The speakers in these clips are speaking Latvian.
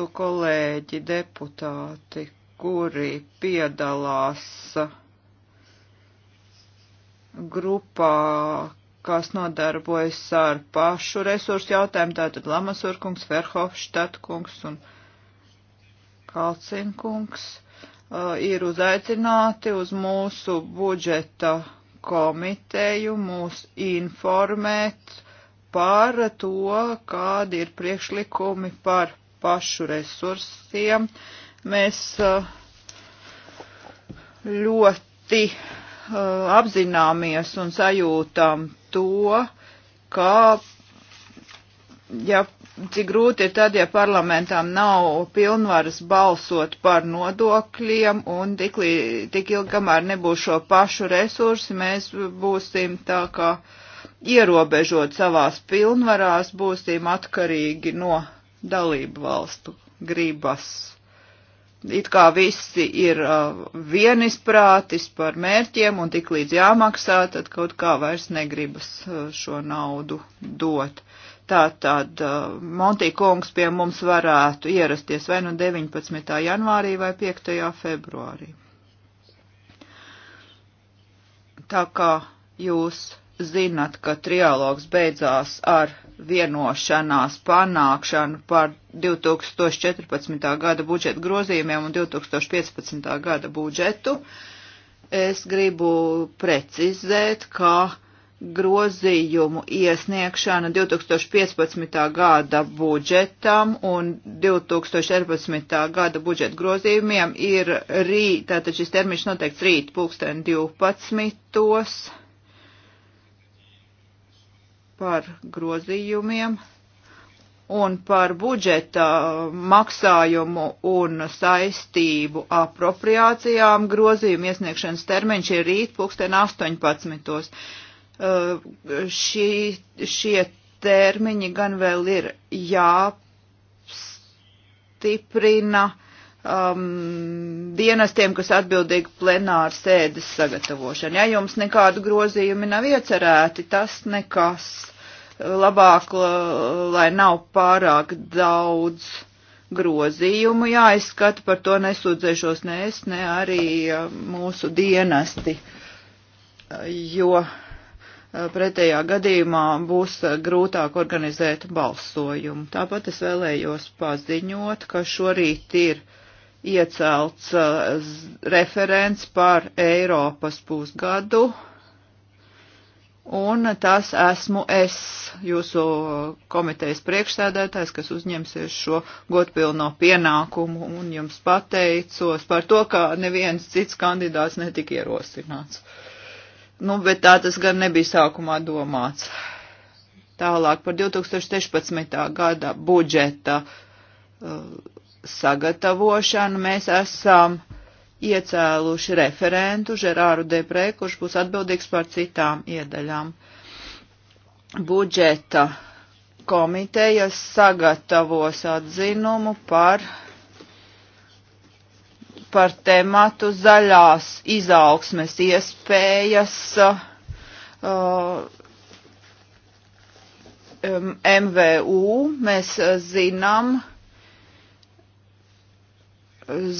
mūsu kolēģi deputāti, kuri piedalās grupā, kas nodarbojas ar pašu resursu jautājumu, tātad Lamasurkungs, Verhofštatkungs un Kalcinkungs, uh, ir uzaicināti uz mūsu budžeta komiteju mūs informēt par to, kādi ir priekšlikumi par pašu resursiem. Mēs uh, ļoti uh, apzināmies un sajūtam to, ka, ja cik grūti ir tad, ja parlamentām nav pilnvaras balsot par nodokļiem, un tik, tik ilgi, kamēr nebūs šo pašu resursi, mēs būsim tā kā ierobežot savās pilnvarās, būsim atkarīgi no dalību valstu gribas. It kā visi ir uh, vienisprātis par mērķiem un tik līdz jāmaksā, tad kaut kā vairs negribas uh, šo naudu dot. Tātad uh, Monti kungs pie mums varētu ierasties vai nu no 19. janvārī vai 5. februārī. Tā kā jūs zinat, ka trialogs beidzās ar vienošanās panākšanu par 2014. gada budžeta grozījumiem un 2015. gada budžetu. Es gribu precizēt, ka grozījumu iesniegšana 2015. gada budžetam un 2014. gada budžeta grozījumiem ir rīt, tātad šis termiņš noteikts rīt, pulksten 12 par grozījumiem un par budžeta maksājumu un saistību apropriācijām grozījumu iesniegšanas termiņš ir rīt pulksten 18. Uh, šī, šie termiņi gan vēl ir jāstiprina um, dienestiem, kas atbildīgi plenāra sēdes sagatavošana. Ja jums nekādu grozījumi nav iecerēti, tas nekas labāk, lai nav pārāk daudz grozījumu jāizskata, par to nesūdzēšos ne es, ne arī mūsu dienesti, jo pretējā gadījumā būs grūtāk organizēt balsojumu. Tāpat es vēlējos paziņot, ka šorīt ir iecelts referents par Eiropas pusgadu Un tas esmu es, jūsu komitejas priekšsēdētājs, kas uzņemsies šo godpilno pienākumu un jums pateicos par to, ka neviens cits kandidāts netika ierosināts. Nu, bet tā tas gan nebija sākumā domāts. Tālāk par 2016. gada budžeta uh, sagatavošanu mēs esam uh, iecēluši referentu Žerāru Deprē, kurš būs atbildīgs par citām iedaļām. Budžeta komitejas sagatavos atzinumu par, par tematu zaļās izaugsmes iespējas uh, MVU. Um, Mēs uh, zinām,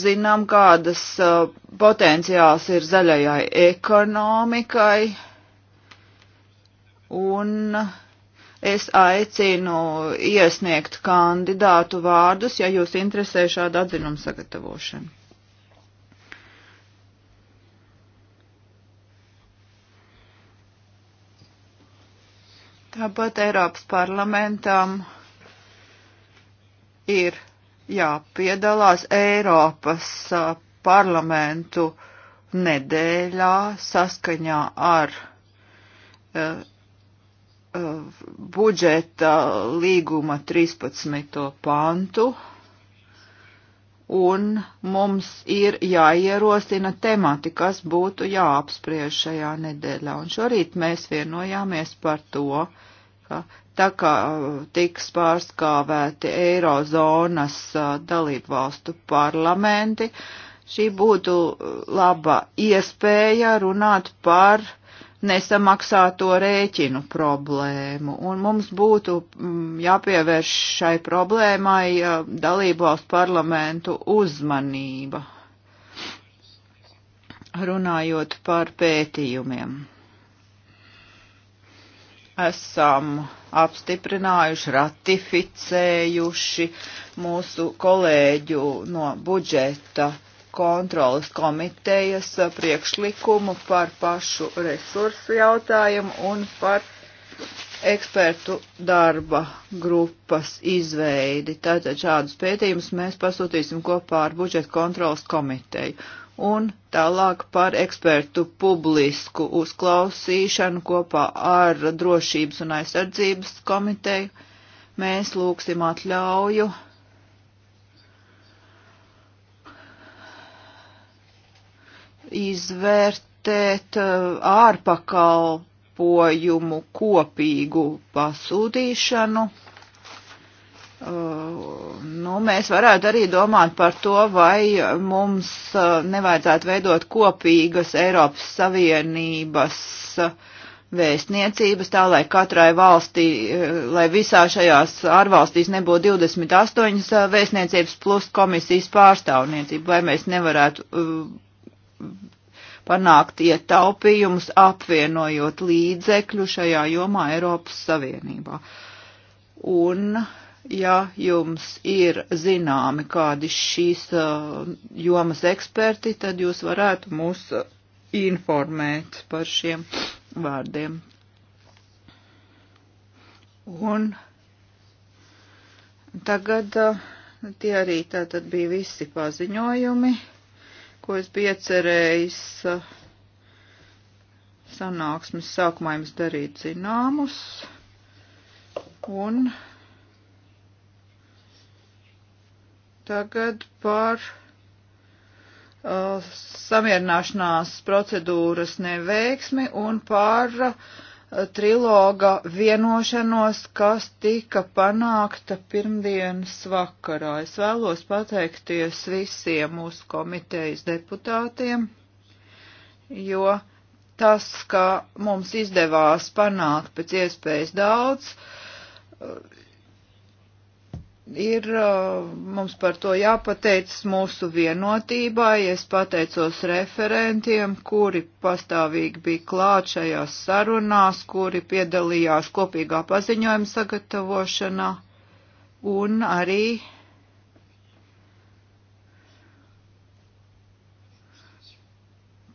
zinām, kādas uh, potenciāls ir zaļajai ekonomikai, un es aicinu iesniegt kandidātu vārdus, ja jūs interesē šāda atzinuma sagatavošana. Tāpat Eiropas parlamentam ir jāpiedalās Eiropas parlamentu nedēļā saskaņā ar uh, uh, budžeta līguma 13. pantu un mums ir jāierostina temati, kas būtu jāapspriež šajā nedēļā. Un šorīt mēs vienojāmies par to, ka tā kā uh, tiks pārskāvēti eirozonas uh, dalību valstu parlamenti, šī būtu uh, laba iespēja runāt par nesamaksāto rēķinu problēmu, un mums būtu mm, jāpievērš šai problēmai dalībvalstu parlamentu uzmanība, runājot par pētījumiem esam apstiprinājuši, ratificējuši mūsu kolēģu no budžeta kontrolas komitejas priekšlikumu par pašu resursu jautājumu un par ekspertu darba grupas izveidi. Tātad šādus pētījumus mēs pasūtīsim kopā ar budžeta kontrolas komiteju un tālāk par ekspertu publisku uzklausīšanu kopā ar Drošības un aizsardzības komiteju. Mēs lūgsim atļauju izvērtēt uh, ārpakalpojumu kopīgu pasūtīšanu Uh, nu, mēs varētu arī domāt par to, vai mums uh, nevajadzētu veidot kopīgas Eiropas Savienības uh, vēstniecības, tā lai katrai valstī, lai visā šajās ārvalstīs nebūtu 28 vēstniecības plus komisijas pārstāvniecība, vai mēs nevarētu panākt ietaupījumus, apvienojot līdzekļu šajā jomā Eiropas Savienībā. Un uh, ja jums ir zināmi kādi šīs uh, jomas eksperti, tad jūs varētu mūs uh, informēt par šiem vārdiem. Un tagad uh, tie arī tātad bija visi paziņojumi, ko es biju cerējis sanāksmes sākumā jums darīt zināmus. Un Tagad par uh, samierināšanās procedūras neveiksmi un par uh, triloga vienošanos, kas tika panākta pirmdienas vakarā. Es vēlos pateikties visiem mūsu komitejas deputātiem, jo tas, ka mums izdevās panākt pēc iespējas daudz, uh, ir uh, mums par to jāpateic mūsu vienotībai. Es pateicos referentiem, kuri pastāvīgi bija klāt šajās sarunās, kuri piedalījās kopīgā paziņojuma sagatavošanā un arī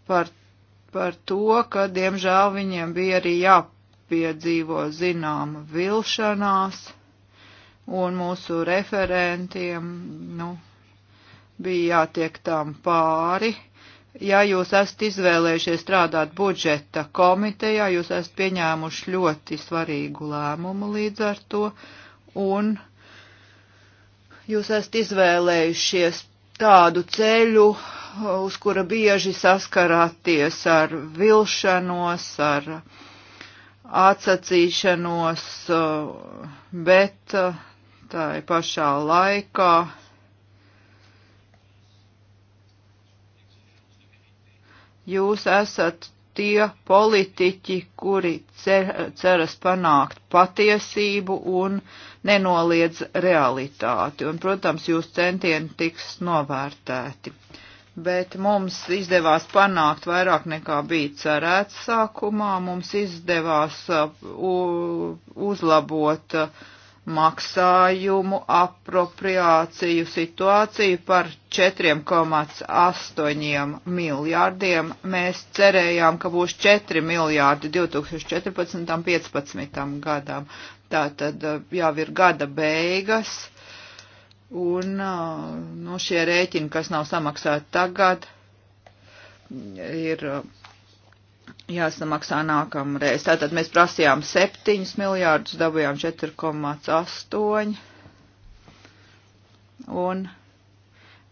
par, par to, ka diemžēl viņiem bija arī jāpiedzīvo zināma vilšanās un mūsu referentiem nu, bija jātiek tām pāri. Ja jūs esat izvēlējušies strādāt budžeta komitejā, jūs esat pieņēmuši ļoti svarīgu lēmumu līdz ar to, un jūs esat izvēlējušies tādu ceļu, uz kura bieži saskarāties ar vilšanos, ar atsacīšanos, bet Tā ir pašā laikā. Jūs esat tie politiķi, kuri cer, ceras panākt patiesību un nenoliedz realitāti. Un, protams, jūs centieni tiks novērtēti. Bet mums izdevās panākt vairāk nekā bija cerēts sākumā. Mums izdevās uh, uzlabot uh, maksājumu apropriāciju situāciju par 4,8 miljārdiem. Mēs cerējām, ka būs 4 miljārdi 2014. un 2015. gadam. Tātad uh, jau ir gada beigas, un uh, no nu, šie rēķini, kas nav samaksāti tagad, ir uh, jāsamaksā nākamreiz. Tātad mēs prasījām 7 miljārdus, dabujām 4,8. Un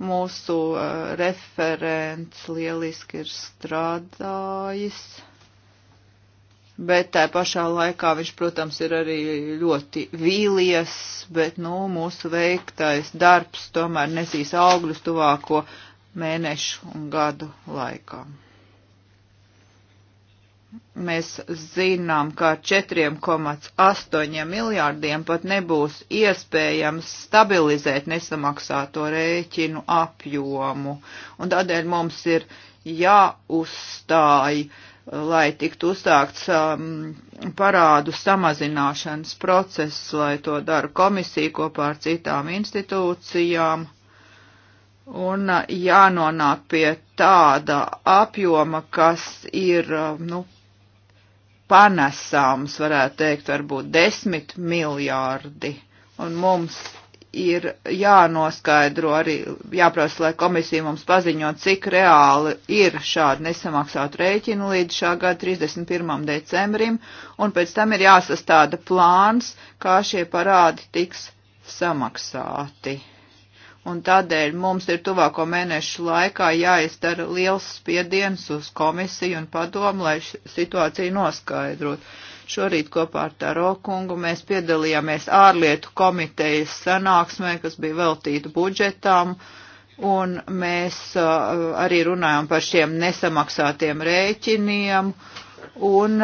mūsu uh, referents lieliski ir strādājis. Bet tā pašā laikā viņš, protams, ir arī ļoti vīlies, bet, nu, mūsu veiktais darbs tomēr nesīs augļus tuvāko mēnešu un gadu laikam. Mēs zinām, ka 4,8 miljārdiem pat nebūs iespējams stabilizēt nesamaksāto rēķinu apjomu. Un tādēļ mums ir jāuzstāj, lai tiktu uzstākts um, parādu samazināšanas process, lai to dara komisija kopā ar citām institūcijām un uh, jānonāk pie tāda apjoma, kas ir uh, nu, panesāms, varētu teikt, varbūt desmit miljārdi. Un mums ir jānoskaidro arī, jāprasa, lai komisija mums paziņo, cik reāli ir šādi nesamaksāt rēķinu līdz šā gada 31. decembrim, un pēc tam ir jāsastāda plāns, kā šie parādi tiks samaksāti un tādēļ mums ir tuvāko mēnešu laikā jāizdara liels spiediens uz komisiju un padomu, lai situāciju noskaidrot. Šorīt kopā ar Taro kungu mēs piedalījāmies ārlietu komitejas sanāksmē, kas bija veltīta budžetām, un mēs uh, arī runājām par šiem nesamaksātiem rēķiniem. Uh, Un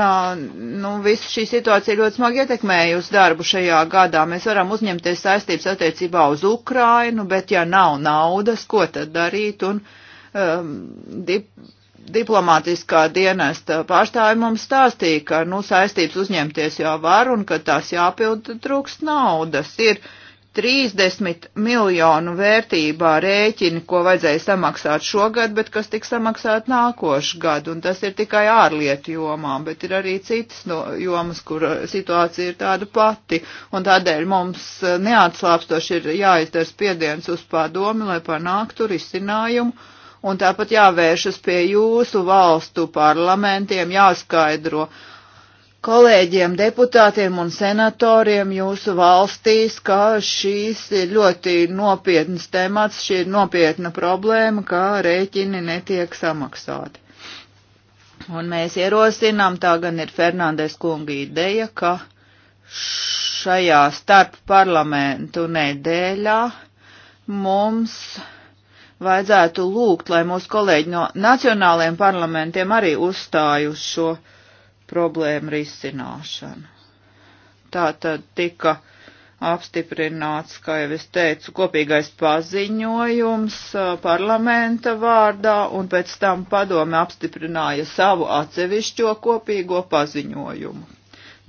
nu, viss šī situācija ļoti smagi ietekmējusi darbu šajā gadā. Mēs varam uzņemties saistības attiecībā uz Ukrainu, bet ja nav naudas, ko tad darīt? Un um, dip, diplomātiskā dienesta pārstāvi mums stāstīja, ka nu, saistības uzņemties jau var un ka tās jāpild trūkst naudas. Ir uh, 30 miljonu vērtībā rēķini, ko vajadzēja samaksāt šogad, bet kas tiks samaksāt nākošu gadu, un tas ir tikai ārlietu jomā, bet ir arī citas no, jomas, kur uh, situācija ir tāda pati, un tādēļ mums uh, neatslāpstoši ir jāizdara spiediens uz padomi, lai panāktu risinājumu, un tāpat jāvēršas pie jūsu valstu parlamentiem, jāskaidro, uh, kolēģiem, deputātiem un senatoriem jūsu valstīs, ka šīs ir ļoti nopietnas temats, šī ir nopietna problēma, kā rēķini netiek samaksāti. Un mēs ierosinām, tā gan ir Fernandes kunga ideja, ka šajā starp parlamentu nedēļā mums vajadzētu lūgt, lai mūsu kolēģi no nacionālajiem parlamentiem arī uzstāj uz šo uh, problēmu risināšanu. Tā tad tika apstiprināts, kā jau es teicu, kopīgais paziņojums parlamenta vārdā, un pēc tam padome apstiprināja savu atsevišķo kopīgo paziņojumu.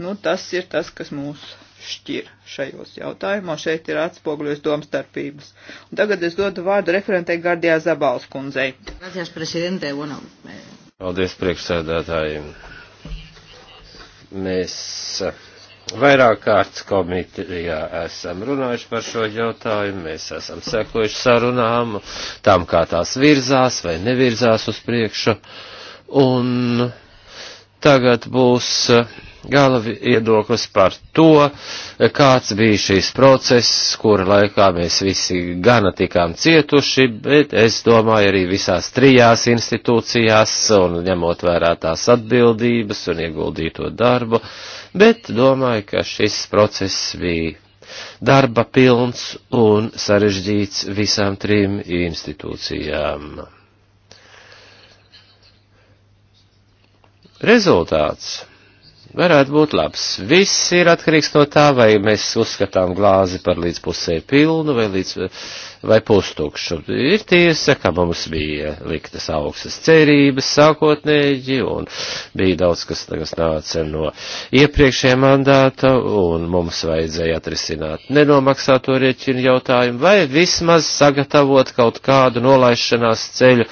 Nu, tas ir tas, kas mūs šķir šajos jautājumos. Šeit ir atspoguļos domstarpības. Un tagad es dodu vārdu referentei Gardijā Zabals kundzei. Eh, Paldies, priekšsēdētāji. Mēs eh, vairāk kārtas komitejā esam runājuši par šo jautājumu, mēs esam sekojuši sarunām, tām kā tās virzās vai nevirzās uz priekšu, un tagad būs uh, gala viedoklis par to, kāds bija šīs process, kura laikā mēs visi gana tikām cietuši, bet es domāju arī visās trijās institūcijās un ņemot vērā tās atbildības un ieguldīto darbu, bet domāju, ka šis process bija darba pilns un sarežģīts visām trim institūcijām. Rezultāts varētu būt labs. Viss ir atkarīgs no tā, vai mēs uzskatām glāzi par līdz pusē pilnu vai līdz vai pustukšu. Ir tiesa, ka mums bija liktas augstas cerības sākotnēji, un bija daudz, kas, kas nāca no iepriekšējā mandāta, un mums vajadzēja atrisināt nenomaksāto rieķinu jautājumu, vai vismaz sagatavot kaut kādu nolaišanās ceļu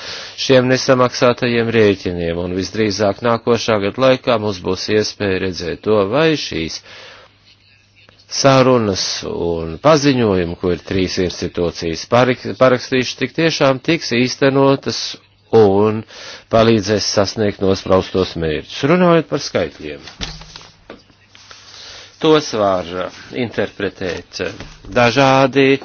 šiem nesamaksātajiem rieķiniem, un visdrīzāk nākošā gada laikā mums būs iespēja redzēt to, vai šīs sarunas un paziņojumu, ko ir trīs institūcijas parakstījuši, tik tiešām tiks īstenotas un palīdzēs sasniegt nospraustos mērķus. Runājot par skaitļiem. Tos var interpretēt dažādi,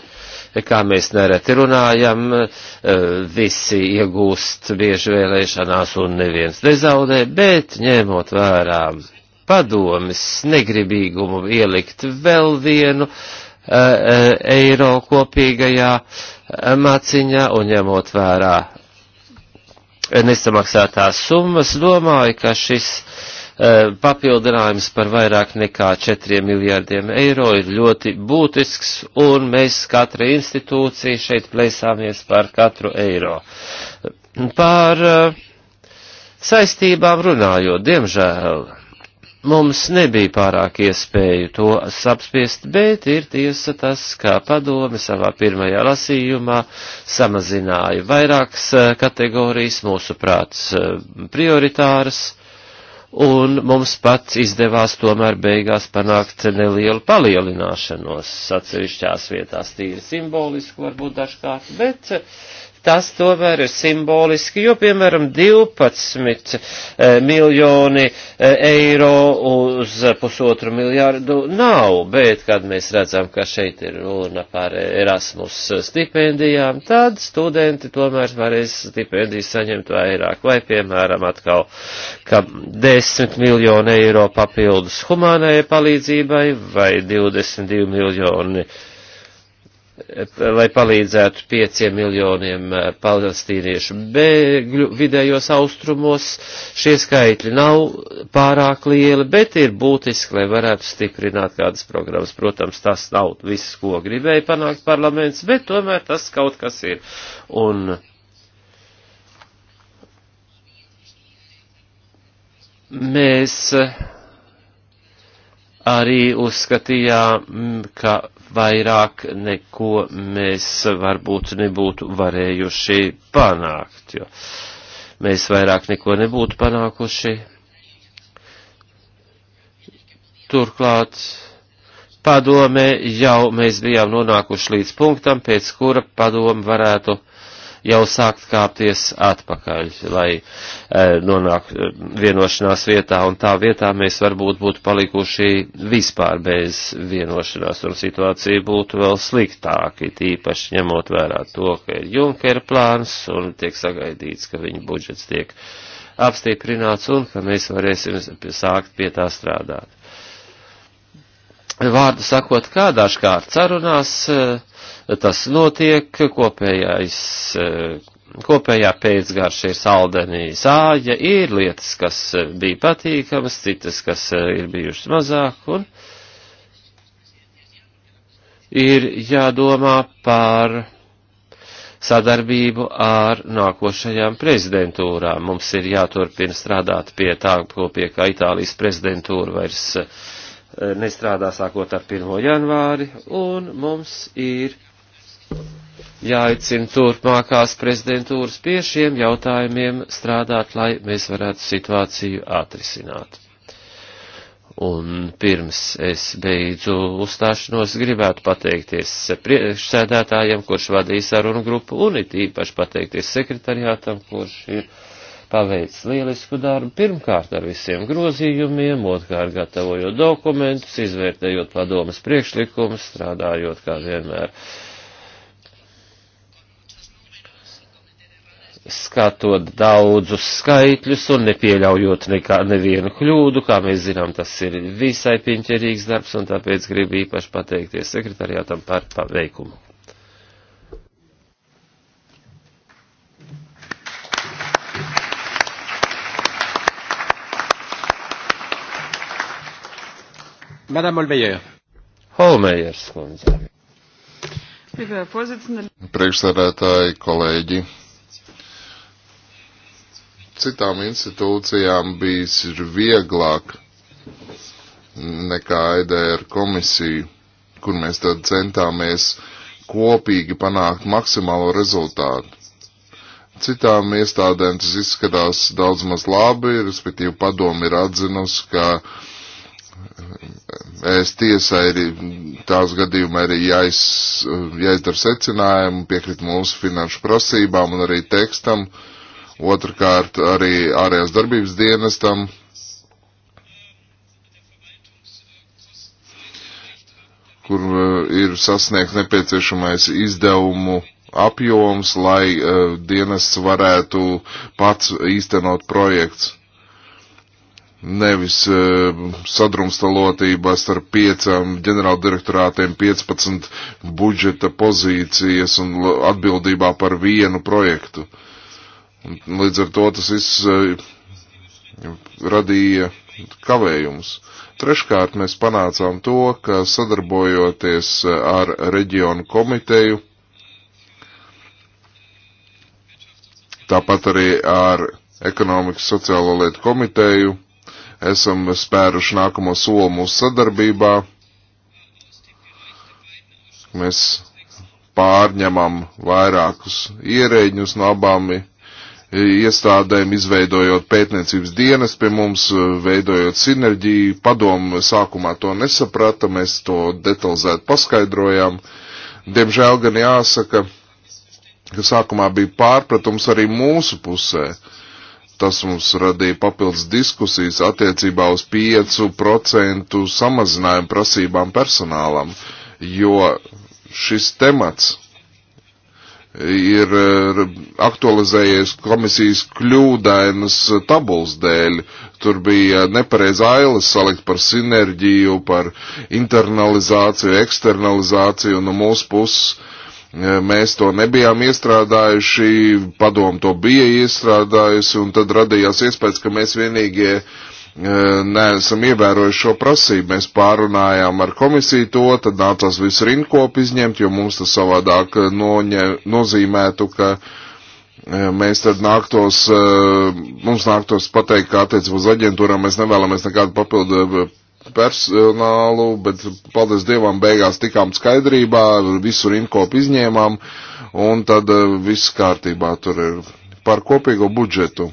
kā mēs nereti runājam, eh, visi iegūst bieži vēlēšanās un neviens nezaudē, bet ņemot vērā padomis negribīgumu ielikt vēl vienu eh, eh, eiro kopīgajā eh, maciņā un ņemot vērā nesamaksātās summas, domāju, ka šis papildinājums par vairāk nekā 4 miljārdiem eiro ir ļoti būtisks, un mēs katra institūcija šeit plēsāmies par katru eiro. Par saistībām runājot, diemžēl mums nebija pārāk iespēju to apspiest, bet ir tiesa tas, kā padome savā pirmajā lasījumā samazināja vairākas eh, kategorijas, mūsu prāts eh, prioritāras, un mums pat izdevās tomēr beigās panākt nelielu palielināšanos atsevišķās vietās, tīri simbolisku varbūt dažkārt, bet uh, tas tomēr ir simboliski, jo, piemēram, 12 eh, miljoni eh, eiro uz pusotru miljārdu nav, bet, kad mēs redzam, ka šeit ir runa par Erasmus stipendijām, tad studenti tomēr varēs stipendijas saņemt vairāk, vai, piemēram, atkal, ka 10 miljoni eiro papildus humānajai palīdzībai vai 22 miljoni eiro Eh, lai palīdzētu pieciem miljoniem eh, palestīniešu bēgļu vidējos austrumos. Šie skaitļi nav pārāk lieli, bet ir būtiski, lai varētu stiprināt kādas programmas. Protams, tas nav viss, ko gribēja panākt parlaments, bet tomēr tas kaut kas ir. Un mēs eh, arī uzskatījām, ka vairāk neko mēs varbūt nebūtu varējuši panākt, jo mēs vairāk neko nebūtu panākuši. Turklāt padomē jau mēs bijām nonākuši līdz punktam, pēc kura padomu varētu jau sākt kāpties atpakaļ, lai e, nonāk e, vienošanās vietā, un tā vietā mēs varbūt būtu palikuši vispār bez vienošanās, un situācija būtu vēl sliktāka, tīpaši ņemot vērā to, ka ir Junker plāns, un tiek sagaidīts, ka viņa budžets tiek apstiprināts, un ka mēs varēsim sākt pie tā strādāt vārdu sakot, kā dažkārt sarunās eh, tas notiek, kopējais, eh, kopējā pēcgarša ir saldenī sāja, ir lietas, kas eh, bija patīkamas, citas, kas ir bijušas mazāk, un ir jādomā par sadarbību ar nākošajām prezidentūrām. Mums ir jāturpina strādāt pie tā, ko pie kā Itālijas prezidentūra vairs uh, Eh, nestrādā sākot ar 1. janvāri, un mums ir jāicina turpmākās prezidentūras pie šiem jautājumiem strādāt, lai mēs varētu situāciju atrisināt. Un pirms es beidzu uzstāšanos, gribētu pateikties priekšsēdētājiem, kurš vadīja sarunu grupu, un it īpaši pateikties sekretariātam, kurš ir paveic lielisku darbu, pirmkārt ar visiem grozījumiem, otrkārt gatavojot dokumentus, izvērtējot padomas priekšlikumus, strādājot kā vienmēr. skatot daudzus skaitļus un nepieļaujot nekā, nevienu kļūdu, kā mēs zinām, tas ir visai piņķerīgs darbs, un tāpēc gribu īpaši pateikties sekretariātam par paveikumu. Madame Olmeyer. Holmejers, kundze. Priekšsēdētāji, kolēģi. Citām institūcijām bijis ir vieglāk nekā EDR komisiju, kur mēs tad centāmies kopīgi panākt maksimālo rezultātu citām iestādēm tas izskatās daudz maz labi, respektīvi padomi ir atzinusi, ka Es tiesai ir tās gadījumā arī jāiz, jāizdara secinājumi, piekrīt mūsu finanšu prasībām un arī tekstam, otrkārt arī ārējās darbības dienestam. kur eh, ir sasniegts nepieciešamais izdevumu apjoms, lai uh, dienests varētu pats īstenot projekts nevis uh, eh, sadrumstalotībā starp piecām ģenerāldirektorātiem 15 budžeta pozīcijas un atbildībā par vienu projektu. Un, līdz ar to tas viss uh, radīja kavējumus. Treškārt mēs panācām to, ka sadarbojoties eh, ar reģionu komiteju, tāpat arī ar ekonomikas sociālo lietu komiteju, esam spēruši nākamo soli mūsu sadarbībā. Mēs pārņemam vairākus ierēģņus no abām iestādēm, izveidojot pētniecības dienas pie mums, veidojot sinerģiju. Padomu sākumā to nesaprata, mēs to detalizēti paskaidrojām. Diemžēl gan jāsaka, ka sākumā bija pārpratums arī mūsu pusē. Uh, tas mums radīja papildus diskusijas attiecībā uz 5% samazinājumu prasībām personālam, jo šis temats ir aktualizējies komisijas kļūdainas tabulas dēļ. Tur bija nepareiz ailes salikt par sinerģiju, par internalizāciju, eksternalizāciju no mūsu puses Mēs to nebijām iestrādājuši, padomu to bija iestrādājusi, un tad radījās iespējas, ka mēs vienīgie e, neesam ievērojuši šo prasību. Mēs pārunājām ar komisiju to, tad nācās visu rinkopu izņemt, jo mums tas savādāk noņē, nozīmētu, ka e, mēs tad nāktos, e, mums nāktos pateikt, kā attiecībā uz aģentūrām mēs nevēlamies nekādu papildu personālu, bet paldies Dievam beigās tikām skaidrībā, visur inkop izņēmām, un tad eh, viss kārtībā tur ir par kopīgo budžetu.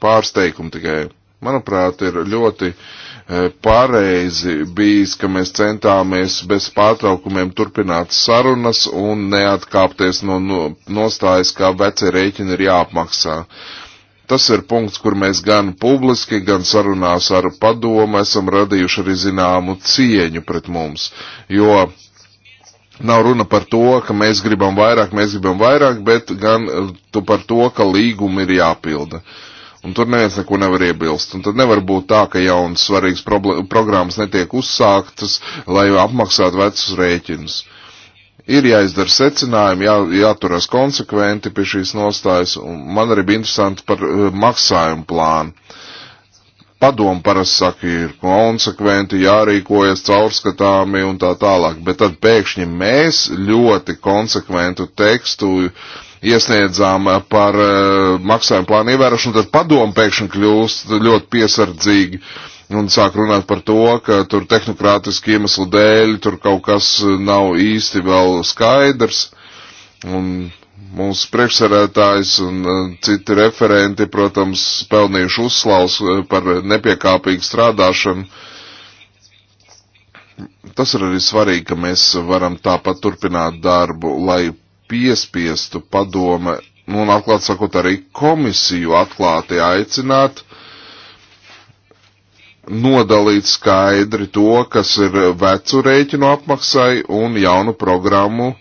Pārsteigumu tikai, manuprāt, ir ļoti eh, pareizi bijis, ka mēs centāmies bez pārtraukumiem turpināt sarunas un neatkāpties no nostājas, ka veci rēķini ir jāapmaksā. Uh, Tas ir punkts, kur mēs gan publiski, gan sarunās ar padomu esam radījuši arī zināmu cieņu pret mums, jo nav runa par to, ka mēs gribam vairāk, mēs gribam vairāk, bet gan par to, ka līgumi ir jāpilda. Un tur neviens neko nevar iebilst. Un tad nevar būt tā, ka jauns svarīgs programmas netiek uzsāktas, lai apmaksātu vecus rēķinus. Uh, ir jāizdara secinājumi, jā, jāturās konsekventi pie šīs nostājas, un man arī bija interesanti par uh, maksājumu plānu. Padomu parasti saka, ir konsekventi, jārīkojas caurskatāmi un tā tālāk, bet tad pēkšņi mēs ļoti konsekventu tekstu uh, iesniedzām eh, par eh, maksājumu plānu ievērošanu, tad padomu pēkšņi kļūst ļoti piesardzīgi un sāk runāt par to, ka tur tehnokrātiski iemeslu dēļ tur kaut kas eh, nav īsti vēl skaidrs. Un mūsu priekšsarētājs un citi referenti, protams, pelnījuši uzslaus par nepiekāpīgu strādāšanu. Tas ir arī svarīgi, ka mēs varam tāpat turpināt darbu, lai piespiestu padome, nu un atklāt sakot arī komisiju atklāti aicināt nodalīt skaidri to, kas ir vecu rēķinu apmaksai un jaunu programmu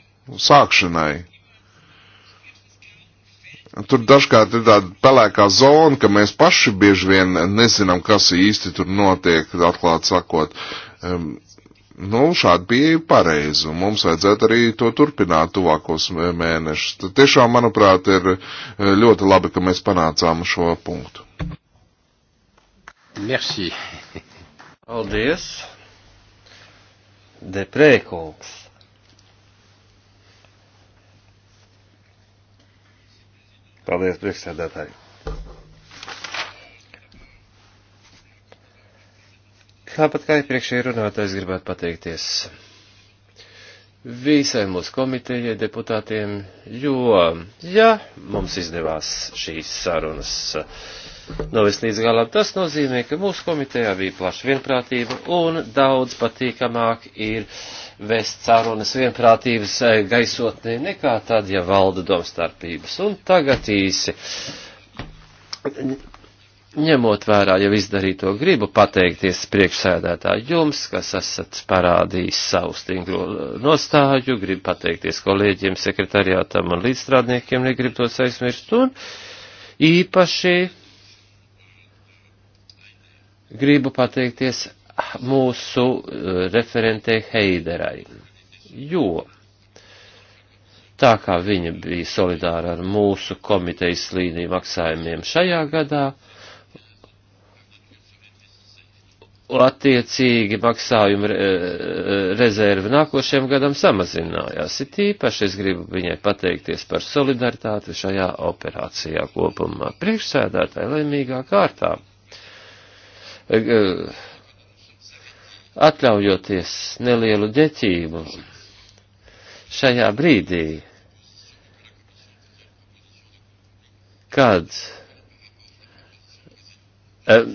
sākšanai. Tur dažkārt ir tāda pelēkā zona, ka mēs paši bieži vien nezinām, kas īsti tur notiek, atklāt sakot. Um, Nu, šāda pieeja pareiza, un mums vajadzētu arī to turpināt tuvākos mēnešus. Tad tiešām, manuprāt, ir eh, ļoti labi, ka mēs panācām šo punktu. Merci. Paldies. Deprēkungs. Paldies, priekšsēdētāji. Tāpat kā iepriekšēji runātais gribētu pateikties visai mūsu komitejai deputātiem, jo, ja mums izdevās šīs sarunas novest līdz galam, tas nozīmē, ka mūsu komitejā bija plaša vienprātība un daudz patīkamāk ir vest sarunas vienprātības eh, gaisotnē nekā tad, ja valda domstarpības. Un tagad īsi ņemot vērā jau izdarīto, gribu pateikties priekšsēdētāju jums, kas esat parādījis savu stingro nostāju, gribu pateikties kolēģiem, sekretariātam un līdzstrādniekiem, negribu tos aizmirst, un īpaši gribu pateikties mūsu eh, referentei Heiderai, jo tā kā viņa bija solidāra ar mūsu komitejas līniju maksājumiem šajā gadā, attiecīgi maksājuma e, rezerve nākošajam gadam samazinājās. It īpaši es gribu viņai pateikties par solidaritāti šajā operācijā kopumā. Priekšsēdētāji laimīgā kārtā. E, e, atļaujoties nelielu deķību šajā brīdī, kad um,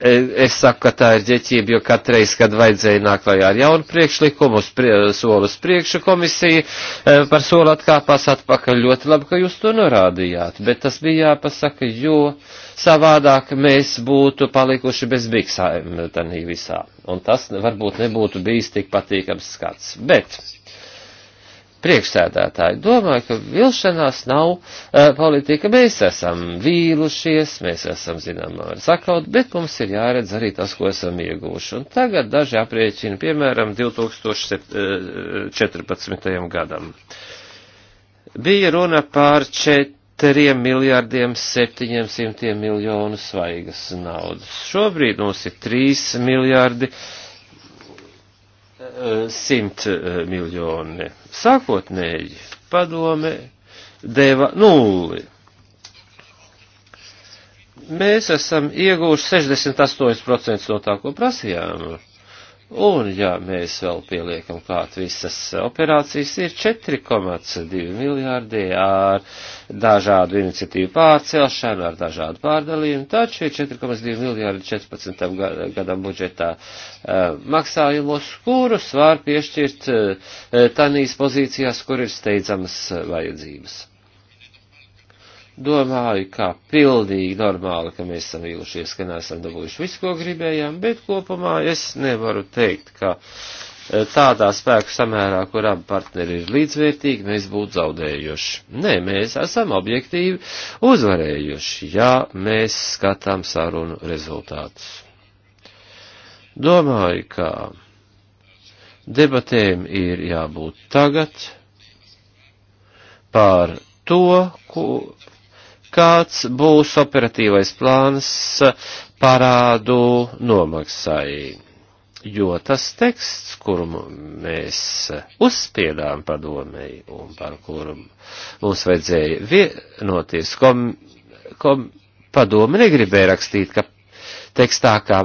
Es saku, ka tā ir ģeķība, jo katreiz, kad vajadzēja nākt klajā ar jaunu priekšlikumu, prie, soli uz priekšu komisija e, par soli atkāpās atpakaļ. Ļoti labi, ka jūs to norādījāt, bet tas bija jāpasaka, jo savādāk mēs būtu palikuši bez biksām tanī visā. Un tas varbūt nebūtu bijis tik patīkams skats. Bet priekšsēdētāji. Domāju, ka vilšanās nav uh, politika. Mēs esam vīlušies, mēs esam, zinām, sakaut, bet mums ir jāredz arī tas, ko esam ieguvuši. Un tagad daži aprēķina, piemēram, 2014. Eh, gadam. Bija runa par 4 miljārdiem 700 miljonu svaigas naudas. Šobrīd mums ir 3 miljārdi 100 miljoni Sākotnēji padome deva nulli. Mēs esam iegūši 68% no tā, ko prasījām. Un, ja mēs vēl pieliekam klāt visas operācijas, ir 4,2 miljārdi ar dažādu iniciatīvu pārcelšanu, ar dažādu pārdalījumu, taču ir 4,2 miljārdi 14. gadam budžetā uh, e, maksājumos, kurus var piešķirt uh, tanīs pozīcijās, kur ir steidzamas vajadzības domāju, kā pilnīgi normāli, ka mēs esam vīlušies, ka neesam dabūjuši visu, ko gribējām, bet kopumā es nevaru teikt, ka e, tādā spēku samērā, kur abi partneri ir līdzvērtīgi, mēs būtu zaudējuši. Nē, mēs esam objektīvi uzvarējuši, ja mēs skatām sarunu rezultātus. Domāju, ka debatēm ir jābūt tagad pār to, ko, kāds būs operatīvais plāns parādu nomaksai. Jo tas teksts, kuru mēs uzspiedām padomēji un par kuru mums vajadzēja vienoties, kom, kom padome negribēja rakstīt, ka tekstā kā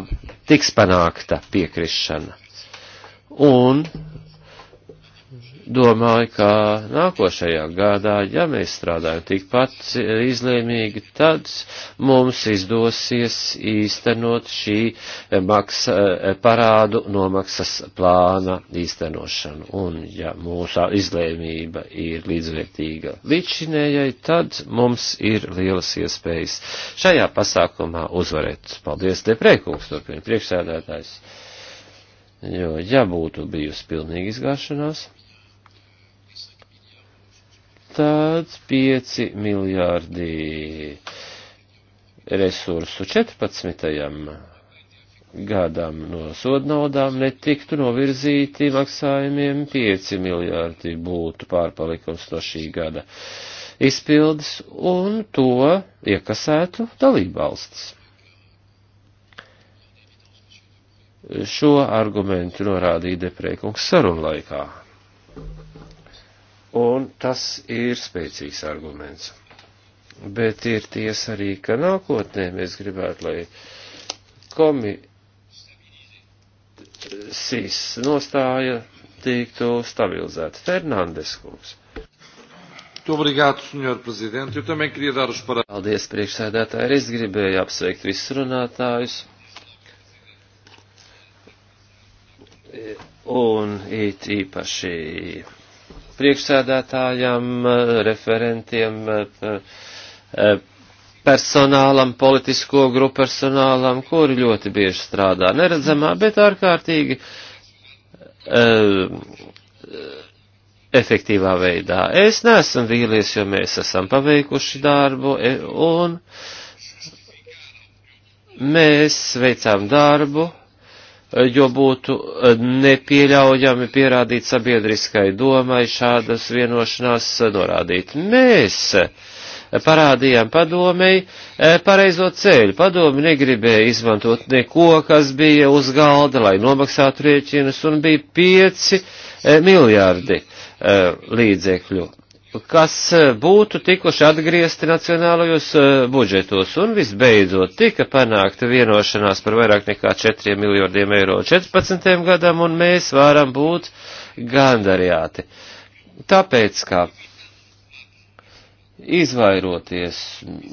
tiks panākta piekrišana. Un domāju, ka nākošajā gadā, ja mēs strādājam tikpat izlēmīgi, tad mums izdosies īstenot šī maksa, eh, parādu nomaksas plāna īstenošanu. Un, ja mūsu izlēmība ir līdzvērtīga līdzinējai, tad mums ir lielas iespējas šajā pasākumā uzvarēt. Paldies, Deprēkungs, turpina priekšsēdētājs. Jo, ja būtu bijusi pilnīga izgāšanās, tad 5 miljārdi resursu 14. gadam no sodnaudām netiktu novirzīti maksājumiem 5 miljārdi būtu pārpalikums no šī gada izpildes un to iekasētu dalībvalstis. Šo argumentu norādīja Deprēkungs sarunlaikā un tas ir spēcīgs arguments. Bet ir tiesa arī, ka nākotnē mēs gribētu, lai komisijas nostāja tiktu stabilizēta. Fernandes kungs. Muito obrigado, Sr. Presidente. Eu também queria dar os parabéns. Paldies, priekšsēdētāji. Es gribēju apsveikt visus runātājus. Un it īpaši priekšsēdētājam, referentiem, personālam, politisko grupu personālam, kuri ļoti bieži strādā neredzamā, bet ārkārtīgi eh, efektīvā veidā. Es neesmu vīlies, jo mēs esam paveikuši darbu e, un mēs veicām darbu jo būtu nepieļaujami pierādīt sabiedriskai domai šādas vienošanās norādīt. Mēs parādījām padomei e, pareizo ceļu. Padomi negribēja izmantot neko, kas bija uz galda, lai nomaksātu rieķinus, un bija pieci e, miljārdi e, līdzekļu kas e, būtu tikuši atgriezti nacionālajos e, budžetos. Un visbeidzot, tika panākta vienošanās par vairāk nekā 4 miljardiem eiro 14. gadam, un mēs varam būt gandarījāti. Tāpēc, ka izvairoties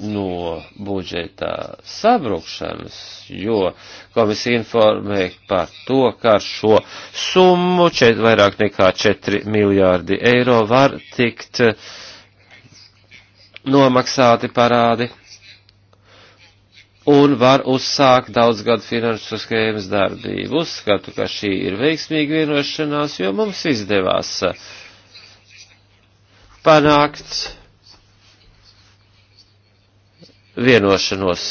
no budžetā sabrukšanas, jo komisija informē par to, ka šo summu čet, vairāk nekā 4 miljārdi eiro var tikt nomaksāti parādi un var uzsākt daudzgadu finanšu schēmas darbību. Uzskatu, ka šī ir veiksmīga vienošanās, jo mums izdevās panākt vienošanos.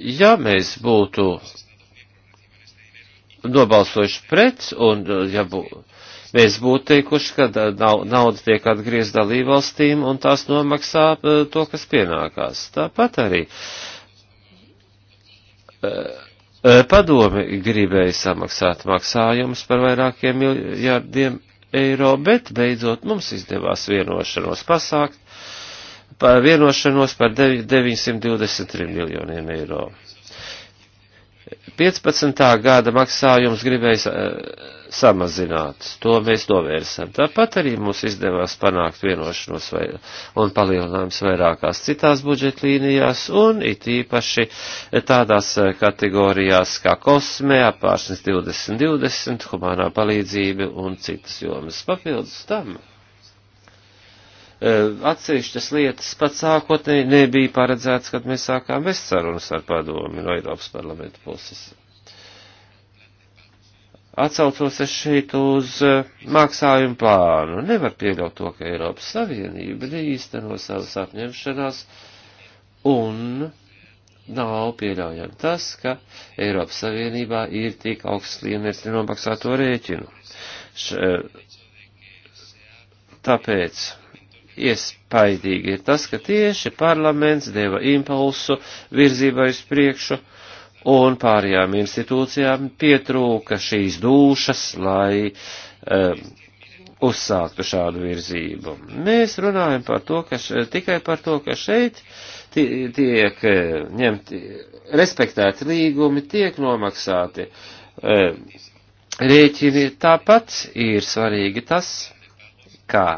Ja mēs būtu nobalsojuši pret, un ja bū, mēs būtu teikuši, ka nauda tiek atgriezta dalībvalstīm, un tās nomaksā e, to, kas pienākās. Tāpat arī e, e, padomi gribēja samaksāt maksājumus par vairākiem miljardiem eiro, bet beidzot mums izdevās vienošanos pasākt par vienošanos par 923 miljoniem eiro. 15. gada maksājums gribēja eh, samazināt, to mēs novērsam. Tāpat arī mums izdevās panākt vienošanos vai, un palielinājums vairākās citās budžetlīnijās un it īpaši tādās eh, kategorijās kā kosmē, apārsnes 2020, humanā palīdzība un citas jomas papildus tam. Eh, atsevišķas lietas pat sākotnēji nebija paredzēts, kad mēs sākām vest sarunas ar padomi no Eiropas parlamenta puses. Atcaucos es šeit uz eh, maksājumu plānu. Nevar pieļaut to, ka Eiropas Savienība neīsteno savas apņemšanās un nav pieļaujami tas, ka Eiropas Savienībā ir tik augsts līmenis nenomaksāto rēķinu. Š, eh, tāpēc iespaidīgi ir tas, ka tieši parlaments deva impulsu virzībai uz priekšu, un pārējām institūcijām pietrūka šīs dūšas, lai um, uzsāktu šādu virzību. Mēs runājam par to, ka še, tikai par to, ka šeit tiek eh, ņemti, respektēti līgumi, tiek nomaksāti um, rēķini. Tāpat ir svarīgi tas, kā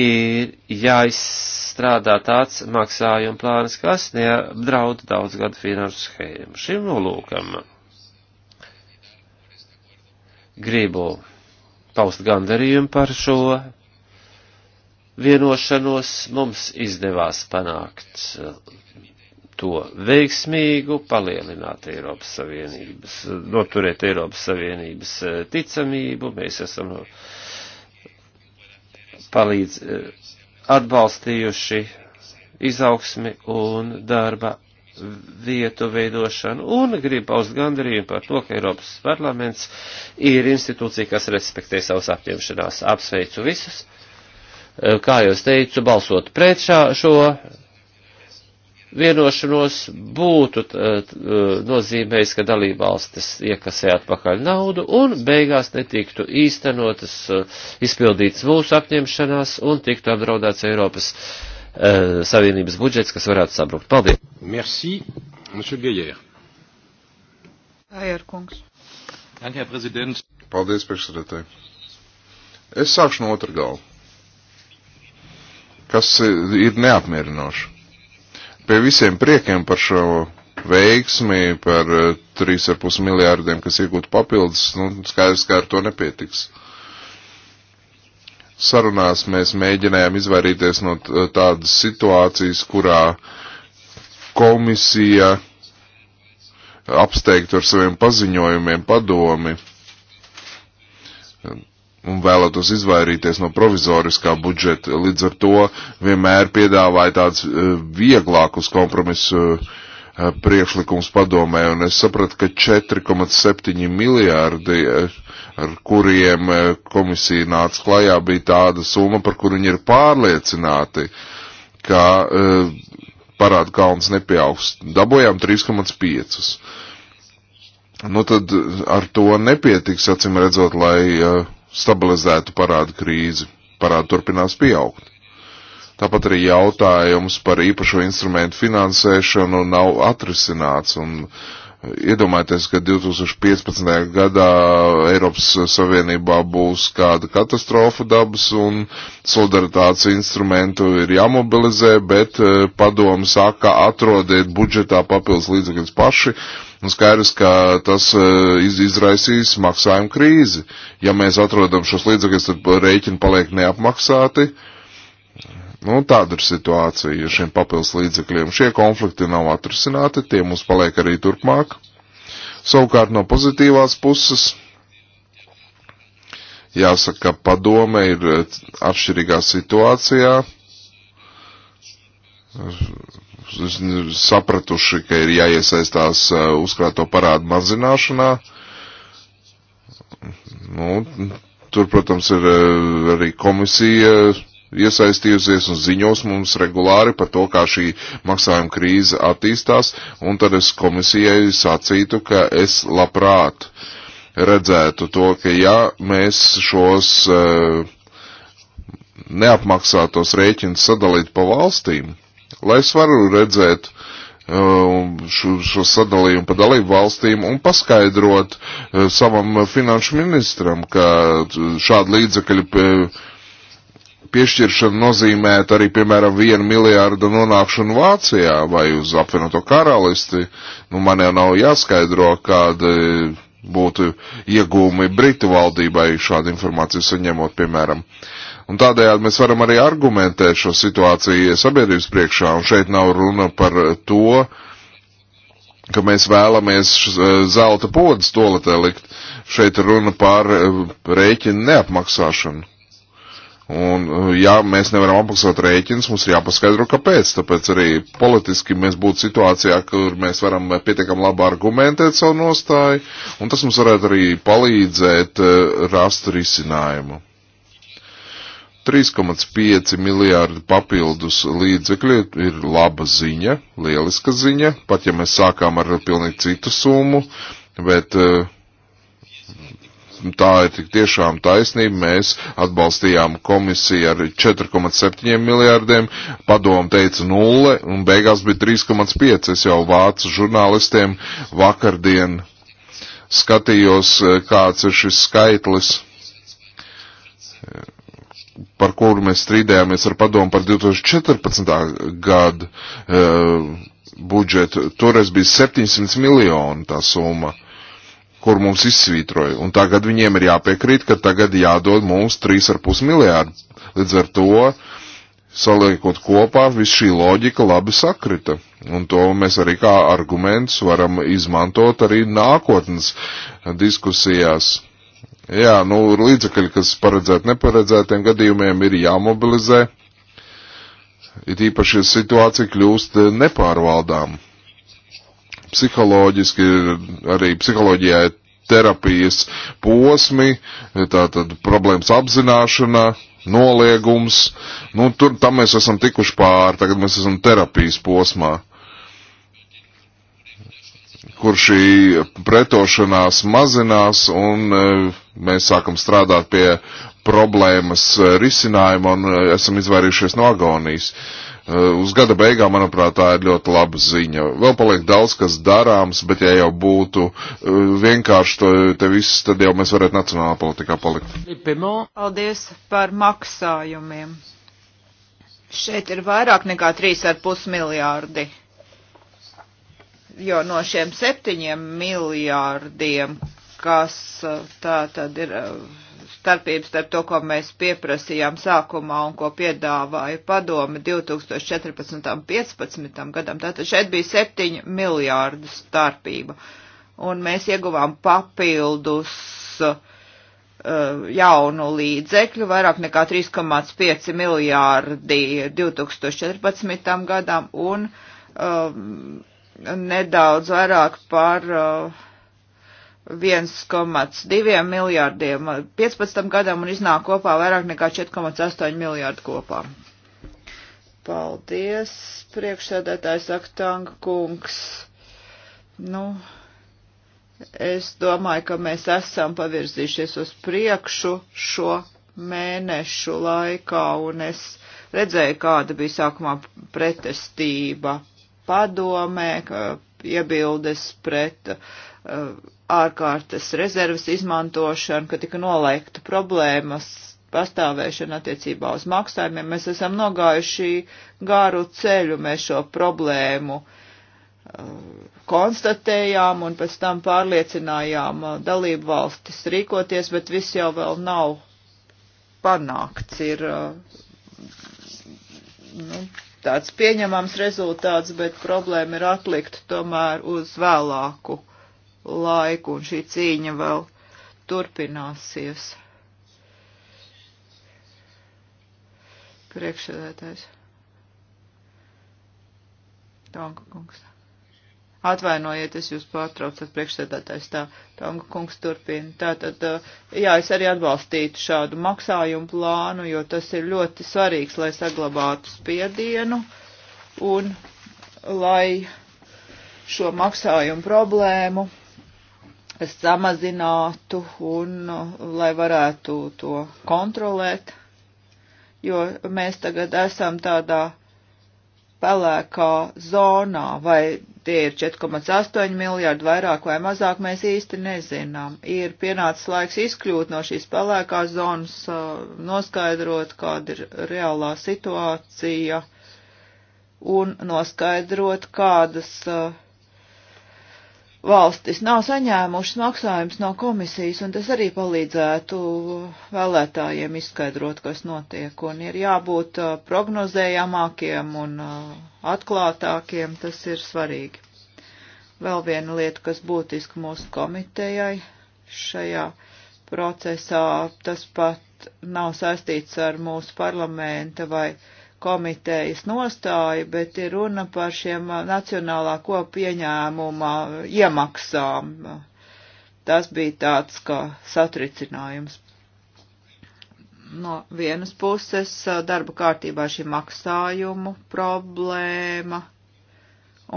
ir jāizstrādā tāds maksājuma plāns, kas neapdraud daudzgadu finanšu schēmu. Šim nolūkam gribu paust gandarījumu par šo vienošanos. Mums izdevās panākt to veiksmīgu, palielināt Eiropas Savienības, noturēt Eiropas Savienības ticamību. Mēs esam. No palīdz eh, atbalstījuši izaugsmi un darba vietu veidošanu un grib paust gandarījumu par to, ka Eiropas parlaments ir institūcija, kas respektē savas apņemšanās. Apsveicu visus. Eh, Kā jau es teicu, balsot pret šā, šo vienošanos būtu nozīmējis, ka dalībvalstis iekasē atpakaļ naudu un beigās netiktu īstenotas, izpildītas mūsu apņemšanās un tiktu apdraudēts Eiropas uh, Savienības budžets, kas varētu sabrukt. Paldies! Merci, monsieur Gaillère. Gaillère, kungs. Danke, Herr Präsident. Paldies, priekšsēdētāji. Es sākšu no otra gala, kas ir neapmierinoši Pie visiem priekiem par šo veiksmi, par 3,5 eh, miljārdiem, kas iegūtu papildus, nu, skaidrs, ka ar to nepietiks. Sarunās mēs mēģinājām izvairīties no eh, tādas situācijas, kurā komisija apsteigtu ar saviem paziņojumiem padomi un vēlētos izvairīties no provizoriskā budžeta. Līdz ar to vienmēr piedāvāja tāds eh, vieglākus kompromisu eh, priekšlikums padomē, un es sapratu, ka 4,7 miljārdi, eh, ar kuriem komisija nāca klajā, bija tāda summa, par kuru viņi ir pārliecināti, ka parāda kalns nepieaugs. Dabojām 3,5. Nu tad ar to nepietiks, acīm redzot, lai uh, stabilizētu parādu krīzi. Parādi turpinās pieaugt. Tāpat arī jautājums par īpašo instrumentu finansēšanu nav atrisināts. Un iedomājieties, ka 2015. gadā Eiropas Savienībā būs kāda katastrofa dabas un solidaritātes instrumentu ir jāmobilizē, bet eh, padomu saka, atrodiet budžetā papildus līdzekļus paši, Un skaidrs, ka tas e, iz, izraisīs maksājumu krīzi. Ja mēs atrodam šos līdzekļus, tad rēķini paliek neapmaksāti. Nu, tāda ir situācija ar šiem papildus līdzekļiem. Šie konflikti nav atrisināti, tie mums paliek arī turpmāk. Savukārt no pozitīvās puses jāsaka, ka padome ir e, atšķirīgā situācijā sapratuši, ka ir jāiesaistās eh, uzkrāto parādu mazināšanā. Nu, tur, protams, ir eh, arī komisija iesaistījusies un ziņos mums regulāri par to, kā šī maksājuma krīze attīstās, un tad es komisijai sacītu, ka es labprāt redzētu to, ka ja mēs šos uh, neapmaksātos rēķinus sadalītu pa valstīm, lai es varu redzēt uh, šo, šo sadalījumu pa dalību valstīm un paskaidrot uh, savam finanšu ministram, ka šāda līdzekļa pie, piešķiršana nozīmētu arī, piemēram, vienu miljārdu nonākšanu Vācijā vai uz apvienoto karalisti. Nu, man jau nav jāskaidro, kāda būtu iegūmi Britu valdībai šādu informāciju saņemot, piemēram. Uh, Un tādējādi mēs varam arī argumentēt šo situāciju sabiedrības priekšā, un šeit nav runa par to, ka mēs vēlamies e, zelta podas toletē likt. Šeit runa par e, rēķinu neapmaksāšanu. Un, e, ja mēs nevaram apmaksāt rēķinus, mums ir jāpaskaidro, kāpēc. Tāpēc arī politiski mēs būtu situācijā, kur mēs varam pietiekam labi argumentēt savu nostāju, un tas mums varētu arī palīdzēt rast risinājumu. 3,5 miljārdi papildus līdzekļu ir laba ziņa, lieliska ziņa, pat ja mēs sākām ar pilnīgi citu summu, bet eh, tā ir tik tiešām taisnība. Mēs atbalstījām komisiju ar 4,7 miljārdiem, padomu teica nulle un beigās bija 3,5. Es jau vācu žurnālistiem vakardien skatījos, eh, kāds ir šis skaitlis par kuru mēs strīdējāmies ar padomu par 2014. gadu e, budžetu, toreiz bija 700 miljoni tā summa, kur mums izsvītroja. Un tagad viņiem ir jāpiekrīt, ka tagad jādod mums 3,5 miljārdi. Līdz ar to, saliekot kopā, viss šī loģika labi sakrita. Un to mēs arī kā arguments varam izmantot arī nākotnes diskusijās Jā, nu, līdzekļi, kas paredzēti neparedzētiem gadījumiem, ir jāmobilizē. It īpaši situācija kļūst nepārvaldām. Psiholoģiski arī psiholoģijā ir terapijas posmi, tātad problēmas apzināšana, noliegums. Nu, tur tam mēs esam tikuši pāri, tagad mēs esam terapijas posmā. Uh, kur šī pretošanās mazinās un e, mēs sākam strādāt pie problēmas e, risinājuma un e, esam izvairījušies no agonijas. Uz gada beigām, manuprāt, tā ir ļoti laba ziņa. Vēl paliek daudz, kas darāms, bet ja jau būtu vienkārši to, te viss, tad jau mēs varētu nacionālā politikā palikt. Paldies par maksājumiem. Šeit ir vairāk nekā 3,5 miljārdi jo no šiem septiņiem miljārdiem, kas uh, tā tad ir uh, starpības starp to, ko mēs pieprasījām sākumā un ko piedāvāja padome 2014. un 2015. gadam, tātad šeit bija septiņu miljārdu starpība. Un mēs ieguvām papildus uh, jaunu līdzekļu, vairāk nekā 3,5 miljārdi 2014. gadam un um, nedaudz vairāk par uh, 1,2 miljārdiem 15 gadam un iznāk kopā vairāk nekā 4,8 miljārdu kopā. Paldies, priekšsēdētājs Aktanga kungs. Nu, es domāju, ka mēs esam pavirzījušies uz priekšu šo mēnešu laikā, un es redzēju, kāda bija sākumā pretestība padomē, iebildes pret uh, ārkārtas rezerves izmantošanu, ka tika nolaikta problēmas pastāvēšana attiecībā uz maksājumiem. Mēs esam nogājuši gāru ceļu, mēs šo problēmu uh, konstatējām un pēc tam pārliecinājām uh, dalību valstis rīkoties, bet viss jau vēl nav panākts. Ir, uh, nu, tāds pieņemams rezultāts, bet problēma ir atlikt tomēr uz vēlāku laiku, un šī cīņa vēl turpināsies. Priekšsēdētājs. Tonka kungs. Atvainojiet, es jūs pārtraucat priekšsēdētājs tā, Tonga kungs turpina. Tātad, jā, es arī atbalstītu šādu maksājumu plānu, jo tas ir ļoti svarīgs, lai saglabātu spiedienu un lai šo maksājumu problēmu samazinātu un lai varētu to kontrolēt, jo mēs tagad esam tādā pelēkā zonā vai tie ir 4,8 miljārdi vairāk vai mazāk, mēs īsti nezinām. Ir pienācis laiks izkļūt no šīs pelēkās zonas, noskaidrot, kāda ir reālā situācija un noskaidrot, kādas uh, valstis nav saņēmušas maksājumus no komisijas, un tas arī palīdzētu vēlētājiem izskaidrot, kas notiek, un ir jābūt uh, prognozējamākiem un uh, atklātākiem, tas ir svarīgi. Vēl viena lieta, kas būtiska mūsu komitejai šajā procesā, tas pat nav saistīts ar mūsu parlamenta vai komitejas nostāju, bet ir runa par šiem uh, nacionālā kopieņēmuma uh, iemaksām. Tas bija tāds kā satricinājums. No vienas puses uh, darba kārtībā šī maksājumu problēma,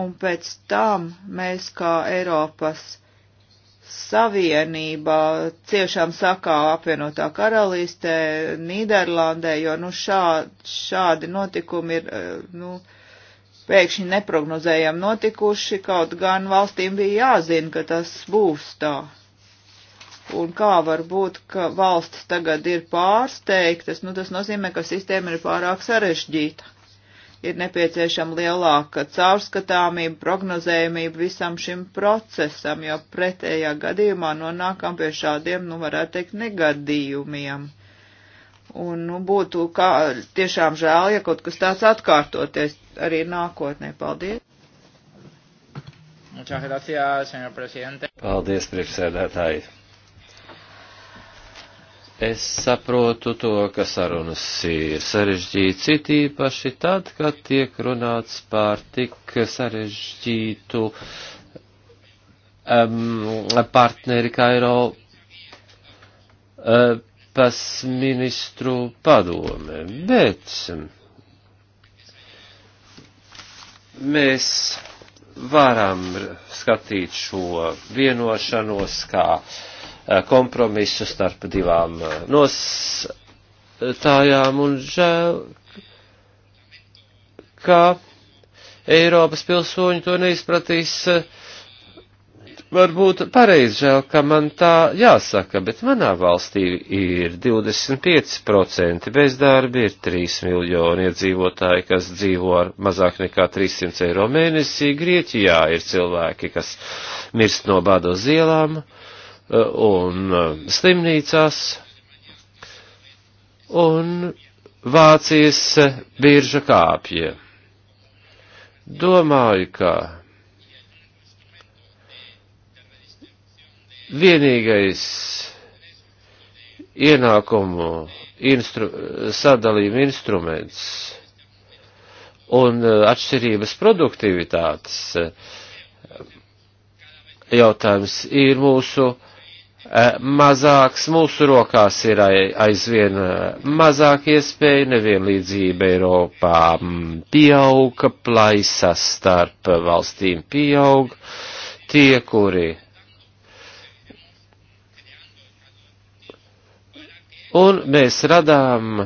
un pēc tam mēs kā Eiropas Savienībā, ciešām sakā apvienotā karalistē, Nīderlandē, jo nu, šā, šādi notikumi ir eh, nu, pēkšņi neprognozējami notikuši, kaut gan valstīm bija jāzina, ka tas būs tā. Un kā var būt, ka valsts tagad ir pārsteigtas, nu, tas nozīmē, ka sistēma ir pārāk sarežģīta ir nepieciešama lielāka caurskatāmība, prognozējumība visam šim procesam, jo pretējā gadījumā nonākam pie šādiem, nu, varētu teikt, negadījumiem. Un, nu, būtu kā, tiešām žēl, ja kaut kas tāds atkārtoties arī nākotnē. Paldies! Paldies, priekšsēdētāji! Es saprotu to, ka sarunas ir sarežģītas, it īpaši tad, kad tiek runāts par tik sarežģītu um, partneri kā Eiropas eh, uh, ministru padome. Bet mēs varam skatīt šo vienošanos kā uh, Eh, kompromisu starp divām eh, nostājām un žēl, ka Eiropas pilsoņi to neizpratīs. Eh, varbūt pareizi žēl, ka man tā jāsaka, bet manā valstī ir 25% bezdarbi, ir 3 miljoni iedzīvotāji, kas dzīvo ar mazāk nekā 300 eiro mēnesī. Grieķijā ir cilvēki, kas mirst no bado zielām. Uh, un uh, slimnīcās. Un Vācijas birža kāpja. Domāju, ka vienīgais ienākumu instru, sadalījuma instruments un uh, atšķirības produktivitātes uh, jautājums ir mūsu Eh, mazāks, mūsu rokās ir aizvien eh, mazāk iespēja, nevienlīdzība Eiropā mm, pieauga, plaisa starp valstīm pieaug, tie, kuri. Un mēs radām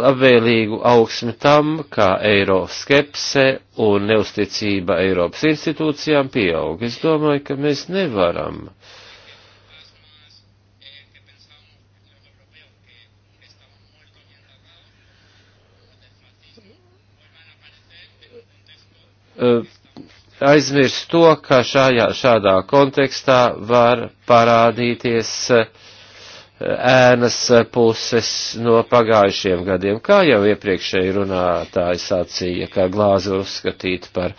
labvēlīgu augsmi tam, kā eiroskepse un neusticība Eiropas institūcijām pieaug. Es domāju, ka mēs nevaram uh, Eh, aizmirst to, ka šajā, šādā kontekstā var parādīties uh, ēnas puses no pagājušiem gadiem. Kā jau iepriekšēji runātāji sacīja, ka glāzi var uzskatīt par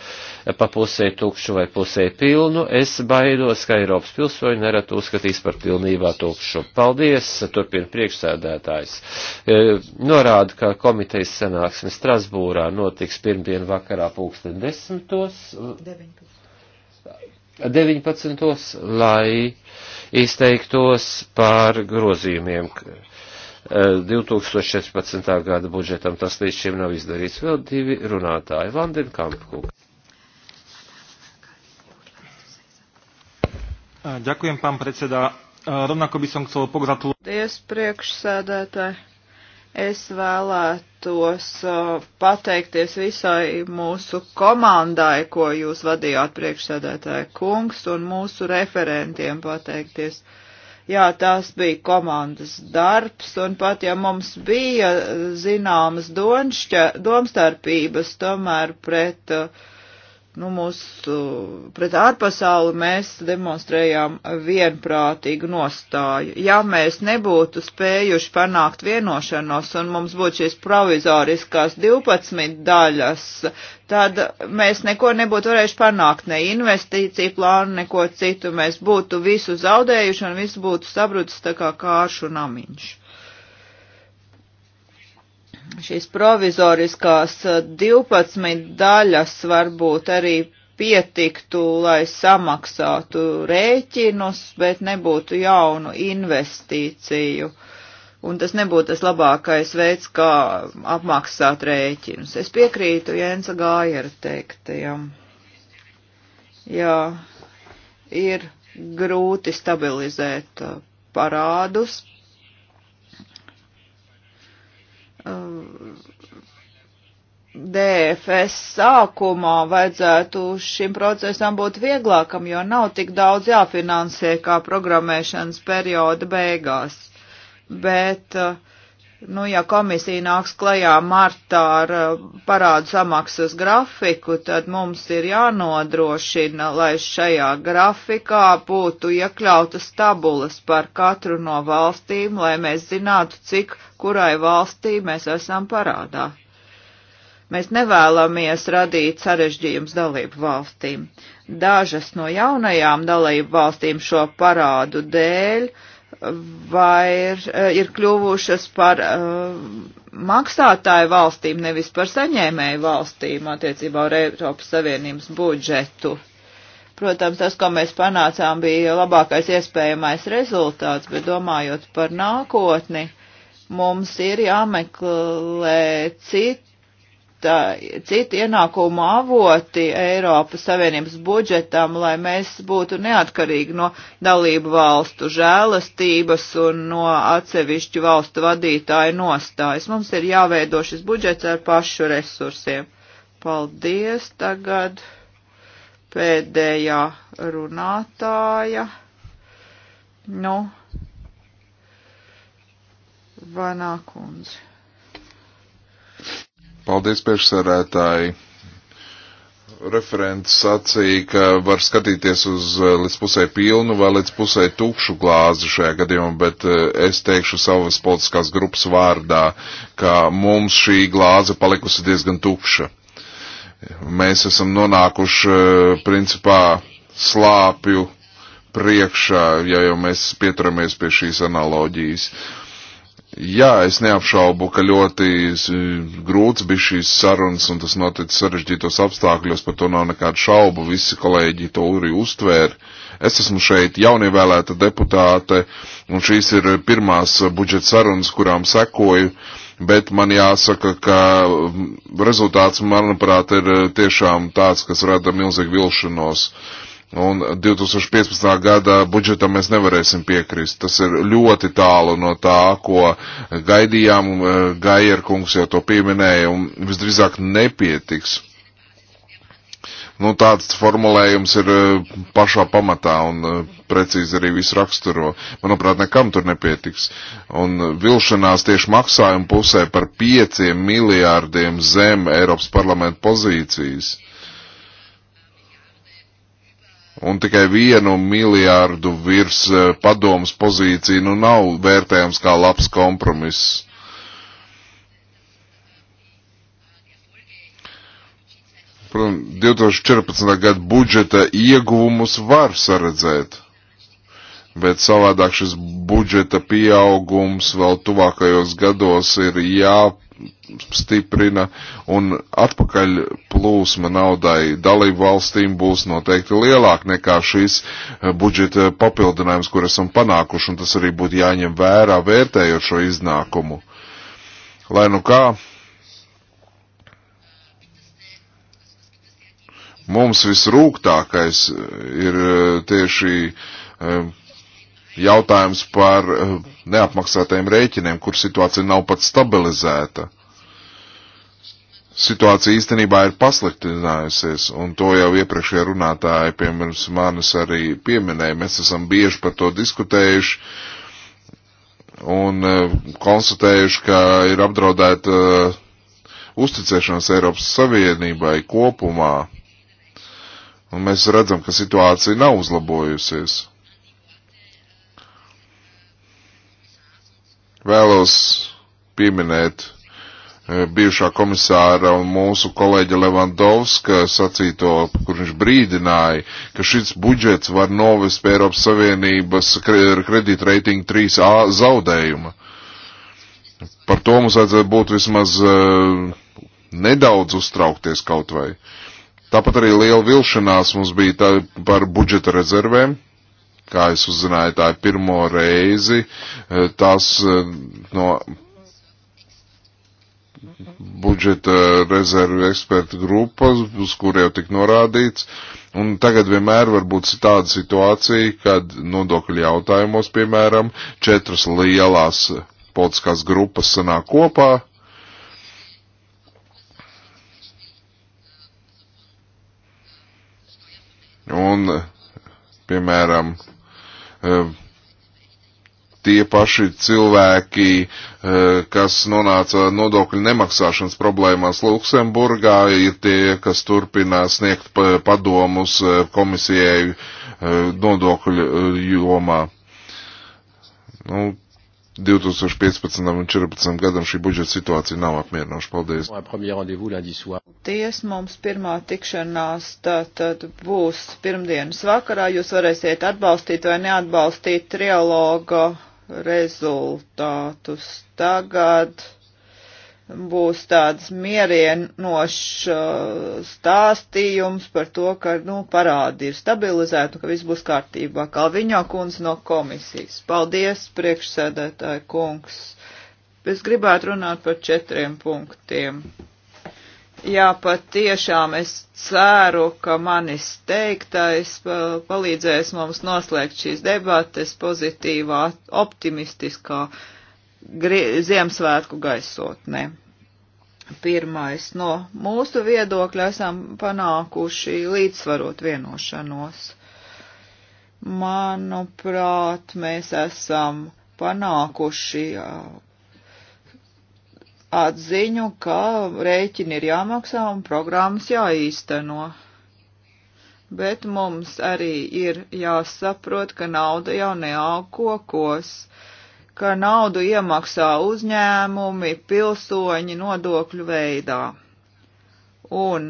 pa pusē tukšu vai pusē pilnu, es baidos, ka Eiropas pilsoņi nerad uzskatīs par pilnībā tukšu. Paldies, turpina priekšsēdētājs. E, norāda, ka komitejas sanāksme Strasbūrā notiks pirmdien vakarā pulksten desmitos. 19. 19. lai izteiktos par grozījumiem. 2016. Eh, gada budžetam tas līdz šim nav izdarīts. Vēl divi runātāji. Vandin Kampkūk. Eh, ďakujem, pán predseda. Eh, rovnako by som chcel pogratulovať. Paldies, priekšsēdētāji. Es vēlētos uh, pateikties visai mūsu komandai, ko jūs vadījāt priekšsēdētāja kungs, un mūsu referentiem pateikties. Jā, tās bija komandas darbs, un pat ja mums bija zināmas domstarpības, tomēr pret uh, nu, mūsu pret ārpasauli mēs demonstrējām vienprātīgu nostāju. Ja mēs nebūtu spējuši panākt vienošanos un mums būtu šīs provizoriskās 12 daļas, tad mēs neko nebūtu varējuši panākt, ne investīciju plānu, neko citu. Mēs būtu visu zaudējuši un viss būtu sabrucis tā kā kāršu namiņš šīs provizoriskās 12 eh, daļas varbūt arī pietiktu, lai samaksātu rēķinus, bet nebūtu jaunu investīciju. Un tas nebūtu tas labākais veids, kā apmaksāt rēķinus. Es piekrītu Jēnsa Gājera teiktajam. Jā, ir grūti stabilizēt eh, parādus, Um, DFS sākumā vajadzētu šim procesam būt vieglākam, jo nav tik daudz jāfinansē kā programmēšanas perioda beigās. Bet uh, nu, ja komisija nāks klajā martā ar eh, parādu samaksas grafiku, tad mums ir jānodrošina, lai šajā grafikā būtu iekļautas tabulas par katru no valstīm, lai mēs zinātu, cik kurai valstī mēs esam parādā. Mēs nevēlamies radīt sarežģījums dalību valstīm. Dažas no jaunajām dalību valstīm šo parādu dēļ uh, vair, eh, ir kļuvušas par uh, maksātāju valstīm, nevis par saņēmēju valstīm attiecībā ar Eiropas Savienības budžetu. Protams, tas, ko mēs panācām, bija labākais iespējamais rezultāts, bet domājot par nākotni, mums ir jāmeklē citi Uh, citi ienākumu avoti Eiropas Savienības budžetam, lai mēs būtu neatkarīgi no dalību valstu žēlastības un no atsevišķu valstu vadītāju nostājas. Mums ir jāveido šis budžets ar pašu resursiem. Paldies tagad pēdējā runātāja. Nu, Vanākundze. Paldies, priekšsarētāji. Referents sacīja, ka var skatīties uz eh, līdz pusē pilnu vai līdz pusē tukšu glāzi šajā gadījumā, bet eh, es teikšu savas politiskās grupas vārdā, ka mums šī glāze palikusi diezgan tukša. Mēs esam nonākuši eh, principā slāpju priekšā, ja jau mēs pieturamies pie šīs analoģijas. Uh, Jā, es neapšaubu, ka ļoti grūts bija šīs sarunas un tas notika sarežģītos apstākļos, par to nav nekādu šaubu, visi kolēģi to arī uztvēra. Es esmu šeit jaunievēlēta deputāte un šīs ir pirmās budžeta sarunas, kurām sekoju, bet man jāsaka, ka rezultāts, manuprāt, ir e, tiešām tāds, kas rada milzīgu vilšanos. Uh, un 2015. gada budžetam mēs nevarēsim piekrist. Tas ir ļoti tālu no tā, ko gaidījām, eh, Gaierkungs jau to pieminēja, un visdrīzāk nepietiks nu, tāds formulējums ir eh, pašā pamatā un eh, precīzi arī visu raksturo. Manuprāt, nekam tur nepietiks. Un vilšanās tieši maksājuma pusē par pieciem miljārdiem zem Eiropas parlamenta pozīcijas un tikai vienu miljārdu virs eh, padomas pozīciju nu nav vērtējams kā labs kompromiss. Protams, 2014. gada budžeta ieguvumus var saredzēt, bet savādāk šis budžeta pieaugums vēl tuvākajos gados ir jāpārādās jāstiprina un atpakaļ plūsma naudai dalību valstīm būs noteikti lielāka nekā šīs eh, budžeta papildinājums, kur esam panākuši, un tas arī būtu jāņem vērā vērtējot šo iznākumu. Lai nu kā, mums visrūgtākais eh, ir eh, tieši jautājums par neapmaksātajiem rēķiniem, kur situācija nav pat stabilizēta situācija īstenībā ir pasliktinājusies, un to jau iepriekšējā runātāja, piemēram, manis arī pieminēja, mēs esam bieži par to diskutējuši un eh, konstatējuši, ka ir apdraudēta eh, uzticēšanās Eiropas Savienībai kopumā, un mēs redzam, ka situācija nav uzlabojusies. Vēlos pieminēt Eh, bijušā komisāra un mūsu kolēģa Levandovska sacīto, kur viņš brīdināja, ka šis budžets var novest pie Eiropas Savienības kredītreitinga 3A zaudējuma. Par to mums vajadzētu būt vismaz uh, nedaudz uztraukties kaut vai. Tāpat arī liela vilšanās mums bija tā, par budžeta rezervēm, kā es uzzināju, tā ir pirmo reizi, eh, tās no budžeta rezervi ekspertu grupas, uz kur jau tik norādīts. Un tagad vienmēr var būt tāda situācija, kad nodokļu jautājumos, piemēram, četras lielās politiskās grupas sanāk kopā. Un, piemēram, eh, tie paši cilvēki, eh, kas nonāca nodokļu nemaksāšanas problēmās Luksemburgā, ir tie, kas turpina sniegt padomus eh, komisijai eh, nodokļu jomā. Nu, 2015. un 2014. gadam šī budžeta situācija nav apmierinoša. Paldies! Ties mums pirmā tikšanās tātad būs pirmdienas vakarā. Jūs varēsiet atbalstīt vai neatbalstīt trialoga rezultātus. Tagad būs tāds mierienošs uh, stāstījums par to, ka nu, parādi ir stabilizēti un ka viss būs kārtībā. Kalviņo kundze no komisijas. Paldies, priekšsēdētāji kungs. Es gribētu runāt par četriem punktiem. Jā, pat tiešām es ceru, ka manis teiktais palīdzēs mums noslēgt šīs debates pozitīvā, optimistiskā Ziemassvētku gaisotnē. Pirmais no mūsu viedokļa esam panākuši līdzsvarot vienošanos. Manuprāt, mēs esam panākuši atziņu, ka rēķini ir jāmaksā un programmas jāīsteno. Bet mums arī ir jāsaprot, ka nauda jau neaug kokos, ka naudu iemaksā uzņēmumi, pilsoņi nodokļu veidā. Un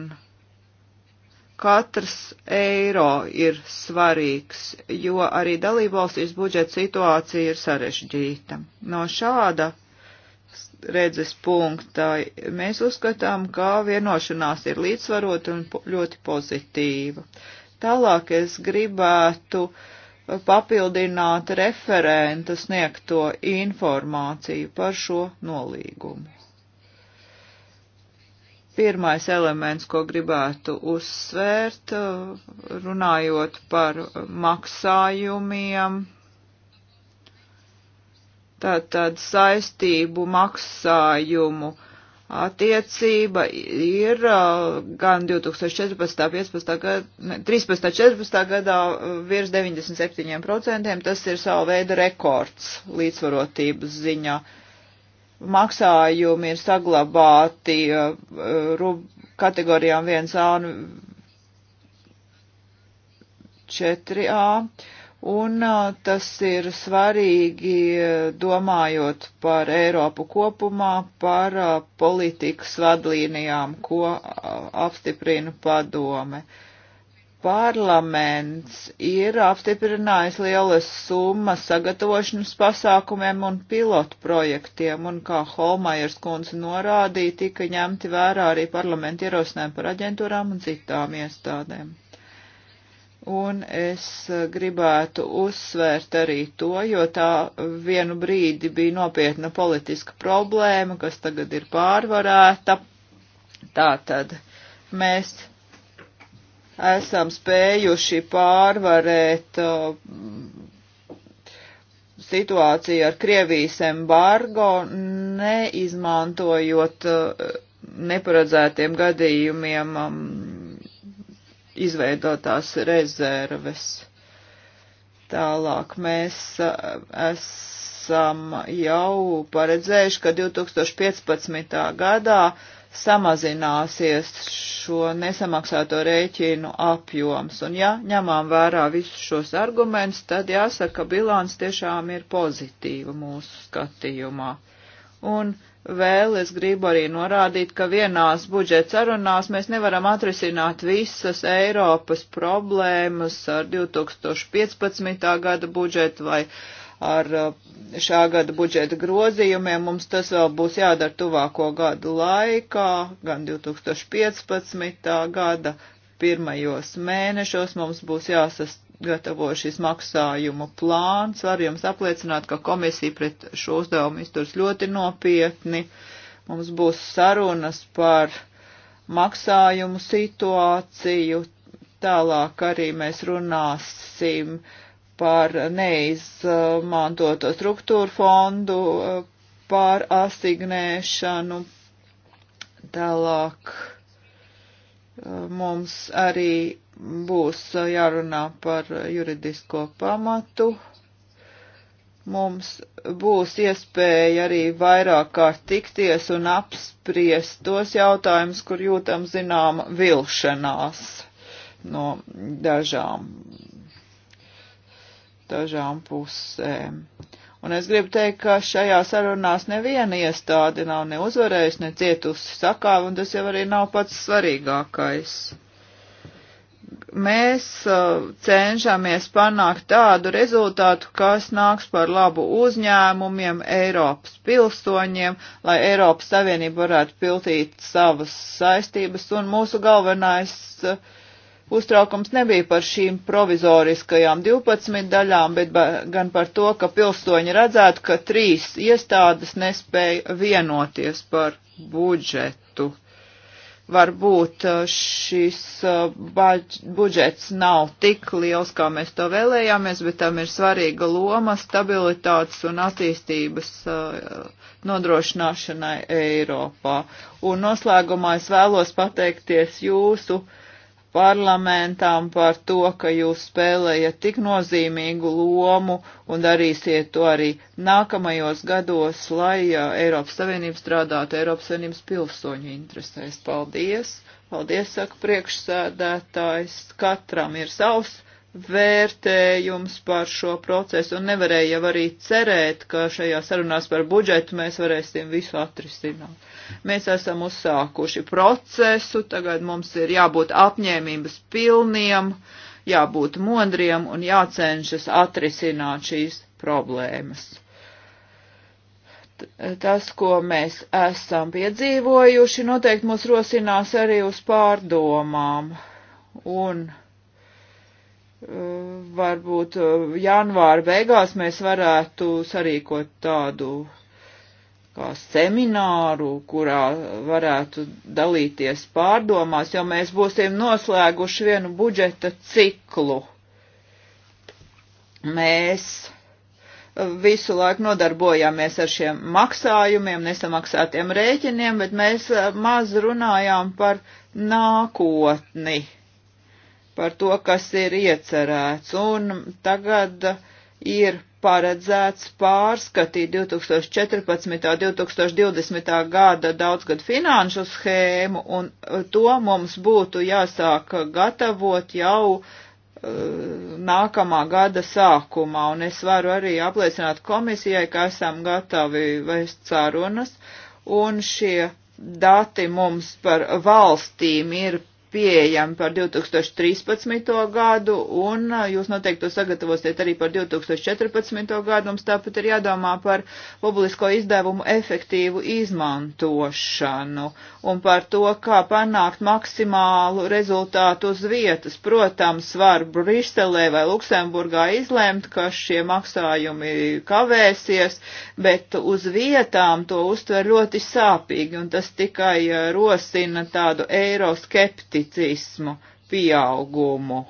katrs eiro ir svarīgs, jo arī dalībvalstīs budžeta situācija ir sarežģīta. No šāda redzes punktā. Mēs uzskatām, ka vienošanās ir līdzsvarota un po ļoti pozitīva. Tālāk es gribētu papildināt referenta sniegto informāciju par šo nolīgumu. Pirmais elements, ko gribētu uzsvērt, runājot par maksājumiem, Tātad saistību maksājumu attiecība ir uh, gan 2014. 15. Gada, 13. 14. gadā uh, virs 97%, tas ir savu veidu rekords līdzvarotības ziņā. Maksājumi ir saglabāti uh, kategorijām 1A un 4A Un tas ir svarīgi domājot par Eiropu kopumā, par politikas vadlīnijām, ko apstiprina padome. Parlaments ir apstiprinājis lielas summas sagatavošanas pasākumiem un pilotu projektiem, un kā Holmajers kundze norādīja, tika ņemti vērā arī parlamenta ierosinājumi par aģentūrām un citām iestādēm. Un es eh, gribētu uzsvērt arī to, jo tā vienu brīdi bija nopietna politiska problēma, kas tagad ir pārvarēta. Tātad mēs esam spējuši pārvarēt eh, situāciju ar Krievijas embargo, neizmantojot eh, neparedzētiem gadījumiem um, izveidotās rezerves. Tālāk mēs esam jau paredzējuši, ka 2015. gadā samazināsies šo nesamaksāto rēķinu apjoms. Un ja ņemām vērā visus šos argumentus, tad jāsaka, ka bilants tiešām ir pozitīva mūsu skatījumā. Un vēl es gribu arī norādīt, ka vienās budžeta sarunās mēs nevaram atrisināt visas Eiropas problēmas ar 2015. gada budžetu vai ar eh, šā gada budžeta grozījumiem. Mums tas vēl būs jādara tuvāko gadu laikā, gan 2015. gada pirmajos mēnešos mums būs jāsast jāgatavo šis maksājumu plāns. Var jums apliecināt, ka komisija pret šo uzdevumu izturs ļoti nopietni. Mums būs sarunas par maksājumu situāciju. Tālāk arī mēs runāsim par neizmantoto struktūru fondu eh, pārasignēšanu. Tālāk Mums arī būs jārunā par juridisko pamatu. Mums būs iespēja arī vairāk kārt tikties un apspriest tos jautājumus, kur jūtam zināma vilšanās no dažām, dažām pusēm. Uh, Un es gribu teikt, ka šajā sarunās neviena iestāde nav ne uzvarējusi, ne cietusi sakāvi, un tas jau arī nav pats svarīgākais. Mēs uh, cenšamies panākt tādu rezultātu, kas nāks par labu uzņēmumiem, Eiropas pilsoņiem, lai Eiropas Savienība varētu pildīt savas saistības, un mūsu galvenais uh, Uztraukums nebija par šīm provizoriskajām 12 daļām, bet gan par to, ka pilsoņi redzētu, ka trīs iestādes nespēja vienoties par budžetu. Varbūt uh, šis uh, budžets nav tik liels, kā mēs to vēlējāmies, bet tam ir svarīga loma stabilitātes un attīstības uh, nodrošināšanai Eiropā. Un noslēgumā es vēlos pateikties jūsu parlamentām par to, ka jūs spēlējat tik nozīmīgu lomu un darīsiet to arī nākamajos gados, lai Eiropas Savienība strādātu Eiropas Savienības pilsoņu interesēs. Paldies! Paldies, saka priekšsēdētājs. Katram ir savs vērtējums par šo procesu un nevarēja jau arī cerēt, ka šajā sarunās par budžetu mēs varēsim visu atrisināt. Mēs esam uzsākuši procesu, tagad mums ir jābūt apņēmības pilniem, jābūt modriem un jācenšas atrisināt šīs problēmas. Tas, ko mēs esam piedzīvojuši, noteikti mūs rosinās arī uz pārdomām. Un varbūt eh, janvāra beigās mēs varētu sarīkot tādu kā semināru, kurā varētu dalīties pārdomās, jo mēs būsim noslēguši vienu budžeta ciklu. Mēs visu laiku nodarbojāmies ar šiem maksājumiem, nesamaksātiem rēķiniem, bet mēs eh, maz runājām par nākotni par to, kas ir iecerēts. Un tagad ir paredzēts pārskatīt 2014. un 2020. gada daudzgad finanšu schēmu, un uh, to mums būtu jāsāk gatavot jau uh, nākamā gada sākumā, un es varu arī apliecināt komisijai, ka esam gatavi vēst sarunas, un šie dati mums par valstīm ir pieejami par 2013. gadu, un jūs noteikti to sagatavosiet arī par 2014. gadu. Mums tāpat ir jādomā par publisko izdevumu efektīvu izmantošanu un par to, kā panākt maksimālu rezultātu uz vietas. Protams, var Briselē vai Luksemburgā izlēmt, ka šie maksājumi kavēsies, bet uz vietām to uztver ļoti sāpīgi, un tas tikai rosina tādu eiroskeptiku skepticismu pieaugumu.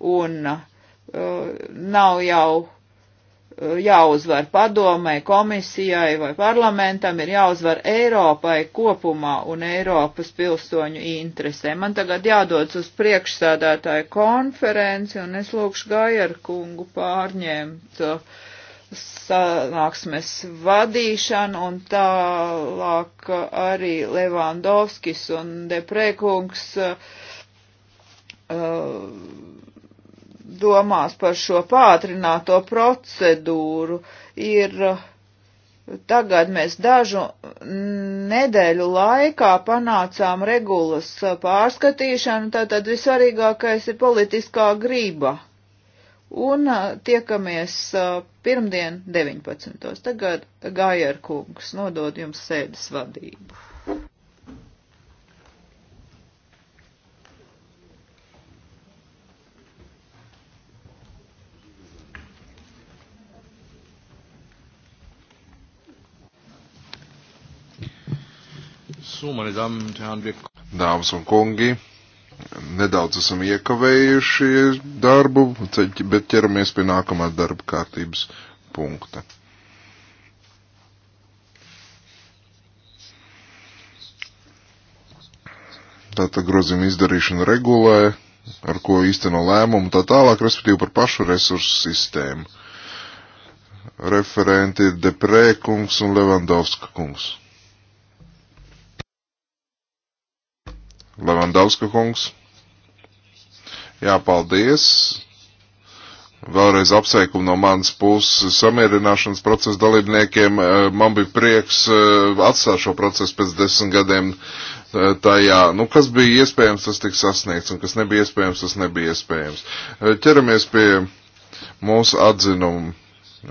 Un uh, nav jau uh, jāuzvar padomai, komisijai vai parlamentam, ir jāuzvar Eiropai kopumā un Eiropas pilsoņu interesē. Man tagad jādodas uz priekšsādātāju konferenci un es lūkšu Gajarkungu pārņemt uh, sanāksmes vadīšanu un tālāk arī Levandovskis un Deprēkungs uh, domās par šo pātrināto procedūru ir uh, Tagad mēs dažu nedēļu laikā panācām regulas uh, pārskatīšanu, tātad visvarīgākais ir politiskā grība un tiekamies pirmdien 19. Tagad Gajerkungs nodod jums sēdes vadību. So, meine Damen und Herren, wir Dāmas un kungi, nedaudz esam iekavējuši darbu, bet ķeramies pie nākamā darba kārtības punkta. Tātad grozījuma izdarīšana regulē, ar ko īsteno lēmumu tā tālāk, respektīvi par pašu resursu sistēmu. Referenti ir Deprē kungs un Levandovska kungs. Levandauska kungs. Jā, paldies. Vēlreiz apsveikumu no manas puses samierināšanas procesa dalībniekiem. Eh, man bija prieks eh, atstāt šo procesu pēc desmit gadiem eh, tajā. Nu, kas bija iespējams, tas tika sasniegts, un kas nebija iespējams, tas nebija iespējams. Ķeramies pie mūsu atzinumu.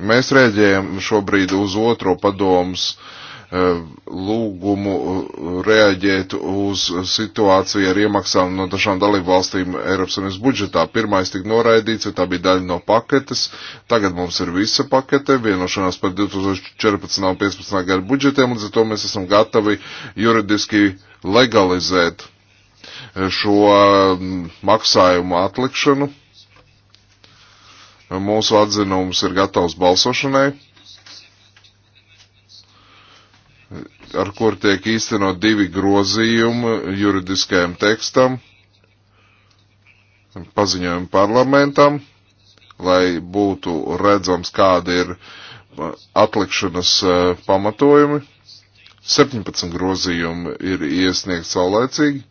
Mēs rēģējam šobrīd uz otro padomus uh, Eh, lūgumu eh, reaģēt uz situāciju ar iemaksām no dažām dalību valstīm Eiropas Savienības budžetā. Pirmais tika noraidīts, ja tā bija daļa no paketes. Tagad mums ir visa pakete, vienošanās par 2014. un 2015. gadu budžetiem, līdz ar to mēs esam gatavi juridiski legalizēt eh, šo mm, maksājumu atlikšanu. Mūsu atzinums ir gatavs balsošanai ar kur tiek īstenot divi grozījumi juridiskajam tekstam, paziņojumu parlamentam, lai būtu redzams, kāda ir uh, atlikšanas uh, pamatojumi. 17 grozījumi ir iesniegts saulēcīgi,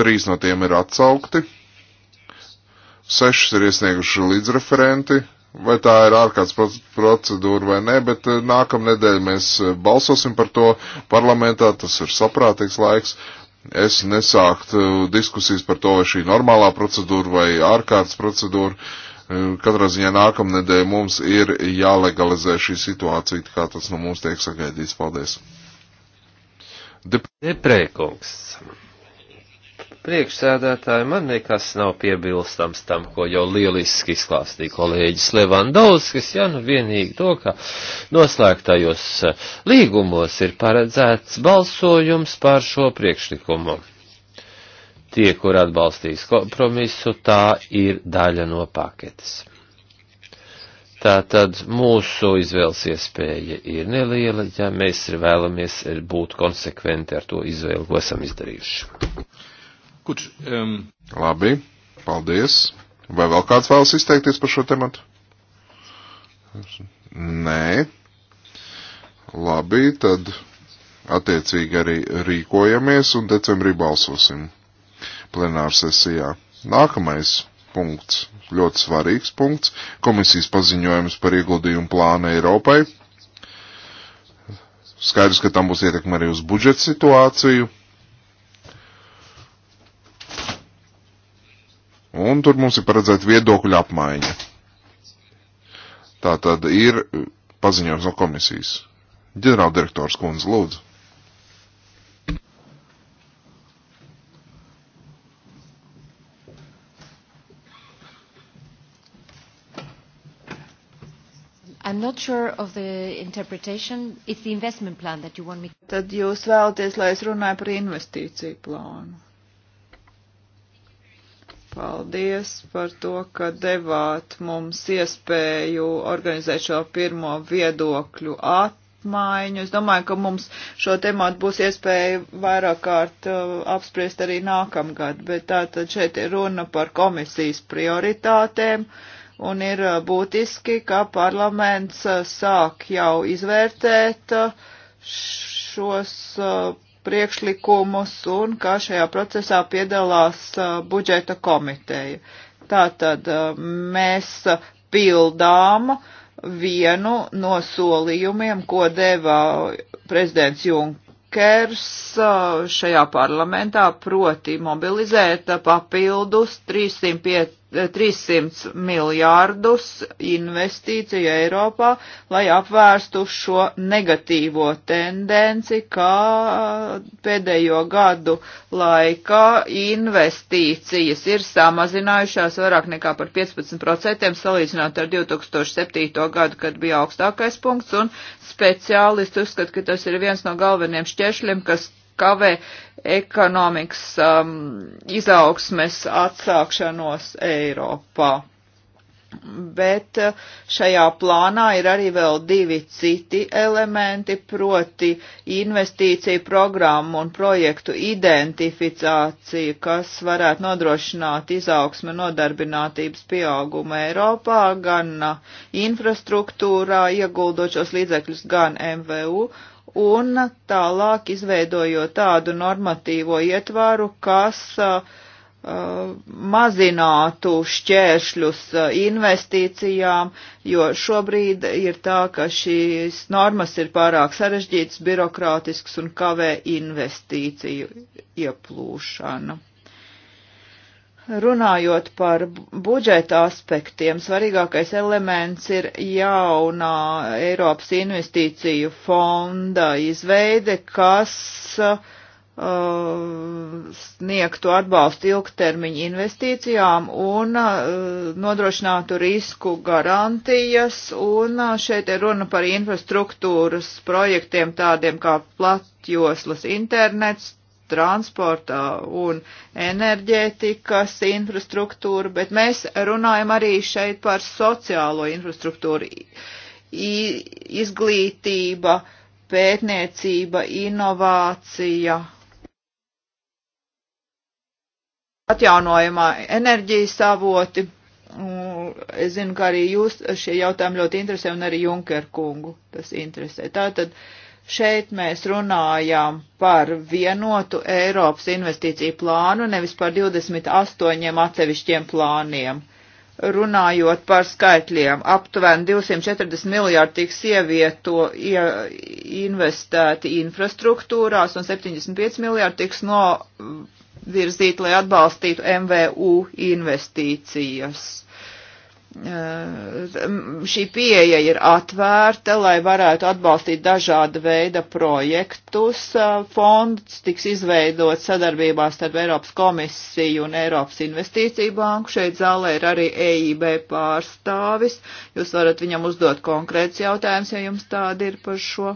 3 no tiem ir atsaukti, 6 ir iesnieguši līdzreferenti, vai tā ir ārkārtas procedūra vai nē, bet eh, nākamnedēļ mēs eh, balsosim par to parlamentā, tas ir saprātīgs laiks. Es nesāktu eh, diskusijas par to, vai šī normālā procedūra vai ārkārtas procedūra. Katrā ziņā nākamnedēļ mums ir jālegalizē šī situācija, kā tas no mums tiek sagaidīts. Paldies! Dep Deprēkungs priekšsēdētāji, man nekas nav piebilstams tam, ko jau lieliski izklāstīja kolēģis Levandovskis, ja nu vienīgi to, ka noslēgtajos eh, līgumos ir paredzēts balsojums par šo priekšlikumu. Tie, kur atbalstīs kompromisu, tā ir daļa no paketes. Tātad mūsu izvēles iespēja ir neliela, ja mēs vēlamies būt konsekventi ar to izvēlu, ko esam izdarījuši. Gut, um... Labi, paldies. Vai vēl kāds vēlas izteikties par šo tematu? Nē. Labi, tad attiecīgi arī rīkojamies un decembrī balsosim plenārsesijā. Nākamais punkts, ļoti svarīgs punkts, komisijas paziņojums par ieguldījumu plānu Eiropai. Skaidrs, ka tam būs ietekme arī uz budžeta situāciju. Un tur mums ir paredzēta viedokļa apmaiņa. Tā tad ir paziņojums no komisijas. Ģenerāldirektors Kunze, lūdzu. I'm not sure of the interpretation. It's the investment plan that you want me to. Tad jūs vēlaties, lai es runāju par investīciju plānu. Paldies par to, ka devāt mums iespēju organizēt šo pirmo viedokļu apmaiņu. Es domāju, ka mums šo tematu būs iespēja vairāk kārt uh, apspriest arī nākamgad, bet tātad šeit ir runa par komisijas prioritātēm. Un ir uh, būtiski, ka parlaments uh, sāk jau izvērtēt uh, šos priekšlikumus un kā šajā procesā piedalās budžeta komiteja. Tātad mēs pildām vienu no solījumiem, ko deva prezidents Junkers šajā parlamentā, proti mobilizēt papildus 305 300 miljārdus investīciju Eiropā, lai apvērstu šo negatīvo tendenci, kā pēdējo gadu laikā investīcijas ir samazinājušās vairāk nekā par 15% salīdzinot ar 2007. gadu, kad bija augstākais punkts, un speciālisti uzskat, ka tas ir viens no galveniem šķēršļiem, kas kavē ekonomikas um, izaugsmes atsākšanos Eiropā. Bet uh, šajā plānā ir arī vēl divi citi elementi, proti investīciju programmu un projektu identifikācija, kas varētu nodrošināt izaugsme nodarbinātības pieaugumu Eiropā, gan uh, infrastruktūrā ieguldot šos līdzekļus, gan MVU, un tālāk izveidojot tādu normatīvo ietvaru, kas uh, uh mazinātu šķēršļus uh, investīcijām, jo šobrīd ir tā, ka šīs normas ir pārāk sarežģītas, birokrātisks un kavē investīciju ieplūšanu. Runājot par budžeta aspektiem, svarīgākais elements ir jaunā Eiropas investīciju fonda izveide, kas uh, sniegtu atbalstu ilgtermiņa investīcijām un uh, nodrošinātu risku garantijas. Un uh, šeit ir runa par infrastruktūras projektiem tādiem kā platjoslas internets, transporta un enerģētikas infrastruktūru, bet mēs runājam arī šeit par sociālo infrastruktūru, izglītība, pētniecība, inovācija, atjaunojamā enerģijas avoti. Es zinu, ka arī jūs šie jautājumi ļoti interesē un arī Junker kungu tas interesē. Tātad Šeit mēs runājām par vienotu Eiropas investīciju plānu, nevis par 28 atsevišķiem plāniem. Runājot par skaitļiem, aptuveni 240 miljārdi tiks ievieto ie, investēti infrastruktūrās un 75 miljārdi tiks novirzīt, lai atbalstītu MVU investīcijas šī pieeja ir atvērta, lai varētu atbalstīt dažāda veida projektus. Fonds tiks izveidot sadarbībā starp Eiropas komisiju un Eiropas investīciju banku. Šeit zālē ir arī EIB pārstāvis. Jūs varat viņam uzdot konkrēts jautājums, ja jums tādi ir par šo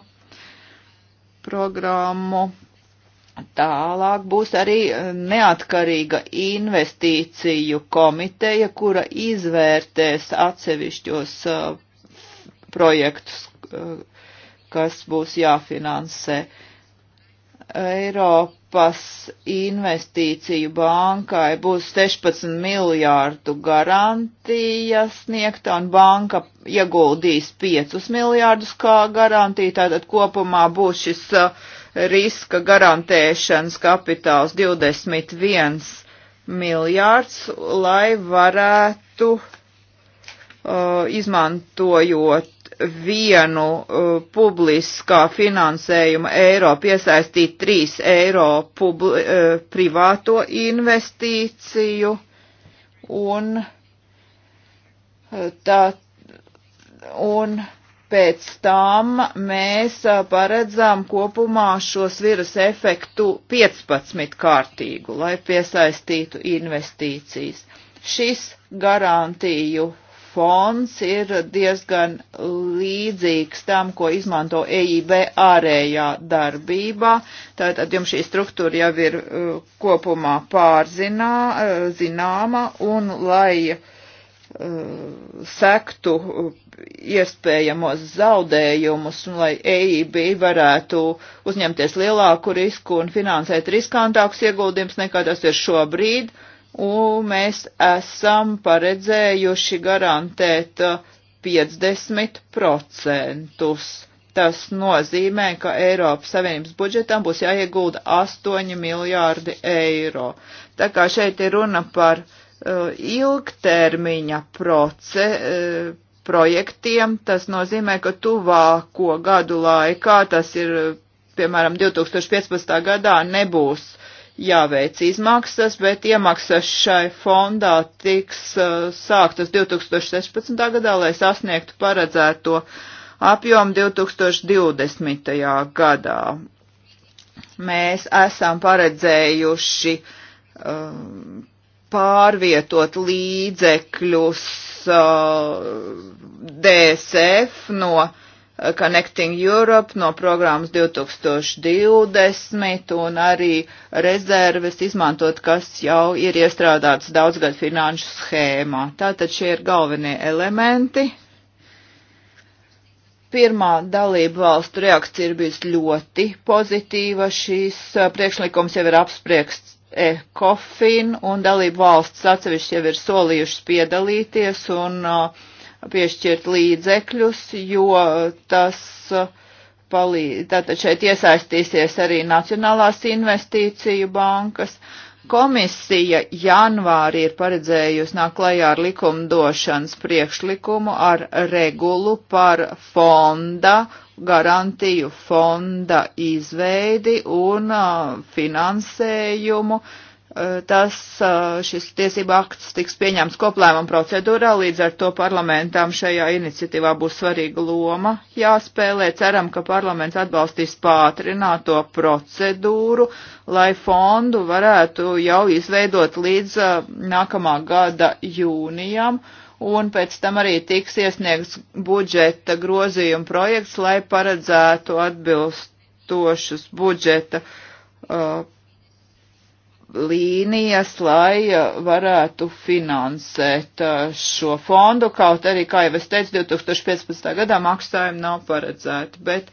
programmu Tālāk būs arī eh, neatkarīga investīciju komiteja, kura izvērtēs atsevišķos uh, projektus, uh, kas būs jāfinansē. Eiropas investīciju bankai būs 16 miljārdu garantija sniegta un banka ieguldīs 5 miljārdus kā garantija, tātad kopumā būs šis uh, riska garantēšanas kapitāls 21 miljārds, lai varētu uh, izmantojot vienu uh, publiskā finansējuma eiro piesaistīt trīs eiro publi, uh, privāto investīciju un uh, tā un uh, pēc tam mēs paredzām kopumā šo sviras efektu 15 kārtīgu, lai piesaistītu investīcijas. Šis garantiju fonds ir diezgan līdzīgs tam, ko izmanto EIB ārējā darbībā. Tātad jums šī struktūra jau ir kopumā pārzināma un lai uh, Uh, sektu uh, iespējamos zaudējumus, un lai EIB varētu uzņemties lielāku risku un finansēt riskantākus ieguldījumus nekā tas ir šobrīd, un mēs esam paredzējuši garantēt 50%. Uh, tas nozīmē, ka Eiropas Savienības budžetam būs jāiegulda 8 miljārdi eiro. Tā kā šeit ir runa par uh, Uh, ilgtermiņa proce, uh, projektiem, tas nozīmē, ka tuvāko gadu laikā, tas ir, piemēram, 2015. gadā, nebūs jāveic izmaksas, bet iemaksas šai fondā tiks uh, sāktas 2016. gadā, lai sasniegtu paredzēto apjomu 2020. gadā. Mēs esam paredzējuši um, pārvietot līdzekļus uh, DSF no uh, Connecting Europe, no programmas 2020 un arī rezerves izmantot, kas jau ir iestrādāts daudzgad finanšu schēmā. Tātad šie ir galvenie elementi. Pirmā dalība valstu reakcija ir bijusi ļoti pozitīva. Šīs uh, priekšlikums jau ir apsprieksts ECOFIN un dalību valsts atsevišķi jau ir solījušas piedalīties un uh, piešķirt līdzekļus, jo uh, tas uh, palīdz, tātad šeit iesaistīsies arī Nacionālās investīciju bankas. Komisija janvāri ir paredzējusi nāk klajā ar likumdošanas priekšlikumu ar regulu par fonda garantiju fonda izveidi un uh, finansējumu. Uh, tas, uh, šis tiesība akts tiks pieņemts koplēmuma procedūrā, līdz ar to parlamentām šajā iniciatīvā būs svarīga loma jāspēlē. Ceram, ka parlaments atbalstīs pātrināto procedūru, lai fondu varētu jau izveidot līdz nākamā gada jūnijam. Uh, un pēc tam arī tiks iesniegts budžeta grozījuma projekts, lai paredzētu atbilstošus budžeta uh, līnijas, lai uh, varētu finansēt uh, šo fondu, kaut arī, kā jau es teicu, 2015. gadā maksājumi nav paredzēti, bet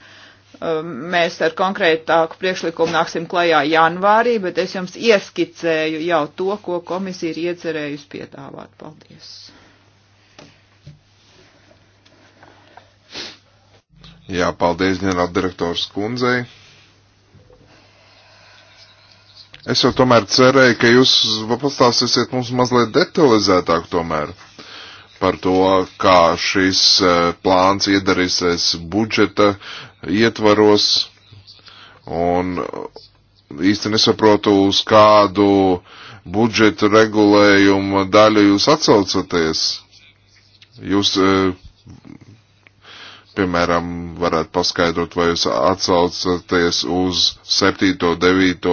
um, mēs ar konkrētāku priekšlikumu nāksim klajā janvārī, bet es jums ieskicēju jau to, ko komisija ir iecerējusi piedāvāt. Paldies! Jā, paldies ģenerāldirektors kundzei. Es jau tomēr cerēju, ka jūs pastāstīsiet mums mazliet detalizētāk tomēr par to, kā šis e, plāns iedarīsies budžeta ietvaros. Un īsti nesaprotu, uz kādu budžeta regulējumu daļu jūs atsaucaties. Jūs e, piemēram, varētu paskaidrot, vai jūs atsaucaties uz 7., 9.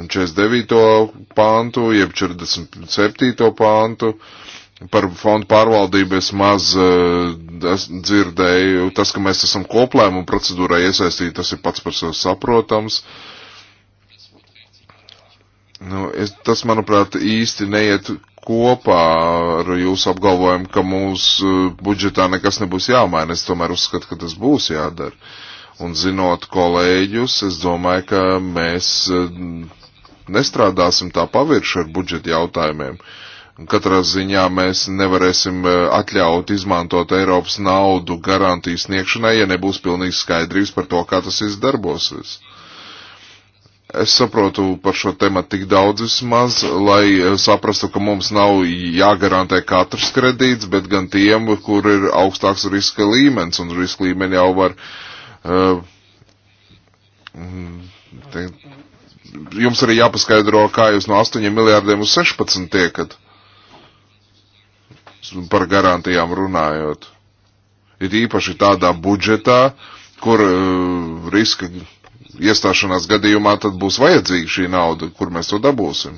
un 49. pāntu, jeb 47. pāntu. Par fondu pārvaldību es maz eh, es dzirdēju. Tas, ka mēs esam koplēmu procedūrā iesaistīti, tas ir pats par sevi saprotams. Uh, Nu, es, tas, manuprāt, īsti neiet kopā ar jūsu apgalvojumu, ka mūsu eh, budžetā nekas nebūs jāmaina. Es tomēr uzskatu, ka tas būs jādara. Un zinot kolēģus, es domāju, ka mēs eh, nestrādāsim tā pavirši ar budžeta jautājumiem. Katrā ziņā mēs nevarēsim eh, atļaut izmantot Eiropas naudu garantijas sniegšanai, ja nebūs pilnīgi skaidrības par to, kā tas izdarbosies. darbosies. Es saprotu par šo tematu tik daudz vismaz, lai eh, saprastu, ka mums nav jāgarantē katrs kredīts, bet gan tiem, kur ir augstāks riska līmenis, un riska līmeni jau var. Eh, mm, te, jums arī jāpaskaidro, kā jūs no 8 miljārdiem uz 16 tiekat par garantijām runājot. Ir īpaši tādā budžetā, kur uh, riska iestāšanās gadījumā tad būs vajadzīga šī nauda, kur mēs to dabūsim.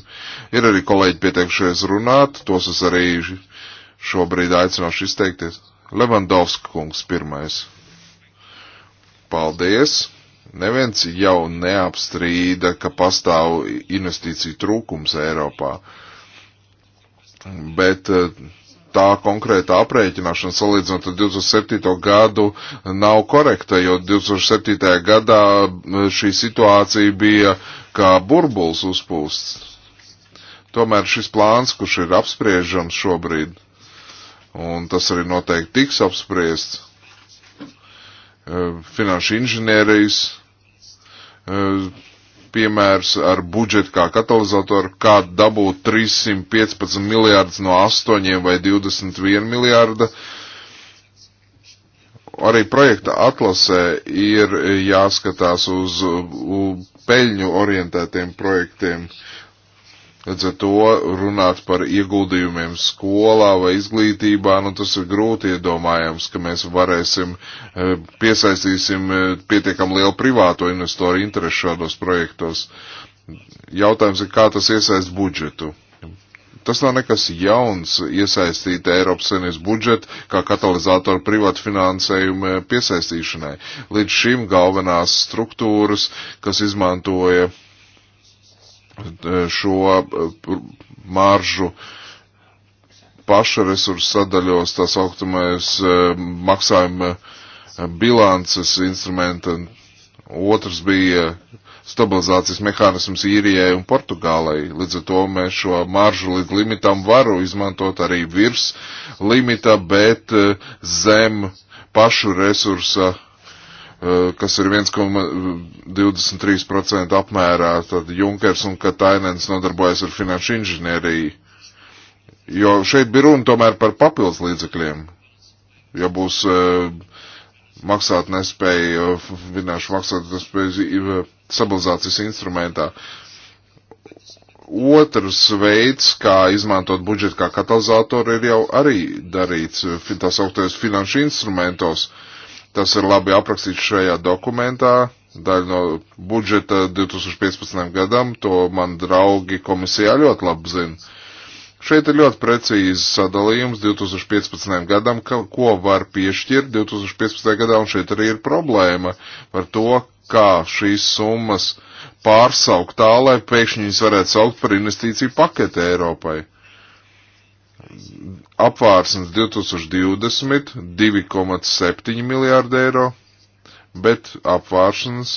Ir arī kolēģi pieteikušies runāt, tos es arī šobrīd aicināšu izteikties. Levandovska kungs pirmais. Paldies! Neviens jau neapstrīda, ka pastāv investīciju trūkums Eiropā, bet uh, tā konkrēta aprēķināšana salīdzinot ar 2007. gadu nav korekta, jo 2007. gadā šī situācija bija kā burbulis uzpūsts. Tomēr šis plāns, kurš ir apspriežams šobrīd, un tas arī noteikti tiks apspriests, e, finanšu inženierijas e, piemērs ar budžetu kā katalizatoru, kā dabūt 315 miljārdus no 8 vai 21 miljārda. Arī projekta atlasē ir jāskatās uz, uz peļņu orientētiem projektiem. Līdz ar to runāt par ieguldījumiem skolā vai izglītībā, nu tas ir grūti iedomājams, ka mēs varēsim, e, piesaistīsim e, pietiekam lielu privāto investoru interesu šādos projektos. Jautājums ir, kā tas iesaist budžetu. Tas nav nekas jauns iesaistīt Eiropas Savienības budžetu kā katalizātoru privātu finansējumu e, piesaistīšanai. Līdz šim galvenās struktūras, kas izmantoja šo eh, maržu paša resursu sadaļos, tā sauktamais eh, maksājuma eh, bilances instrumenta. Otrs bija stabilizācijas mehānisms īrijai un Portugālei. Līdz ar to mēs šo maržu līdz limitam varu izmantot arī virs limita, bet zem pašu resursa Eh, kas ir 1,23% eh, apmērā, tad Junkers un Katainens nodarbojas ar finanšu inženieriju. Jo šeit bija runa tomēr par papildus līdzekļiem. Ja būs uh, maksāt nespēja, uh, finanšu maksāt nespēja uh, stabilizācijas instrumentā. Otrs veids, kā izmantot budžetu kā katalizatoru, ir jau arī darīts tā sauktajos finanšu instrumentos. Uh, Tas ir labi aprakstīts šajā dokumentā, daļa no budžeta 2015. gadam, to man draugi komisijā ļoti labi zina. Šeit ir ļoti precīzi sadalījums 2015. gadam, ka, ko var piešķirt 2015. gadā, un šeit arī ir problēma par to, kā šīs summas pārsaukt tā, lai pēkšņi viņas varētu saukt par investīciju paketi Eiropai apvārsnes 2020 2,7 miljārdi eiro, bet apvāršanas,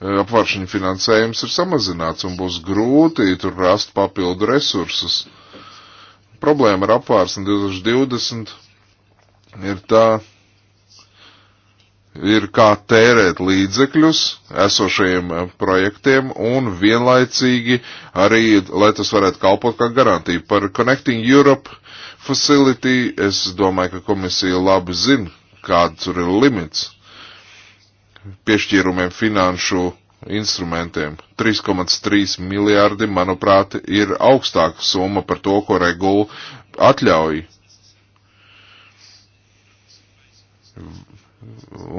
eh, apvāršana finansējums ir samazināts un būs grūti tur rast papildu resursus. Problēma ar apvārsni 2020 ir tā, ir kā tērēt līdzekļus esošajiem eh, projektiem un vienlaicīgi arī, lai tas varētu kalpot kā garantija par Connecting Europe Facility. Es domāju, ka komisija labi zina, kāds tur ir limits piešķīrumiem finanšu instrumentiem. 3,3 miljārdi, manuprāt, ir augstāka summa par to, ko regula atļauj.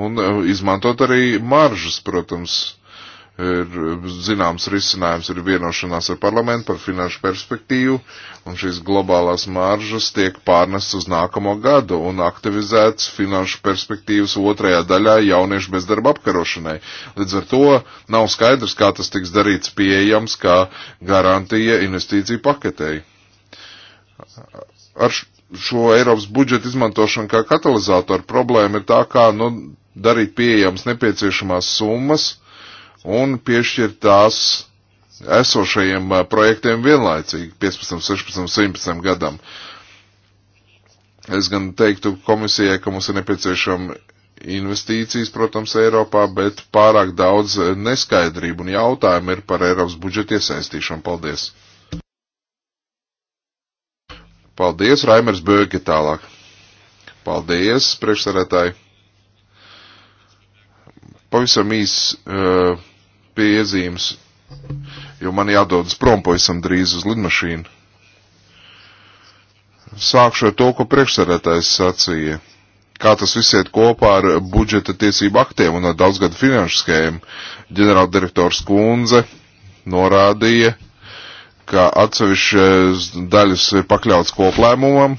Un eh, izmantot arī maržas, protams, ir zināms risinājums, ir vienošanās ar parlamentu par finanšu perspektīvu, un šīs globālās maržas tiek pārnests uz nākamo gadu un aktivizēts finanšu perspektīvas otrajā daļā jauniešu bezdarba apkarošanai. Līdz ar to nav skaidrs, kā tas tiks darīts pieejams kā garantija investīciju paketei. Ar šo Eiropas budžetu izmantošanu kā katalizātoru problēma ir tā, kā nu, darīt pieejams nepieciešamās summas un piešķirt tās esošajiem projektiem vienlaicīgi 15, 16, 17 gadam. Es gan teiktu komisijai, ka mums ir nepieciešama investīcijas, protams, Eiropā, bet pārāk daudz neskaidrību un jautājumu ir par Eiropas budžeta iesaistīšanu. Paldies! Paldies, Raimers Bögi tālāk. Paldies, priekšsarētāji. Pavisam īs uh, piezīmes, jo man jādodas prom pavisam drīz uz lidmašīnu. Sākšu ar to, ko priekšsarētājs sacīja. Kā tas viss iet kopā ar budžeta tiesību aktiem un ar daudzgadu finanšu schēmu, ģenerāldirektors Kunze norādīja, ka atsevišķas daļas ir pakļauts koplēmumam,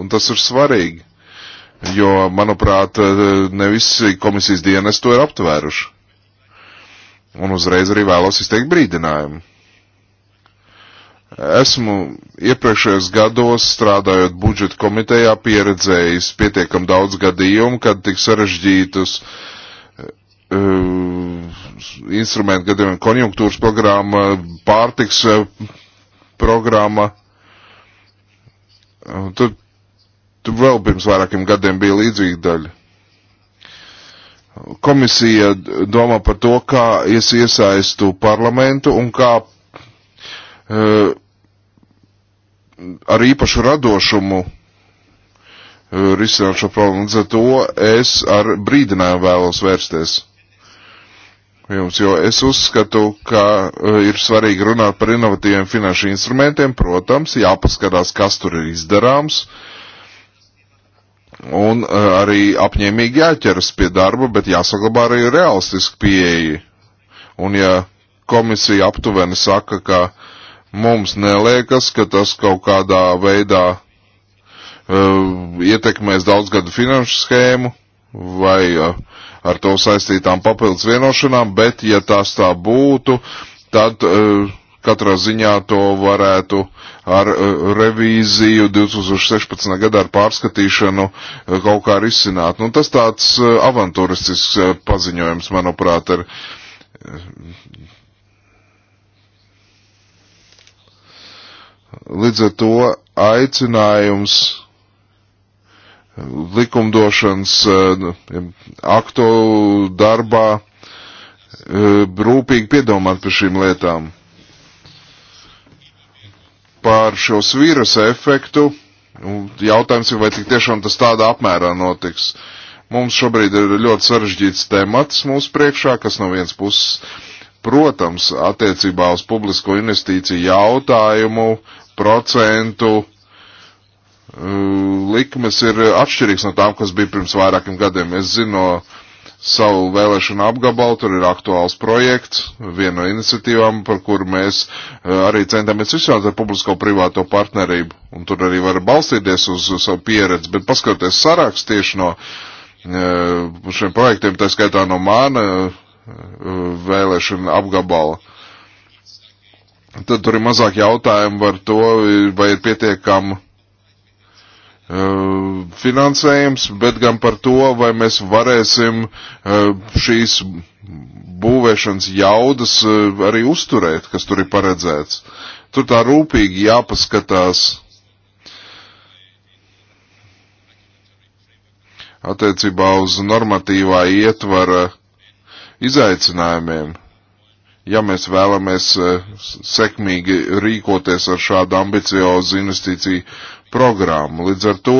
un tas ir svarīgi, jo, manuprāt, ne visi komisijas dienas to ir aptvēruši. Un uzreiz arī vēlos izteikt brīdinājumu. Esmu iepriekšējos gados strādājot budžeta komitejā pieredzējis pietiekam daudz gadījumu, kad tik sarežģītus uh, instrumentu gadījumiem konjunktūras programma, pārtiks eh, programma. Tur, tur vēl pirms vairākiem gadiem bija līdzīga daļa. Komisija domā par to, kā es iesaistu parlamentu un kā uh, ar īpašu radošumu uh, risināt šo problēmu. Līdz ar to es ar brīdinājumu vēlos vērsties jums, jo es uzskatu, ka uh, ir svarīgi runāt par inovatīviem finanšu instrumentiem. Protams, jāpaskatās, kas tur ir izdarāms. Uh, Un eh, arī apņēmīgi jāķeras pie darba, bet jāsaglabā arī realistiski pieeji. Un ja komisija aptuveni saka, ka mums neliekas, ka tas kaut kādā veidā uh, ietekmēs daudzgadu finanšu schēmu vai uh, ar to saistītām papildus vienošanām, bet ja tas tā būtu, tad uh, katrā ziņā to varētu ar eh, revīziju 2016. gadā ar pārskatīšanu eh, kaut kā risināt. Nu, tas tāds eh, avantūristisks paziņojums, manuprāt, ir. Līdz ar to aicinājums likumdošanas aktu darbā rūpīgi piedomāt par šīm lietām par šo vīrusa efektu. Jautājums ir, vai tik tiešām tas tādā apmērā notiks. Mums šobrīd ir ļoti sarežģīts temats mūsu priekšā, kas no vienas puses, protams, attiecībā uz publisko investīciju jautājumu, procentu uh, likmes ir atšķirīgs no tām, kas bija pirms vairākiem gadiem. Es zinu no savu vēlēšanu apgabalu, tur ir aktuāls projekts, viena no iniciatīvām, par kuru mēs eh, arī centamies izstrādāt ar publisko-privāto partnerību, un tur arī var balstīties uz savu pieredzi, bet paskatoties saraksts tieši no eh, šiem projektiem, tā skaitā no mana eh, vēlēšana apgabala. Tad tur ir mazāk jautājumu par to, vai ir pietiekama Eh, finansējums, bet gan par to, vai mēs varēsim eh, šīs būvēšanas jaudas eh, arī uzturēt, kas tur ir paredzēts. Tur tā rūpīgi jāpaskatās attiecībā uz normatīvā ietvara izaicinājumiem. Ja mēs vēlamies sekmīgi rīkoties ar šādu ambiciozu investīciju programmu. Līdz ar to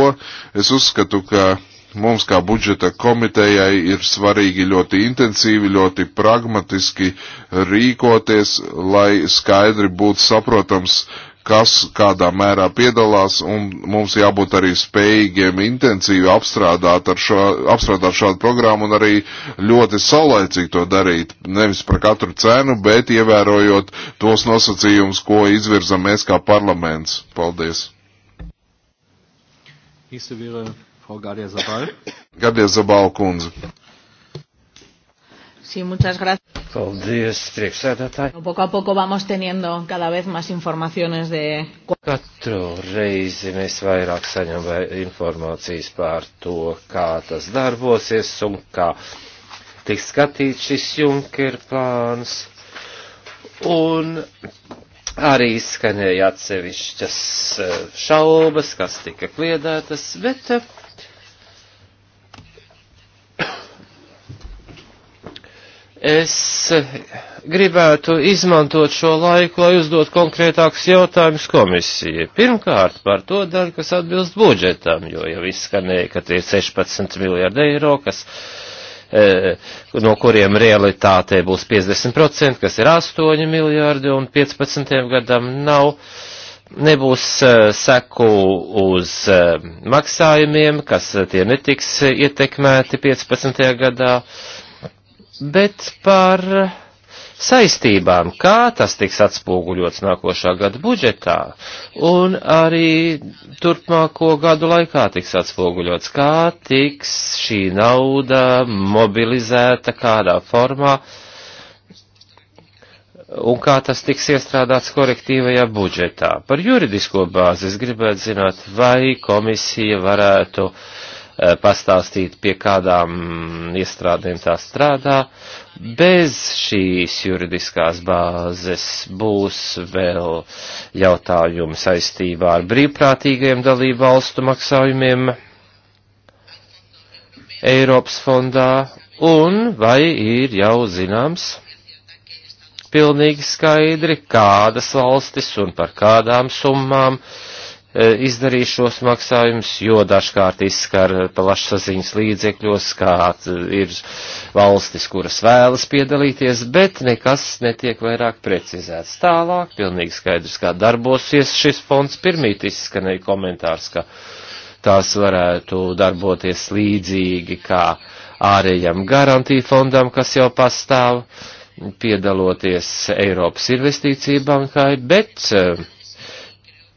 es uzskatu, ka mums kā budžeta komitejai ir svarīgi ļoti intensīvi, ļoti pragmatiski rīkoties, lai skaidri būtu saprotams, kas kādā mērā piedalās, un mums jābūt arī spējīgiem intensīvi apstrādāt, ar šo, apstrādāt šādu programmu un arī ļoti saulēcīgi to darīt. Nevis par katru cenu, bet ievērojot tos nosacījumus, ko izvirzam mēs kā parlaments. Paldies! Nächste wäre Frau Gadia Zabal. Gadia Zabal kundze. Sí, muchas gracias. Paldies, priekšsēdētāji. Poco a poco vamos teniendo cada vez más informaciones de. Katru reizi mēs vairāk saņem informācijas par to, kā tas darbosies un kā tiks skatīts šis Junker plāns. Un arī skanēja atsevišķas eh, šaubas, kas tika kliedētas, bet eh, es eh, gribētu izmantot šo laiku, lai uzdot konkrētākus jautājumus komisijai. Pirmkārt, par to daļu, kas atbilst budžetam, jo jau izskanēja, ka tie ir 16 miljārdi eiro, kas uh, Eh, no kuriem realitātei būs 50%, kas ir 8 miljārdi, un 15. gadam nav, nebūs eh, seku uz eh, maksājumiem, kas tie netiks ietekmēti 15. gadā, bet par saistībām, kā tas tiks atspoguļots nākošā gada budžetā, un arī turpmāko gadu laikā tiks atspoguļots, kā tiks šī nauda mobilizēta, kādā formā, un kā tas tiks iestrādāts korektīvajā budžetā. Par juridisko bāzi es gribētu zināt, vai komisija varētu uh, Eh, pastāstīt, pie kādām iestrādēm tā strādā. Bez šīs juridiskās bāzes būs vēl jautājumi saistībā ar brīvprātīgajiem dalību valstu maksājumiem Eiropas fondā un vai ir jau zināms pilnīgi skaidri, kādas valstis un par kādām summām uh, E, izdarīt šos maksājumus, jo dažkārt izskar plašsaziņas līdzekļos, kā ir valstis, kuras vēlas piedalīties, bet nekas netiek vairāk precizēts. Tālāk pilnīgi skaidrs, kā darbosies šis fonds. Pirmīt izskanēja komentārs, ka tās varētu darboties līdzīgi kā ārējam garantiju fondam, kas jau pastāv, piedaloties Eiropas investīcija bankai, bet e,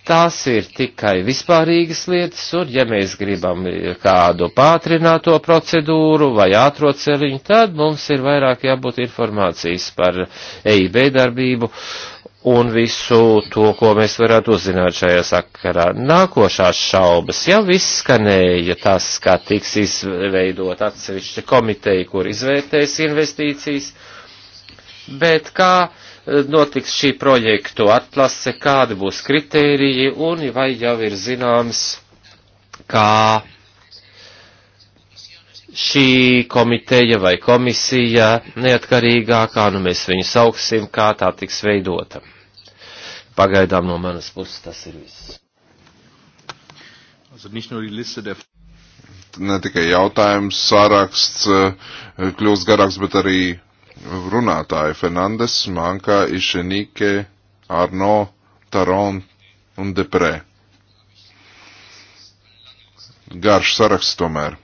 tās ir tikai vispārīgas lietas, un ja mēs gribam kādu pātrināto procedūru vai ātro ceļiņu, tad mums ir vairāk jābūt informācijas par EIB darbību un visu to, ko mēs varētu uzzināt šajā sakarā. Nākošās šaubas jau izskanēja tas, kā tiks izveidot atsevišķa komiteja, kur izvērtēs investīcijas, bet kā notiks šī projektu atlase, kādi būs kritēriji un vai jau ir zināms, kā šī komiteja vai komisija neatkarīgā, kā nu mēs viņu sauksim, kā tā tiks veidota. Pagaidām no manas puses tas ir viss. Ne tikai jautājums, sāraksts eh, kļūst garāks, bet arī runātāji Fernandes, Manka, Išenike, Arno, Taron un Deprē. Garš saraksts tomēr.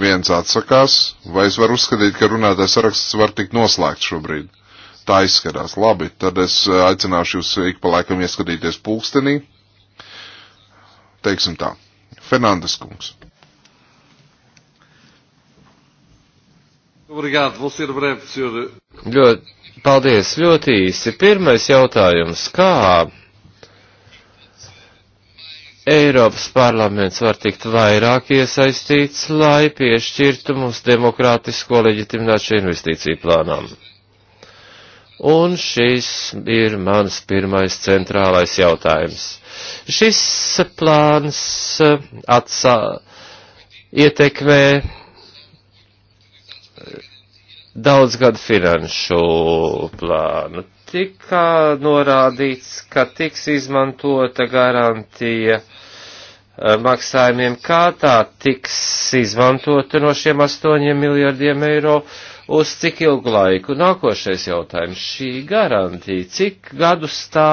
Viens atsakās, vai es varu uzskatīt, ka runātājs saraksts var tikt noslēgts šobrīd? Tā izskatās. Labi, tad es eh, aicināšu jūs ik pa laikam ieskatīties pulkstenī. Teiksim tā. Fernandes kungs. Obrigāt, vēl ir brēvs, jo. Ļoti, paldies, ļoti īsi. Pirmais jautājums, kā Eiropas parlaments var tikt vairāk iesaistīts, lai piešķirtu mums demokrātisko leģitimitāšu investīciju plānām. Un šis ir mans pirmais centrālais jautājums. Šis plāns eh, atsā, ietekmē daudzgadu finanšu plānu. Tikā norādīts, ka tiks izmantota garantija eh, maksājumiem, kā tā tiks izmantota no šiem 8 miljardiem eiro, uz cik ilgu laiku. Nākošais jautājums - šī garantija, cik gadus tā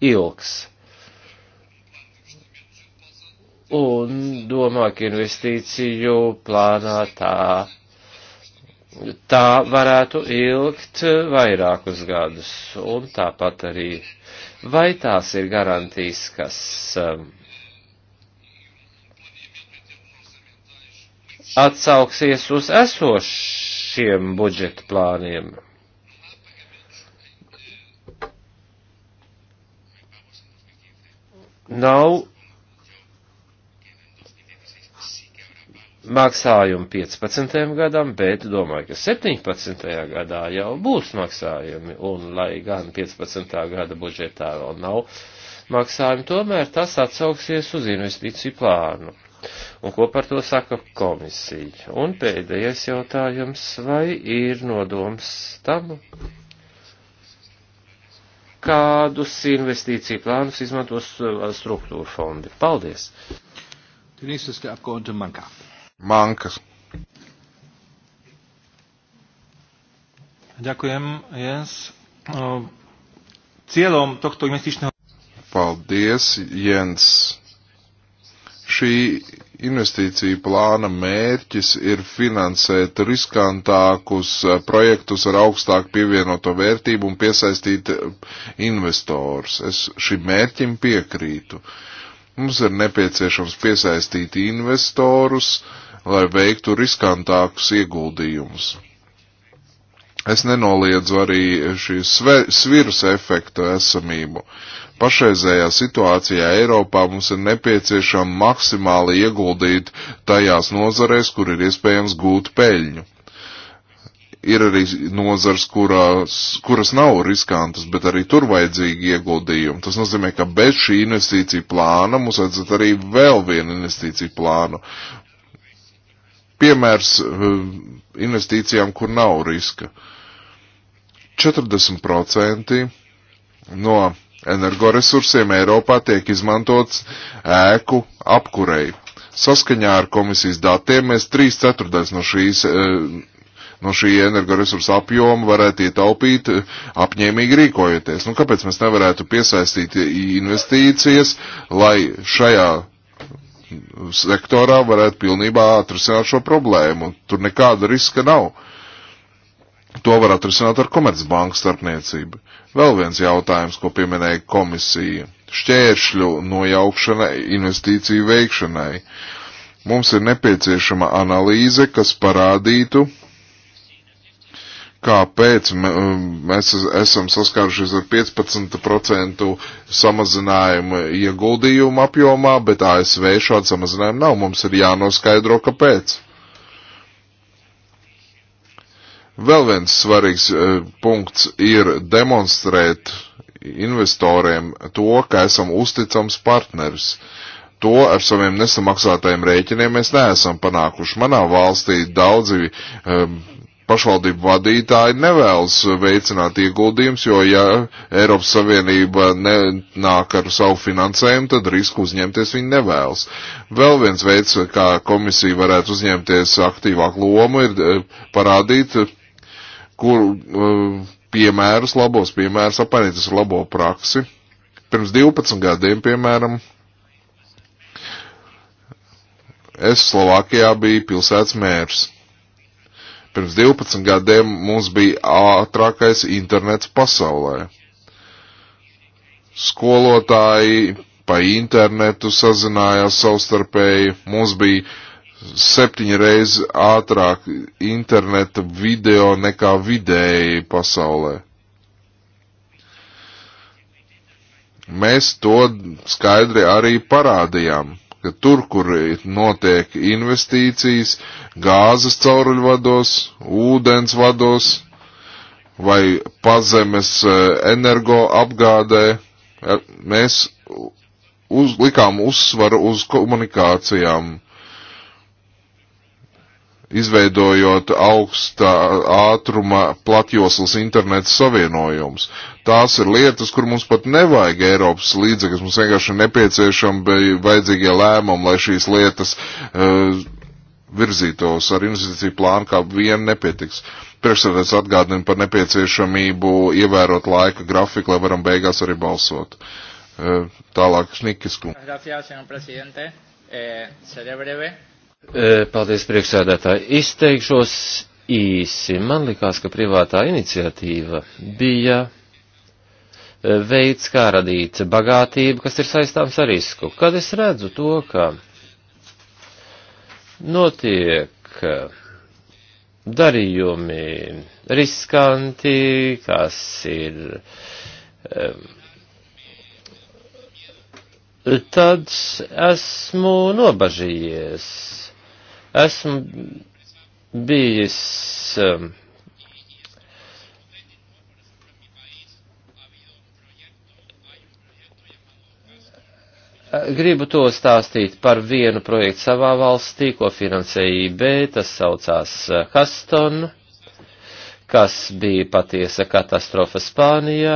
ilgs? Un domāk investīciju plānā tā tā varētu ilgt vairākus gadus, un tāpat arī vai tās ir garantijas, kas um, atsauksies uz esošiem budžeta plāniem. Nav maksājumi 15. gadam, bet domāju, ka 17. gadā jau būs maksājumi, un lai gan 15. gada budžetā vēl nav maksājumi, tomēr tas atsauksies uz investīciju plānu. Un ko par to saka komisija? Un pēdējais jautājums, vai ir nodoms tam, kādus investīciju plānus izmantos uh, struktūra fondi? Paldies! Tunīsiska apkonta mankā. Mankas. Ďakujem, Jens. Cieľom tohto investičného... Paldies, Jens. Šī investīcija plāna mērķis ir finansēt riskantākus projektus ar augstāku pievienoto vērtību un piesaistīt investors. Es šim mērķim piekrītu. Mums ir nepieciešams piesaistīt investorus, uh, lai veiktu riskantākus ieguldījumus. Es nenoliedzu arī šīs svirus efektu esamību. Pašreizējā situācijā Eiropā mums ir nepieciešama maksimāli ieguldīt tajās nozarēs, kur ir iespējams gūt peļņu ir arī nozars, kurās, kuras nav riskantas, bet arī tur vajadzīgi ieguldījumi. Tas nozīmē, ka bez šī investīcija plāna mums vajadzētu arī vēl vienu investīciju plānu piemērs eh, investīcijām, kur nav riska. 40% no energoresursiem Eiropā tiek izmantots ēku apkurei. Saskaņā ar komisijas datiem mēs 3 ceturtais no šīs eh, no šī energoresursa apjoma varētu ietaupīt eh, apņēmīgi rīkojoties. Nu, kāpēc mēs nevarētu piesaistīt investīcijas, lai šajā sektorā varētu pilnībā atrisināt šo problēmu. Tur nekāda riska nav. To var atrisināt ar Komercbanku starpniecību. Vēl viens jautājums, ko pieminēja komisija - šķēršļu nojaukšana investīciju veikšanai. Mums ir nepieciešama analīze, kas parādītu, kāpēc um, mēs esam saskārušies ar 15% samazinājumu ieguldījumu apjomā, bet ASV šādu samazinājumu nav. Mums ir jānoskaidro, kāpēc. Vēl viens svarīgs uh, punkts ir demonstrēt investoriem to, ka esam uzticams partneris. To ar saviem nesamaksātajiem rēķiniem mēs neesam panākuši. Manā valstī daudzi um, pašvaldību vadītāji nevēlas veicināt ieguldījums, jo ja Eiropas Savienība nenāk ar savu finansējumu, tad risku uzņemties viņi nevēlas. Vēl viens veids, kā komisija varētu uzņemties aktīvāku lomu, ir eh, parādīt, kur eh, piemērus, labos piemērus, apmainīties ar labo praksi. Pirms 12 gadiem, piemēram, es Slovākijā biju pilsētas mērs Pirms 12 gadiem mums bija ātrākais internets pasaulē. Skolotāji pa internetu sazinājās savstarpēji, mums bija septiņi reizi ātrāk interneta video nekā vidēji pasaulē. Mēs to skaidri arī parādījām ka tur, kur notiek investīcijas gāzes cauruļvados, ūdens vados vai pazemes e, energo apgādē, e, mēs uzlikām uzsvaru uz komunikācijām izveidojot augsta ātruma platjoslas interneta savienojums. Tās ir lietas, kur mums pat nevajag Eiropas līdzekļus, mums vienkārši nepieciešami vajadzīgie lēmumi, lai šīs lietas uh, virzītos ar investīciju plānu, kā vien nepietiks. Priekšsēdētājs atgādina par nepieciešamību ievērot laika grafiku, lai varam beigās arī balsot. Uh, tālāk Šnikis kungs. E, paldies, priekšsēdētāji. Izteikšos īsi. Man likās, ka privātā iniciatīva bija e, veids, kā radīt bagātību, kas ir saistāms ar risku. Kad es redzu to, ka notiek e, darījumi riskanti, kas ir. Tad esmu nobažījies Esmu bijis um, Gribu to stāstīt par vienu projektu savā valstī, ko finansēja IB, tas saucās Haston, uh, kas bija patiesa katastrofa Spānijā.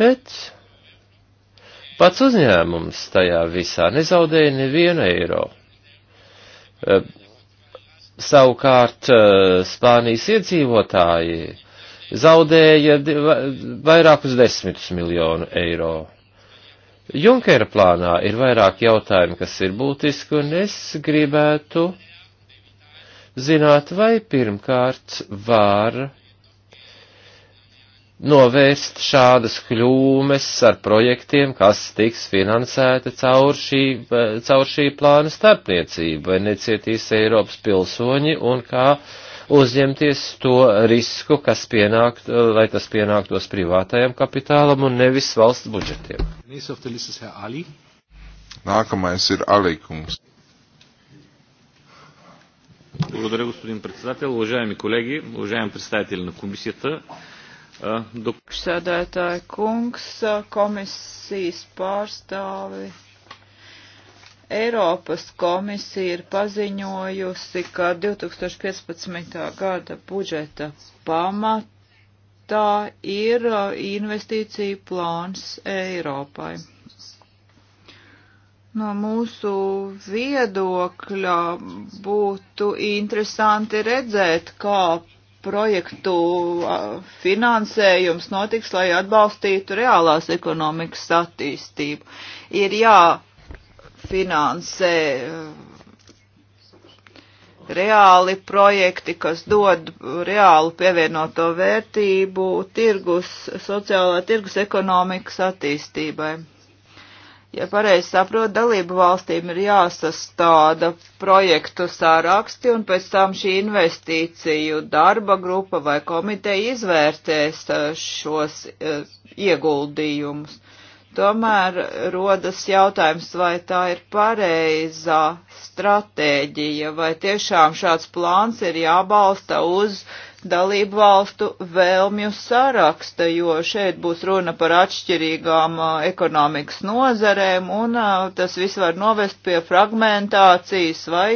Bet Pats uzņēmums tajā visā nezaudēja nevienu eiro. E, savukārt e, Spānijas iedzīvotāji zaudēja vairākus desmitus miljonu eiro. Junkera plānā ir vairāk jautājumu, kas ir būtiski, un es gribētu zināt, vai pirmkārt var novērst šādas kļūmes ar projektiem, kas tiks finansēti caur šī, caur šī plāna starpniecību, vai necietīs Eiropas pilsoņi un kā uzņemties to risku, kas pienākt, lai tas pienāktos privātajam kapitālam un nevis valsts budžetiem. Nākamais ir Alīkums. Благодаря, господин председател. Уважаеми колеги, уважаеми представители на комисията, Priekšsēdētāji kungs, komisijas pārstāvi. Eiropas komisija ir paziņojusi, ka 2015. gada budžeta pamatā ir uh, investīcija plāns Eiropai. No mūsu viedokļa būtu interesanti redzēt, kā projektu finansējums notiks, lai atbalstītu reālās ekonomikas attīstību. Ir jāfinansē e, reāli projekti, kas dod reālu pievienoto vērtību tirgus, sociālā tirgus ekonomikas attīstībai. Ja pareizi saprot, dalību valstīm ir jāsastāda projektu sāraksti un pēc tam šī investīciju darba grupa vai komiteja izvērtēs eh, šos eh, ieguldījumus. Tomēr rodas jautājums, vai tā ir pareizā stratēģija, vai tiešām šāds plāns ir jābalsta uz uh, dalību valstu vēlmju saraksta, jo šeit būs runa par atšķirīgām ekonomikas nozarēm, un tas viss var novest pie fragmentācijas vai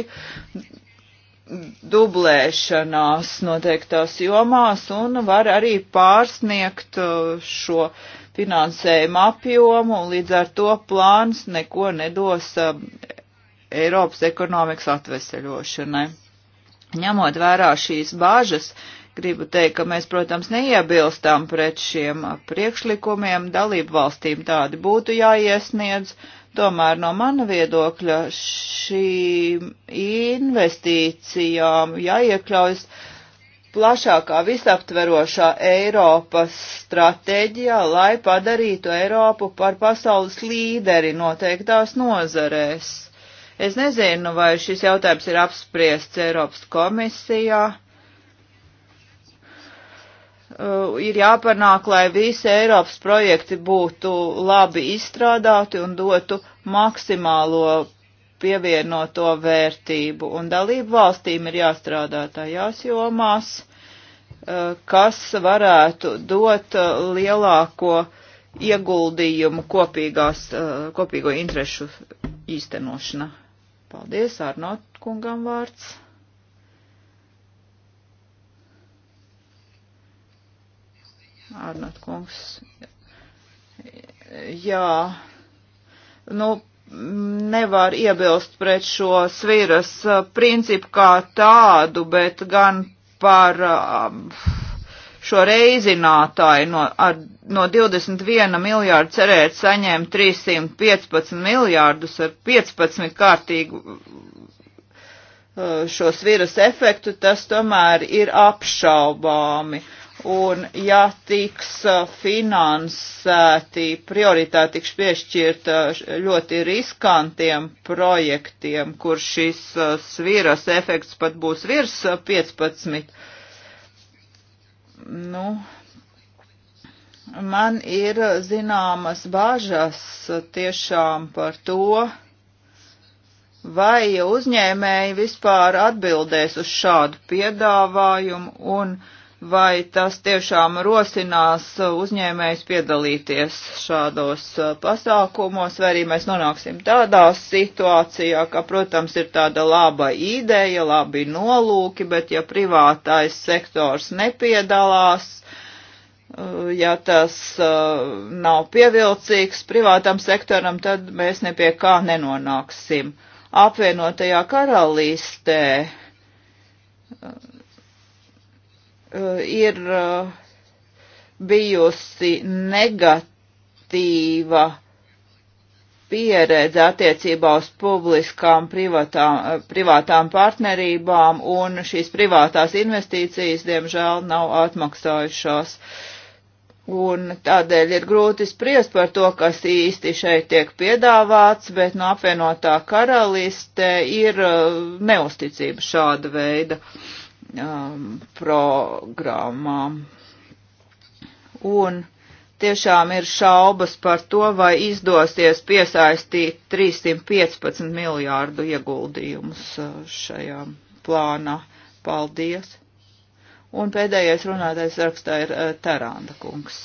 dublēšanās noteiktās jomās, un var arī pārsniegt šo finansējumu apjomu, un līdz ar to plāns neko nedos Eiropas ekonomikas atveseļošanai. Ņemot vērā šīs bāžas, gribu teikt, ka mēs, protams, neiebilstam pret šiem priekšlikumiem, dalību valstīm tādi būtu jāiesniedz, tomēr no mana viedokļa šīm investīcijām jāiekļaujas plašākā visaptverošā Eiropas stratēģijā, lai padarītu Eiropu par pasaules līderi noteiktās nozarēs Es nezinu, vai šis jautājums ir apspriests Eiropas komisijā. Uh, ir jāpanāk, lai visi Eiropas projekti būtu labi izstrādāti un dotu maksimālo pievienoto vērtību. Un dalību valstīm ir jāstrādā tajās jomās, uh, kas varētu dot uh, lielāko ieguldījumu kopīgās, uh, kopīgo interešu īstenošanā. Paldies, Arnot kungam vārds. Arnot kungs. Jā. Nu, nevar iebilst pret šo sviras uh, principu kā tādu, bet gan par. Um, šo reizinātāju no, ar, no 21 miljārdu cerēt saņēma 315 miljārdus ar 15 kārtīgu uh, šo sviras efektu, tas tomēr ir apšaubāmi. Un ja tiks uh, finansēti prioritāti, tiks piešķirta ļoti riskantiem projektiem, kur šis uh, sviras efekts pat būs virs 15 nu, man ir zināmas bažas tiešām par to, vai uzņēmēji vispār atbildēs uz šādu piedāvājumu un uh, vai tas tiešām rosinās uzņēmējus piedalīties šādos uh, pasākumos, vai arī mēs nonāksim tādā situācijā, ka, protams, ir tāda laba ideja, labi nolūki, bet ja privātais sektors nepiedalās, uh, ja tas uh, nav pievilcīgs privātam sektoram, tad mēs ne pie kā nenonāksim. Apvienotajā karalistē Eh, ir eh, bijusi negatīva pieredze attiecībā uz publiskām privatām, eh, privātām partnerībām, un šīs privātās investīcijas, diemžēl, nav atmaksājušās. Un tādēļ ir grūti spriest par to, kas īsti šeit tiek piedāvāts, bet no apvienotā karaliste ir neusticība šāda veida uh, um, programmām. Un tiešām ir šaubas par to, vai izdosies piesaistīt 315 miljārdu ieguldījumus uh, šajā plānā. Paldies! Un pēdējais runātais rakstā ir uh, Taranda kungs.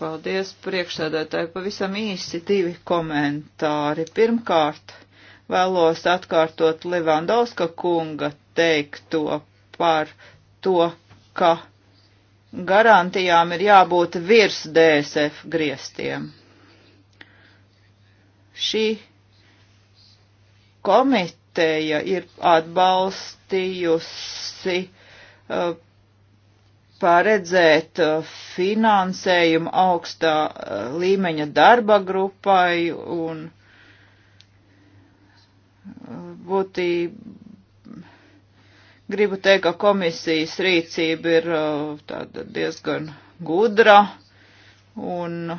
Paldies priekšsēdētāji, pavisam īsi divi komentāri. Pirmkārt, Vēlos atkārtot Levandovska kunga teikto par to, ka garantijām ir jābūt virs DSF griestiem. Šī komiteja ir atbalstījusi uh, paredzēt uh, finansējumu augstā uh, līmeņa darba grupai un būtība. Gribu teikt, ka komisijas rīcība ir uh, tāda diezgan gudra un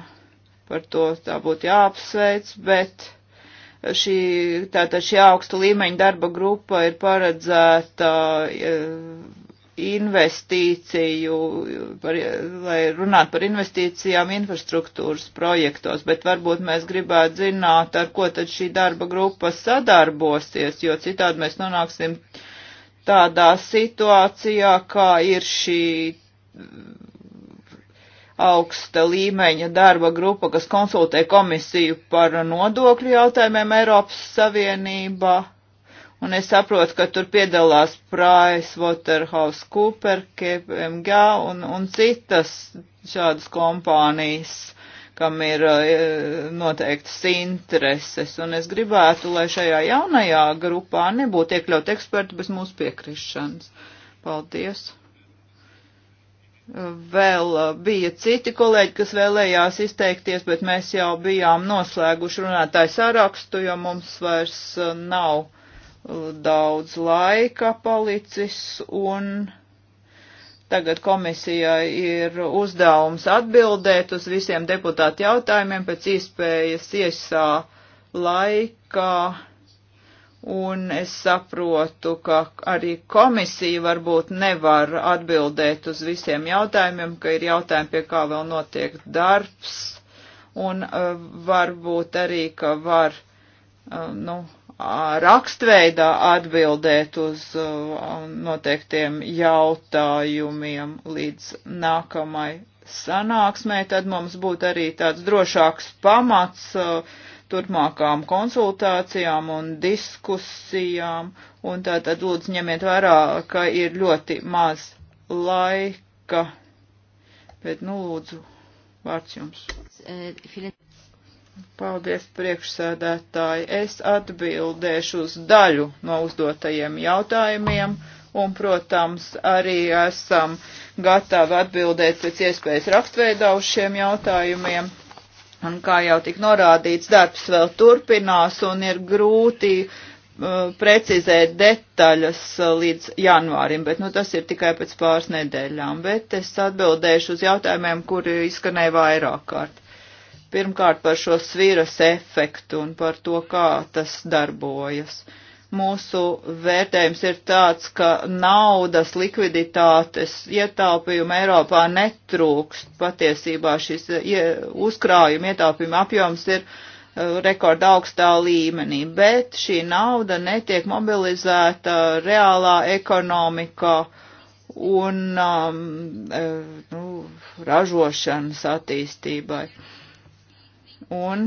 par to tā būtu jāapsveic, bet šī, tātad šī augsta līmeņa darba grupa ir paredzēta uh, investīciju, par, lai runātu par investīcijām infrastruktūras projektos, bet varbūt mēs gribētu zināt, ar ko tad šī darba grupa sadarbosies, jo citādi mēs nonāksim tādā situācijā, kā ir šī augsta līmeņa darba grupa, kas konsultē komisiju par nodokļu jautājumiem Eiropas Savienībā un es saprotu, ka tur piedalās Price, Waterhouse, Cooper, KPMG un, un citas šādas kompānijas, kam ir eh, noteiktas intereses, un es gribētu, lai šajā jaunajā grupā nebūtu iekļaut eksperti bez mūsu piekrišanas. Paldies! Vēl eh, bija citi kolēģi, kas vēlējās izteikties, bet mēs jau bijām noslēguši runātāju sārakstu, jo mums vairs eh, nav daudz laika palicis un tagad komisijai ir uzdevums atbildēt uz visiem deputātu jautājumiem pēc iespējas iesā laikā. Un es saprotu, ka arī komisija varbūt nevar atbildēt uz visiem jautājumiem, ka ir jautājumi, pie kā vēl notiek darbs. Un uh, varbūt arī, ka var, uh, nu, rakstveidā atbildēt uz uh, noteiktiem jautājumiem līdz nākamai sanāksmē, tad mums būtu arī tāds drošāks pamats uh, turpmākām konsultācijām un diskusijām, un tātad lūdzu ņemiet vērā, ka ir ļoti maz laika, bet nu lūdzu, vārds jums. Eh, Paldies, priekšsēdētāji. Es atbildēšu uz daļu no uzdotajiem jautājumiem un, protams, arī esam gatavi atbildēt pēc iespējas rakstveidā uz šiem jautājumiem. Un kā jau tik norādīts, darbs vēl turpinās un ir grūti uh, precizēt detaļas uh, līdz janvārim, bet nu, tas ir tikai pēc pāris nedēļām. Bet es atbildēšu uz jautājumiem, kuri izskanēja vairāk kārt. Pirmkārt par šo svīras efektu un par to, kā tas darbojas. Mūsu vērtējums ir tāds, ka naudas likviditātes ietaupījumu Eiropā netrūkst. Patiesībā šis uzkrājuma ietaupījuma apjoms ir uh, rekorda augstā līmenī, bet šī nauda netiek mobilizēta reālā ekonomikā un um, uh, nu, ražošanas attīstībai. Uh, un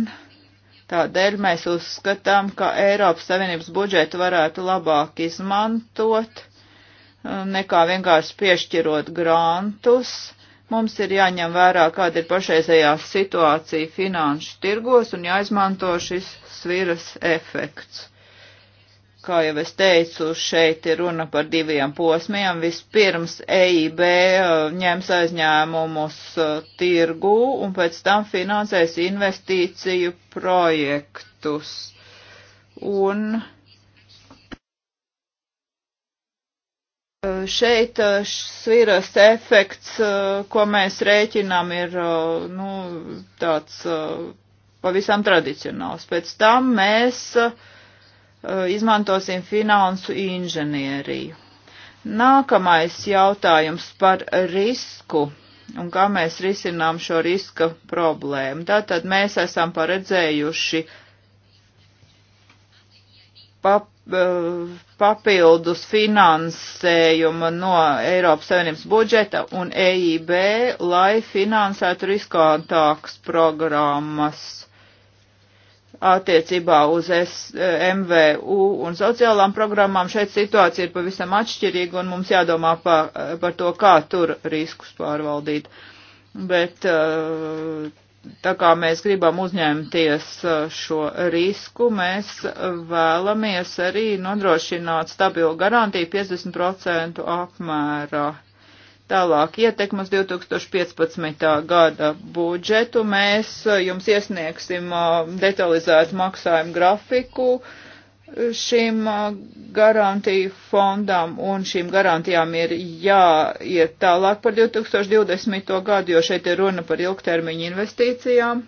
tādēļ mēs uzskatām, ka Eiropas Savienības budžetu varētu labāk izmantot um, nekā vienkārši piešķirot grantus. Mums ir jāņem vērā, kāda ir pašreizējā situācija finanšu tirgos un jāizmanto šis sviras efekts kā jau es teicu, šeit ir runa par diviem posmiem. Vispirms EIB uh, ņems aizņēmumus uh, tirgu un pēc tam finansēs investīciju projektus. Un uh, šeit sviras efekts, ko mēs rēķinām, ir nu, tāds pavisam tradicionāls. Pēc tam mēs uh, Eh, izmantosim finansu inženieriju. Nākamais jautājums par risku un kā mēs risinām šo riska problēmu. Tātad mēs esam paredzējuši pap, eh, papildus finansējumu no Eiropas Savienības budžeta un EIB, lai finansētu riskantākas programmas attiecībā uz S, eh, MVU un sociālām programmām. Šeit situācija ir pavisam atšķirīga un mums jādomā pa, eh, par to, kā tur riskus pārvaldīt. Bet eh, tā kā mēs gribam uzņemties šo risku, mēs vēlamies arī nodrošināt stabilu garantiju 50% apmērā. Tālāk ietekmas 2015. gada budžetu mēs eh, jums iesniegsim eh, detalizētu maksājumu grafiku šim eh, garantiju fondam un šīm garantijām ir jāiet tālāk par 2020. gadu, jo šeit ir runa par ilgtermiņu investīcijām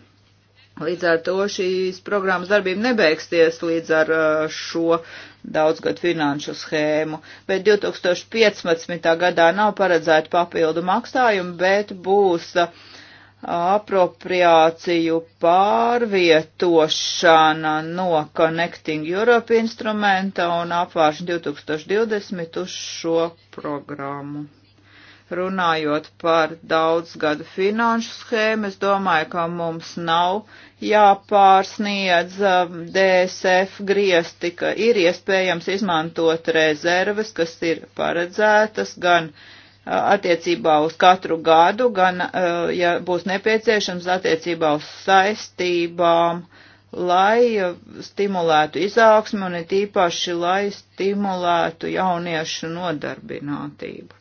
Līdz ar to šīs programmas darbība nebeigsies līdz ar uh, šo daudzgadu finanšu schēmu, bet 2015. gadā nav paredzēta papildu maksājumi, bet būs uh, apropriāciju pārvietošana no Connecting Europe instrumenta un apvāršana 2020 uz šo programmu runājot par daudzgadu finanšu schēmu, es domāju, ka mums nav jāpārsniedz um, DSF griezti, ka ir iespējams izmantot rezerves, kas ir paredzētas gan uh, attiecībā uz katru gadu, gan, uh, ja būs nepieciešams, attiecībā uz saistībām, lai uh, stimulētu izaugsmu un it īpaši, lai stimulētu jauniešu nodarbinātību.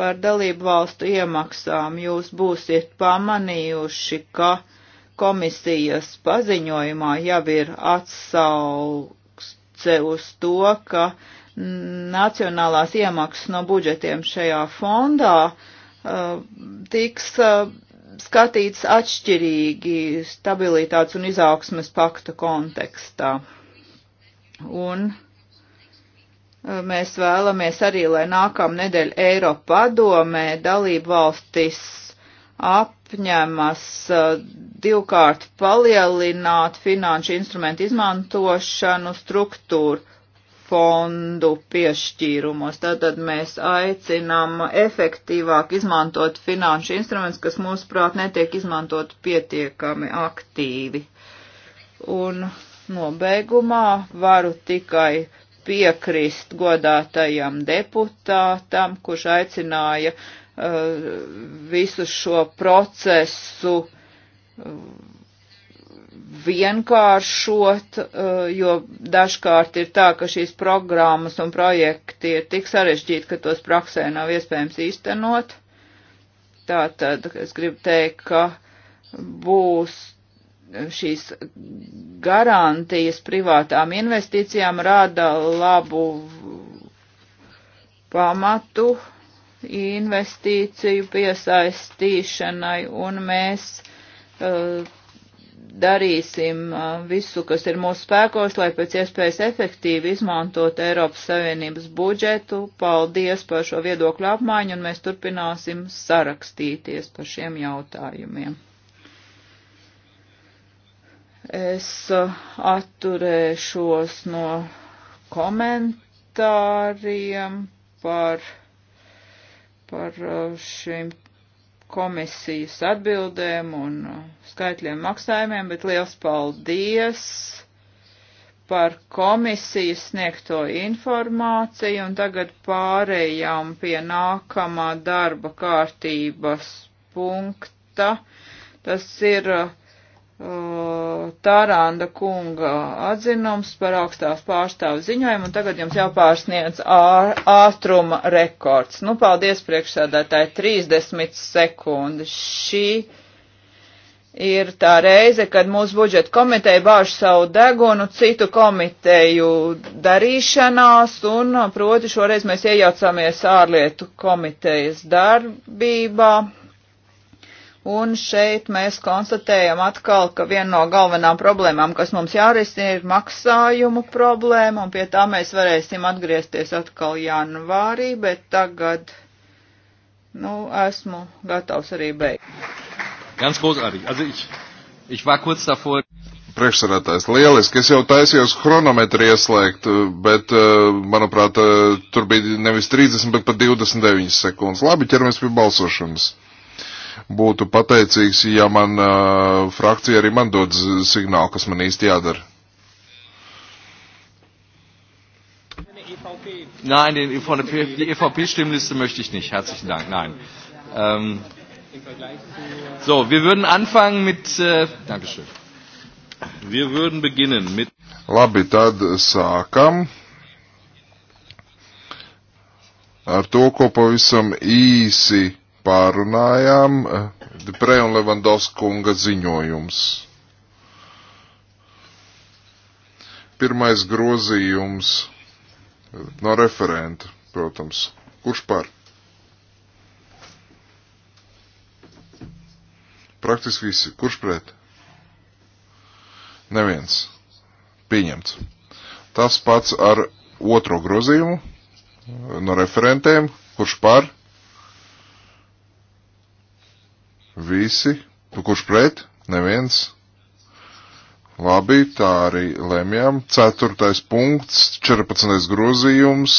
par dalību valstu iemaksām jūs būsiet pamanījuši, ka komisijas paziņojumā jau ir atsauce uz to, ka nacionālās iemaksas no budžetiem šajā fondā uh, tiks uh, skatīts atšķirīgi stabilitātes un izaugsmes pakta kontekstā. Un uh, Mēs vēlamies arī, lai nākamā nedēļa Eiropa padomē dalību valstis apņemas uh, divkārt palielināt finanšu instrumentu izmantošanu struktūru fondu piešķīrumos. Tātad mēs aicinām efektīvāk izmantot finanšu instrumentus, kas mūsuprāt netiek izmantot pietiekami aktīvi. Un nobeigumā varu tikai piekrist godātajam deputātam, kurš aicināja uh, visu šo procesu uh, vienkāršot, uh, jo dažkārt ir tā, ka šīs programmas un projekti ir tik sarežģīti, ka tos praksē nav iespējams īstenot. Tātad es gribu teikt, ka būs šīs garantijas privātām investīcijām rada labu pamatu investīciju piesaistīšanai, un mēs uh, darīsim uh, visu, kas ir mūsu spēkos, lai pēc iespējas efektīvi izmantot Eiropas Savienības budžetu. Paldies par šo viedokļu apmaiņu, un mēs turpināsim sarakstīties par šiem jautājumiem. Es uh, atturēšos no komentāriem par, par uh, šīm komisijas atbildēm un uh, skaitļiem maksājumiem, bet liels paldies par komisijas sniegto informāciju un tagad pārējām pie nākamā darba kārtības punkta. Tas ir uh, Uh, Tāranda kunga atzinums par augstās pārstāvu ziņojumu, un tagad jums jāpārsniedz ātruma rekords. Nu, paldies priekšsēdētāji, 30 sekundes. Šī ir tā reize, kad mūsu budžeta komiteja bāž savu degunu citu komiteju darīšanās, un proti šoreiz mēs iejaucāmies ārlietu komitejas darbībā Un šeit mēs konstatējam atkal, ka viena no galvenām problēmām, kas mums jārisina, ir maksājumu problēma, un pie tā mēs varēsim atgriezties atkal janvārī, bet tagad, nu, esmu gatavs arī beigt. Ganz großartig. Also ich, ich war kurz davor priekšsēdētājs. Lieliski, es jau taisījos chronometru ieslēgt, bet, eh, manuprāt, eh, tur bija nevis 30, bet pat 29 sekundes. Labi, ķeramies pie balsošanas būtu pateicīgs, ja man uh, frakcija arī man dod signālu, kas man īsti jādara. Nein, den, von der, die EVP-Stimmliste e möchte ich nicht. Herzlichen Dank. Nein. Ähm, so, wir würden anfangen mit. Äh, Dankeschön. Wir würden beginnen mit. Labi, tad sākam ar to, ko pavisam īsi pārunājām. Eh, Depre un Levandovskunga ziņojums. Pirmais grozījums eh, no referenta, protams. Kurš par? Praktiski visi. Kurš pret? Neviens. Pieņemts. Tas pats ar otro grozījumu eh, no referentiem. Kurš par? Visi, nu, kurš pret? Neviens. Labi, tā arī lemjam. Ceturtais punkts, 14. grozījums,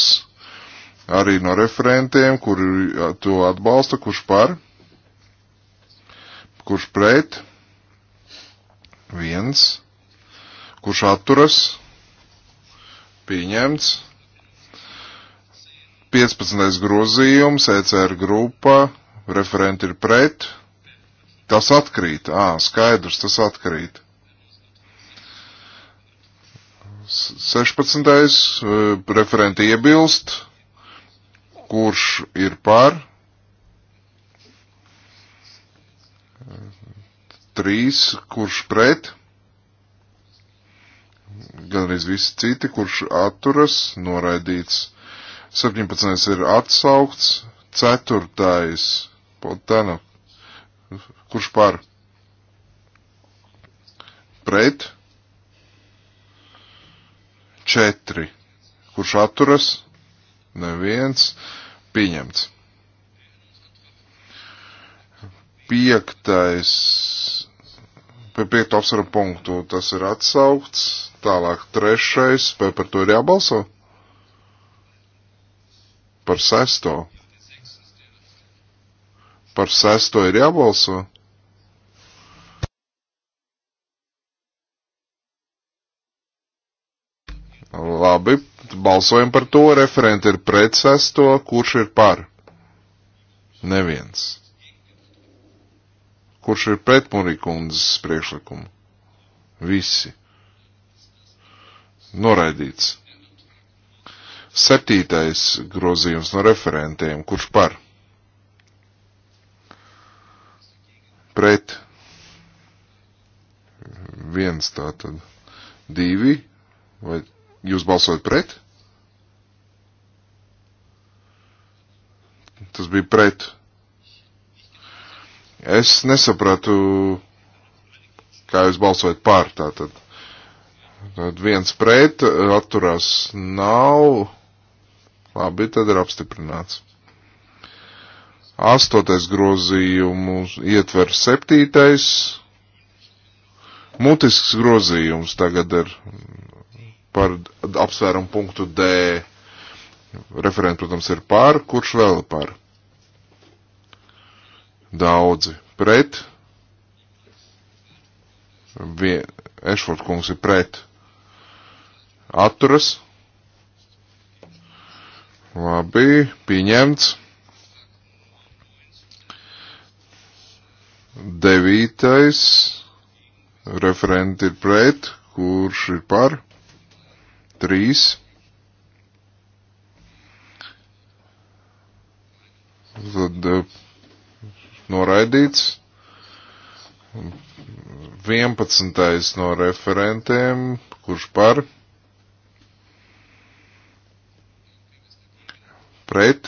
arī no referentiem, kuri to atbalsta, kurš par, kurš pret, viens, kurš atturas, pieņemts. 15. grozījums, ECR grupa, referenti ir pret, Tas atkrīt, ā, skaidrs, tas atkrīt. 16. E, referenti iebilst, kurš ir par, 3, kurš pret, gan arī visi citi, kurš atturas, noraidīts, 17. ir atsaukts, 4. Potena Kurš par? Pret? Četri. Kurš atturas? Neviens. Pieņemts. Piektais. Pie piekta apsvera punktu tas ir atsaukts. Tālāk trešais. Vai par to ir jābalso? Par sesto. Par sesto ir jābalso. Labi, balsojam par to. Referenti ir pret sesto, kurš ir par? Neviens. Kurš ir pret Murikundzes priekšlikumu? Visi. Noraidīts. Septītais grozījums no referentiem. Kurš par? pret viens tātad divi, vai jūs balsojat pret? Tas bija pret. Es nesapratu, kā jūs balsojat pār tātad. Tad viens pret, atturās nav. Labi, tad ir apstiprināts. Astotais grozījumu ietver septītais. Mutisks grozījums tagad ir par apsvērumu punktu D. Referents, protams, ir pār, kurš vēl par? Daudzi pret. Vien, Ešford kungs ir pret. Atturas. Labi, pieņemts. Devītais referenti ir pret, kurš ir par? Trīs. Tad eh, noraidīts. 11. no referentiem, kurš par? Pret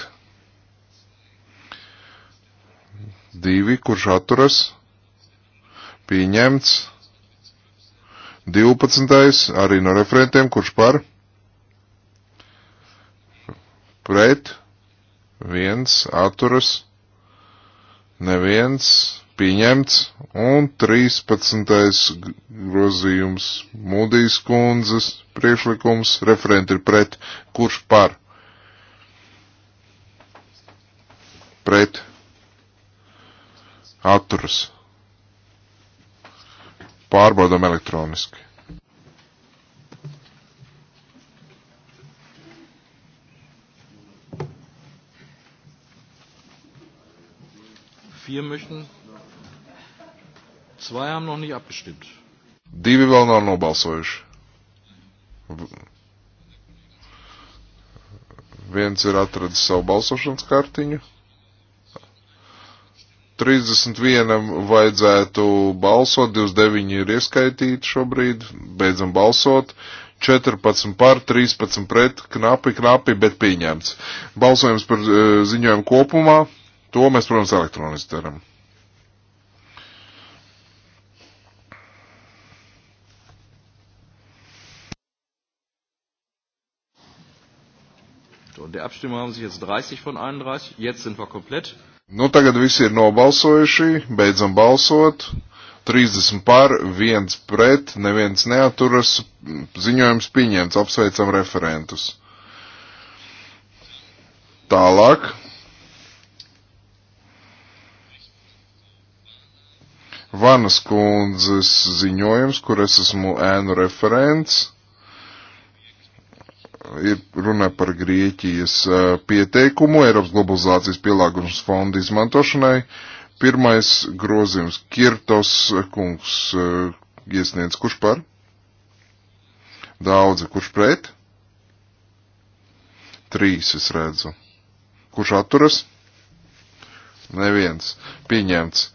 2, kurš atturas, pieņemts. 12. arī no referentiem, kurš par, pret, 1, atturas, neviens, pieņemts. Un 13. grozījums Mūdijas kundzes priekšlikums, referenti ir pret, kurš par, pret, Atturas. Pārbaudam elektroniski. Vier möchten. Zwei haben noch nicht abgestimmt. Divi vēl nav nobalsojuši. Viens ir atradis savu balsošanas kartiņu. 31 vajadzētu balsot, 29 ir ieskaitīti šobrīd, beidzam balsot, 14 par, 13 pret, knapi, knapi, bet pieņemts. Balsojums par e, ziņojumu kopumā, to mēs, protams, elektroniski darām. Der Abstimmung haben sich jetzt 30 von 31, jetzt sind wir komplett. Nu, tagad visi ir nobalsojuši, beidzam balsot. 30 pār, 1 pret, neviens neaturas, ziņojums pieņemts, apsveicam referentus. Tālāk. Vanas kundzes ziņojums, kur es esmu ēnu referents ir runa par Grieķijas pieteikumu Eiropas globalizācijas pielāgošanas fonda izmantošanai. Pirmais grozījums Kirtos kungs iesniedz kurš par? Daudzi, kurš pret? Trīs es redzu. Kurš atturas? Neviens. Pieņemts.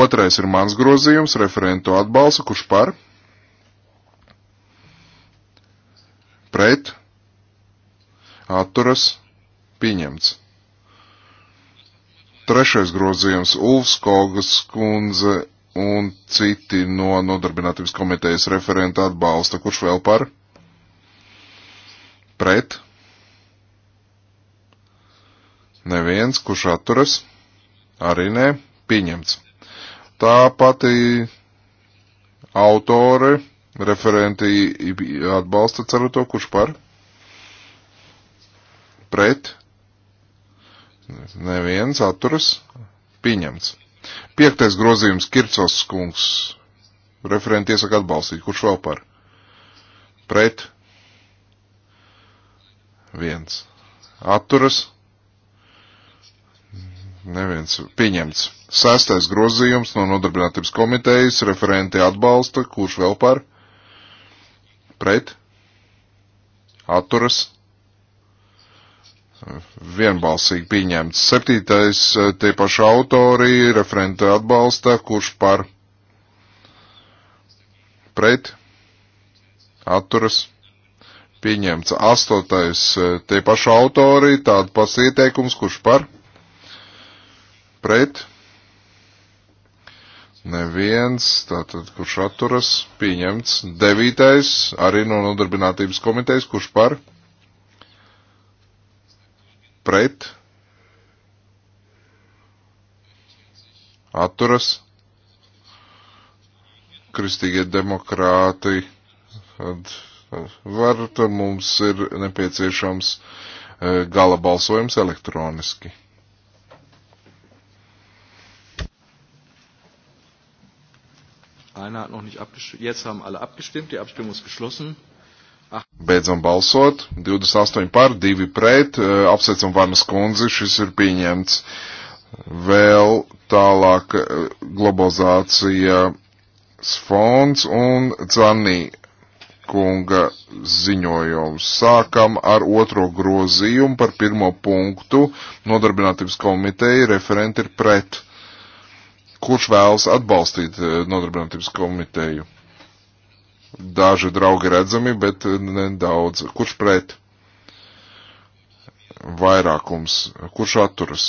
Otrais ir mans grozījums, referentu atbalsta, kurš par? pret, atturas, pieņemts. Trešais grozījums Ulfs Kogas kundze un citi no nodarbinātības komitejas referenta atbalsta. Kurš vēl par? Pret? Neviens, kurš atturas? Arī nē, pieņemts. Tā pati autore Referenti atbalsta ceru to, kurš par? Pret? Neviens atturas? Pieņemts. Piektais grozījums Kircos skungs. Referenti iesaka atbalstīt. Kurš vēl par? Pret? Viens. Atturas? Neviens. Pieņemts. Sestais grozījums no nodarbinātības komitejas. Referenti atbalsta. Kurš vēl par? Pret? pret, atturas, vienbalsīgi pieņemts. Septītais eh, tie paši autori, referenta atbalsta, kurš par pret, atturas, pieņemts. Astotais eh, tie paši autori, tāds pats ieteikums, kurš par pret, Neviens, tātad kurš atturas, pieņemts. Devītais, arī no nodarbinātības komitejas, kurš par? Pret? Atturas? Kristīgie demokrāti. Tad var, tad mums ir nepieciešams eh, gala balsojums elektroniski. Einer hat noch nicht abgestimmt. Jetzt haben alle abgestimmt. Die Abstimmung ist geschlossen. Ach. Beidzam balsot. 28 par, 2 pret. Apsveicam Varnas kundzi. Šis ir pieņemts. Vēl tālāk globalizācijas fonds un Dzanī kunga ziņojums. Sākam ar otro grozījumu par pirmo punktu. Nodarbinātības komiteja referenti ir pret kurš vēlas atbalstīt eh, nodarbinātības komiteju. Daži draugi redzami, bet eh, nedaudz. Kurš pret? Vairākums. Kurš atturas?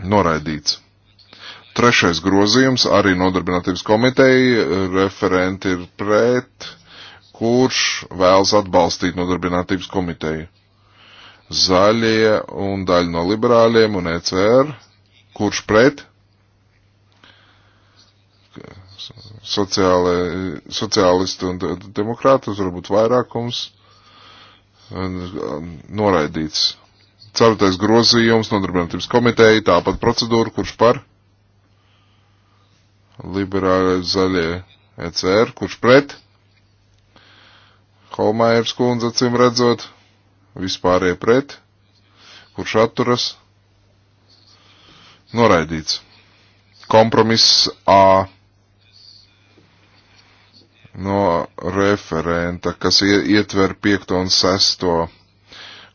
Noraidīts. Trešais grozījums arī nodarbinātības komiteja. Referenti ir pret. Kurš vēlas atbalstīt nodarbinātības komiteju? Zaļie un daļa no liberāļiem un ECR. Kurš pret? sociāli, sociālisti un demokrāti, varbūt vairākums um, noraidīts. Ceturtais grozījums nodarbinātības komiteja, tāpat procedūra, kurš par liberāļi zaļie ECR, kurš pret Holmājers kundze, acīm redzot, vispārie pret, kurš atturas, noraidīts. Kompromiss A no referenta, kas ietver 5 un 6.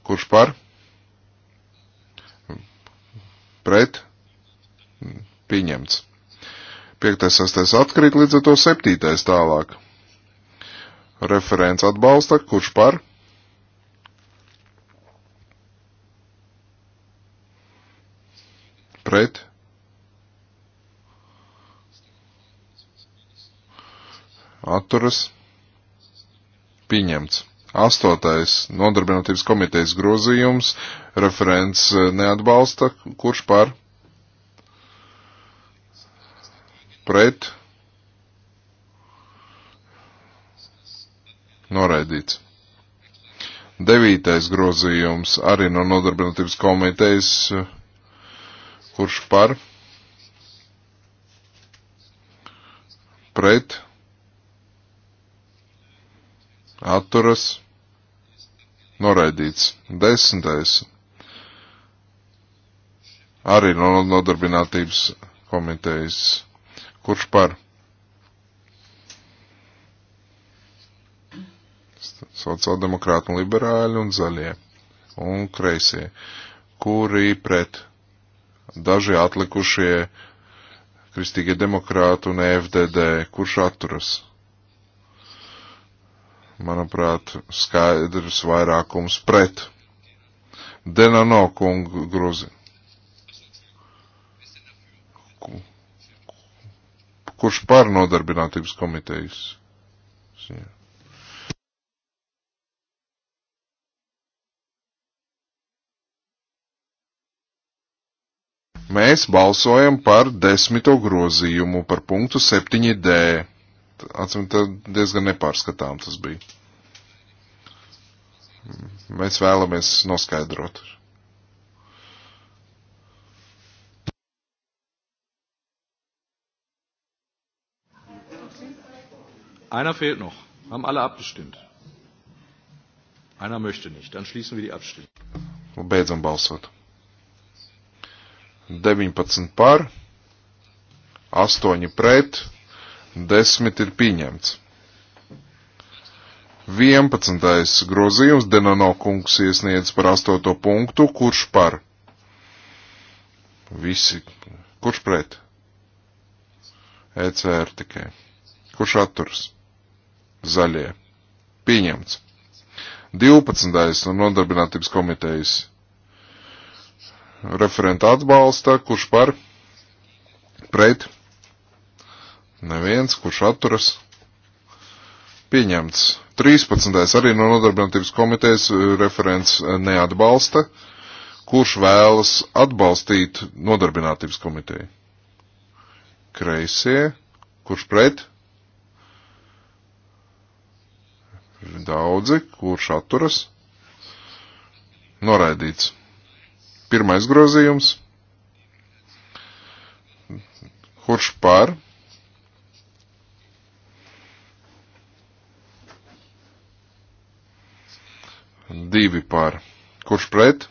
Kurš par? Pret? Pieņemts. 5. 6. atkrīt līdz ar to 7. tālāk. Referents atbalsta, kurš par? Pret? atturas pieņemts. Astotais nodarbinātības komitejas grozījums, referents e, neatbalsta, kurš par pret noraidīts. Devītais grozījums arī no nodarbinātības komitejas, kurš par pret atturas noraidīts. Desmitais arī no nodarbinātības komitejas. Kurš par? Sociāldemokrāti un liberāļi un zaļie un kreisie, kuri pret daži atlikušie kristīgie demokrāti un e FDD, kurš atturas manuprāt, skaidrs vairākums pret. Denano kungu grozi. Kurš par nodarbinātības komitejas? Mēs balsojam par desmito grozījumu par punktu 7D. Atcīm tad diezgan nepārskatām tas bija. Mēs vēlamies noskaidrot. Einer fehlt noch. Haben alle abgestimmt? Einer möchte nicht. Dann schließen wir die Abstimmung. Beidzam balsot. 19 par, 8 pret, 10 ir pieņemts. 11. grozījums Denano kungs iesniedz par 8. punktu, kurš par? Visi. Kurš pret? ECR tikai. Kurš atturs? Zaļie. Pieņemts. 12. no nodarbinātības komitejas referenta atbalsta, kurš par? Pret? Neviens, kurš atturas. Pieņemts. 13. arī no nodarbinātības komitejas eh, referents eh, neatbalsta. Kurš vēlas atbalstīt nodarbinātības komiteju? Kreisie. Kurš pret? Daudzi. Kurš atturas? Noraidīts. Pirmais grozījums. Kurš par? divi par. Kurš pret?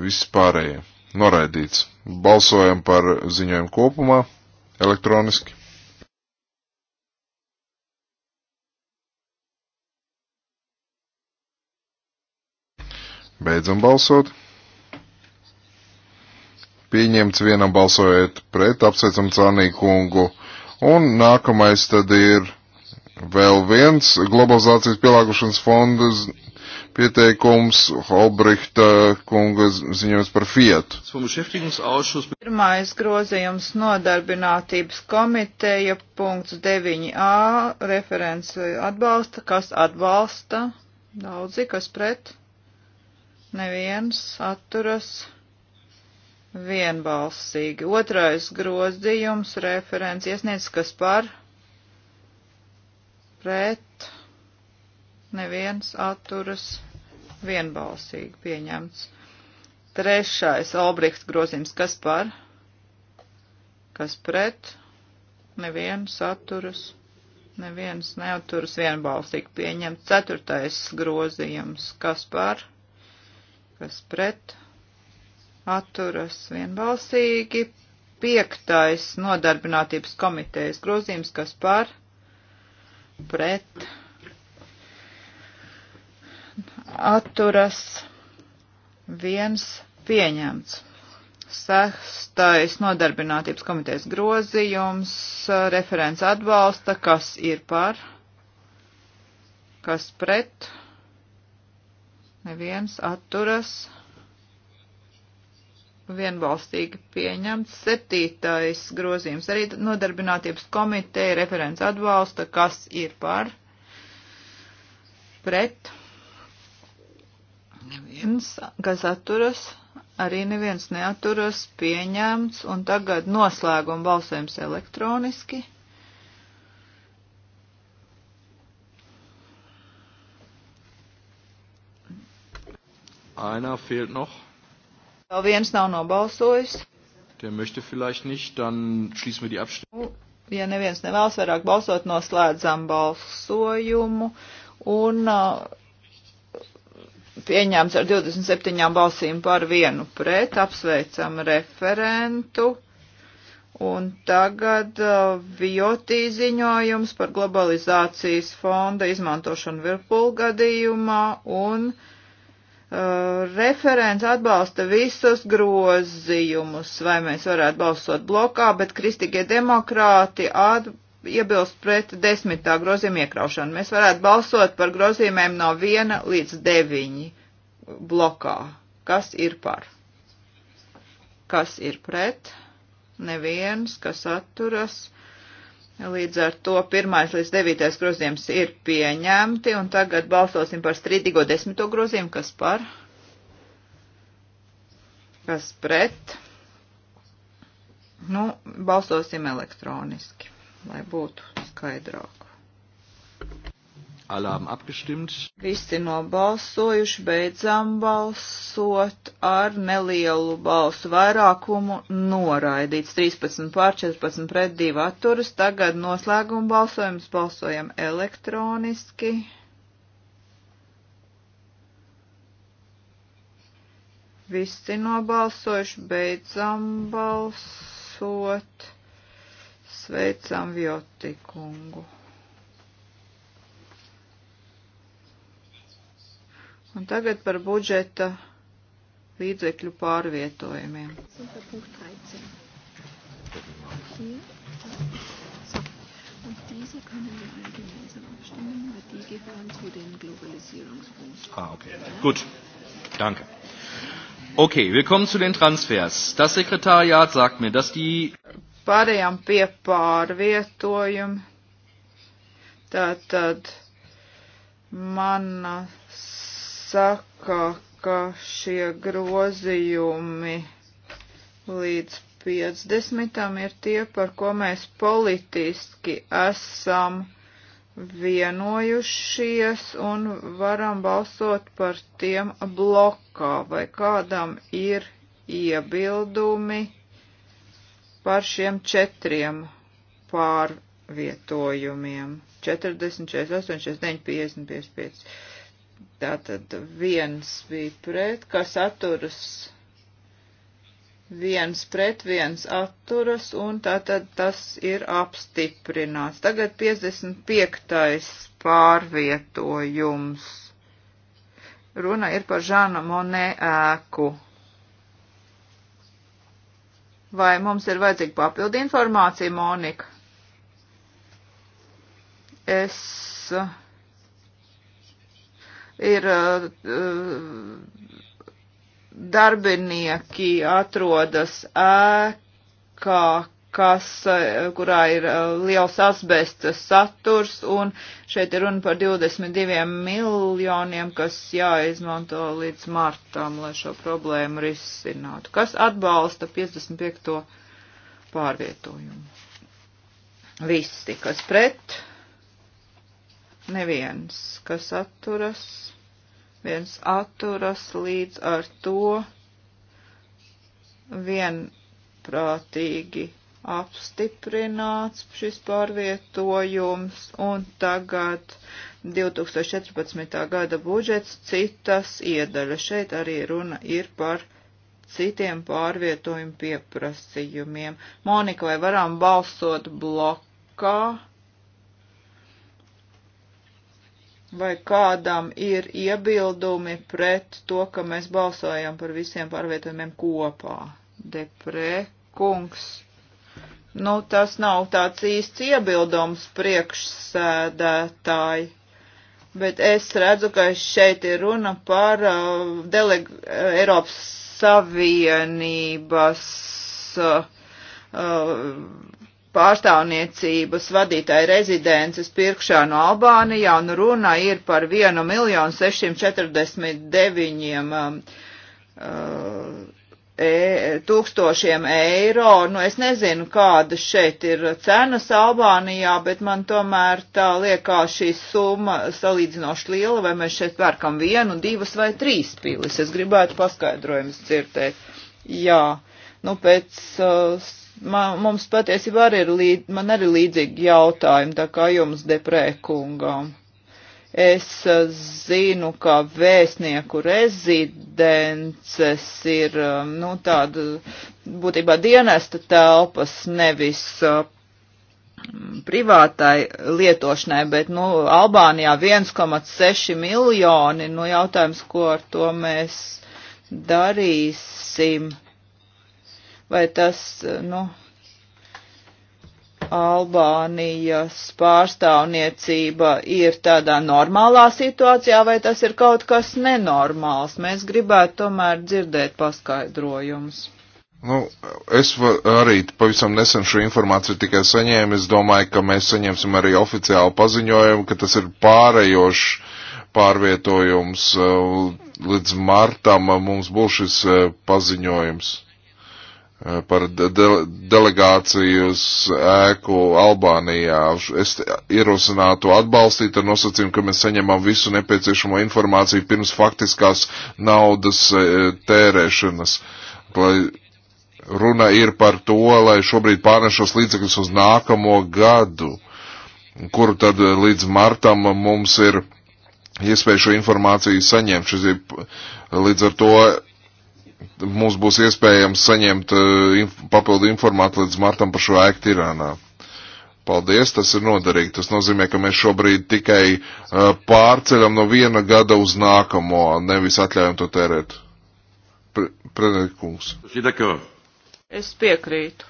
Viss pārējie. Noraidīts. Balsojam par ziņojumu kopumā elektroniski. Beidzam balsot. Pieņemts vienam balsojot pret, apsveicam Cānī kungu. Un nākamais tad ir Vēl viens globalizācijas pielāgošanas fondas pieteikums Holbrihta kunga ziņojums par Fiat. Pirmais grozījums nodarbinātības komiteja punkts 9a referents atbalsta. Kas atbalsta? Daudzi, kas pret? Neviens atturas. Vienbalsīgi. Otrais grozījums referents iesniedz, kas par? pret, neviens atturas vienbalsīgi pieņemts. Trešais Albrihts grozījums, kas par, kas pret, neviens atturas, neviens neaturas vienbalsīgi pieņemts. Ceturtais grozījums, kas par, kas pret, atturas vienbalsīgi. Piektais nodarbinātības komitejas grozījums, kas par, pret atturas viens pieņemts. Sestais nodarbinātības komitejas grozījums, referents atbalsta, kas ir par, kas pret, neviens atturas vienbalstīgi pieņemts. Septītais grozījums arī nodarbinātības komiteja referents atbalsta, kas ir par pret. Neviens, kas atturas, arī neviens neaturas pieņemts, un tagad noslēguma balsojums elektroniski. Einer fehlt noch. Vēl viens nav nobalsojis. Der möchte vielleicht nicht, dann schließen wir die Abstimmung. Nu, ja neviens nevēlas vairāk balsot, noslēdzam balsojumu un uh, pieņēmts ar 27 balsīm par vienu pret, apsveicam referentu. Un tagad uh, Viotī ziņojums par globalizācijas fonda izmantošanu virpulgadījumā un uh, Uh, referents atbalsta visus grozījumus, vai mēs varētu balsot blokā, bet kristīgie demokrāti at, iebilst pret desmitā grozījuma iekraušanu. Mēs varētu balsot par grozījumiem no viena līdz deviņi blokā. Kas ir par? Kas ir pret? Neviens, kas atturas. Līdz ar to pirmais līdz devītais grozījums ir pieņemti, un tagad balsosim par strīdīgo desmito grozījumu, kas par, kas pret. Nu, balsosim elektroniski, lai būtu skaidrāk. Alle haben abgestimmt. Visi nobalsojuši, beidzām balsot ar nelielu balsu vairākumu noraidīts. 13 pār 14 pret 2 atturas. Tagad noslēguma balsojums balsojam elektroniski. Visi nobalsojuši, beidzām balsot. Sveicam Vjotikungu. Un tagad par budžeta līdzekļu pārvietojumiem. Diese können wir alle gemeinsam abstimmen, weil die gehören zu den Globalisierungsfonds. Ah, okay. Ja? Gut. Danke. Okay, wir kommen zu den Transfers. Das Sekretariat sagt mir, dass die. Pārējām pie pārvietojuma. Tātad mana saka, ka šie grozījumi līdz 50. ir tie, par ko mēs politiski esam vienojušies un varam balsot par tiem blokā, vai kādam ir iebildumi par šiem četriem pārvietojumiem. 40, 48, 49, 50, 55. Tātad viens bija pret, kas atturas, viens pret, viens atturas, un tātad tas ir apstiprināts. Tagad 55. pārvietojums. Runa ir par Žāna Monē ēku. Vai mums ir vajadzīga papildi informācija, Monika? Es. Uh, ir uh, darbinieki atrodas ēkā, kas, uh, kurā ir uh, liels asbesta saturs, un šeit ir runa par 22 miljoniem, kas jāizmanto līdz martam, lai šo problēmu risinātu. Kas atbalsta 55. pārvietojumu? Visi, kas pret neviens, kas atturas, viens atturas līdz ar to vienprātīgi apstiprināts šis pārvietojums, un tagad 2014. gada budžets citas iedaļa. Šeit arī runa ir par citiem pārvietojumu pieprasījumiem. Monika, vai varam balsot blokā? vai kādam ir iebildumi pret to, ka mēs balsojam par visiem pārvietojumiem kopā. Deprē, kungs. Nu, tas nav tāds īsts iebildums priekšsēdētāji, bet es redzu, ka šeit ir runa par uh, deleg uh, Eiropas Savienības uh, uh, pārstāvniecības vadītāja rezidences pirkšanu Albānijā, un runa ir par 1 miljonu 649 um, uh, e, tūkstošiem eiro. Nu, es nezinu, kāda šeit ir cenas Albānijā, bet man tomēr tā liekas šī summa salīdzinoši liela, vai mēs šeit pērkam vienu, divas vai trīs pilis. Es gribētu paskaidrojumus dzirdēt. Jā, nu pēc uh, man, mums patiesībā arī ir, līd, man arī līdzīgi jautājumi, tā kā jums deprēkungam. Es eh, zinu, ka vēstnieku rezidences ir, eh, nu, tāda būtībā dienesta telpas, nevis uh, privātai lietošanai, bet, nu, Albānijā 1,6 miljoni, nu, jautājums, ko ar to mēs darīsim. Uh, vai tas, nu, Albānijas pārstāvniecība ir tādā normālā situācijā, vai tas ir kaut kas nenormāls? Mēs gribētu tomēr dzirdēt paskaidrojumus. Nu, es arī pavisam nesen šo informāciju tikai saņēmu. Es domāju, ka mēs saņemsim arī oficiālu paziņojumu, ka tas ir pārējošs pārvietojums. Uh, līdz martam mums būs šis uh, paziņojums. Eh, par de delegācijas ēku Albānijā. Es ierosinātu atbalstīt ar nosacījumu, ka mēs saņemam visu nepieciešamo informāciju pirms faktiskās naudas eh, tērēšanas. Lai runa ir par to, lai šobrīd pārnešos līdzekļus uz nākamo gadu, kuru tad eh, līdz martam mums ir iespēja šo informāciju saņemt. Šis ir līdz ar to mums būs iespējams saņemt eh, inf papildu informāciju līdz martam par šo ēku Tirānā. Paldies, tas ir noderīgi. Tas nozīmē, ka mēs šobrīd tikai uh, pārceļam no viena gada uz nākamo, nevis atļaujam to tērēt. Pre, Prenikungs. Es piekrītu.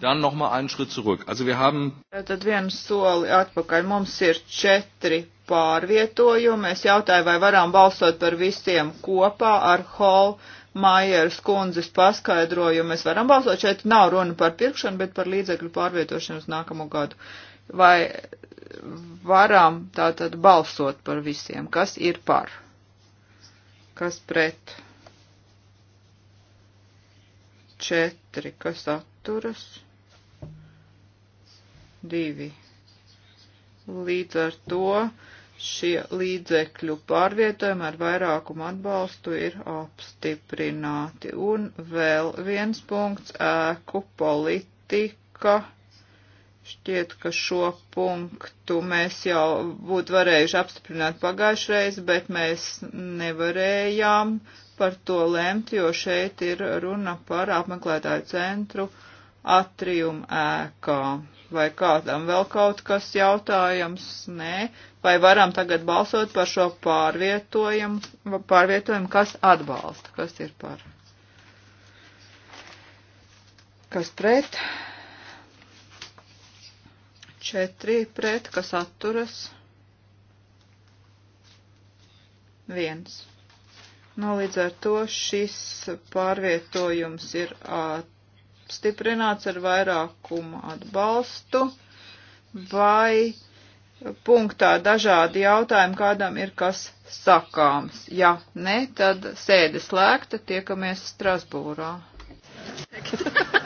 Dann nochmal einen Schritt zurück. Also wir haben. Tad vienu soli atpakaļ. Mums ir četri pārvietojumu. Es jautāju, vai varam balsot par visiem kopā ar Hall Maieras kundzes paskaidrojumu. Mēs varam balsot, šeit nav runa par pirkšanu, bet par līdzekļu pārvietošanu uz nākamo gadu. Vai varam tātad balsot par visiem, kas ir par, kas pret. Četri, kas atturas. Divi. Līdz ar to šie līdzekļu pārvietojumi ar vairākumu atbalstu ir apstiprināti. Un vēl viens punkts - ēku politika. Šķiet, ka šo punktu mēs jau būtu varējuši apstiprināt pagājušreiz, bet mēs nevarējām par to lemt, jo šeit ir runa par apmeklētāju centru atrium ēkām vai kādam vēl kaut kas jautājams? Nē. Vai varam tagad balsot par šo pārvietojumu, pārvietojumu kas atbalsta, kas ir par? Kas pret? Četri pret, kas atturas? Viens. Nu, no, līdz ar to šis pārvietojums ir at stiprināts ar vairākumu atbalstu vai punktā dažādi jautājumi, kādam ir kas sakāms. Ja ne, tad sēde slēgta, tiekamies Strasbūrā.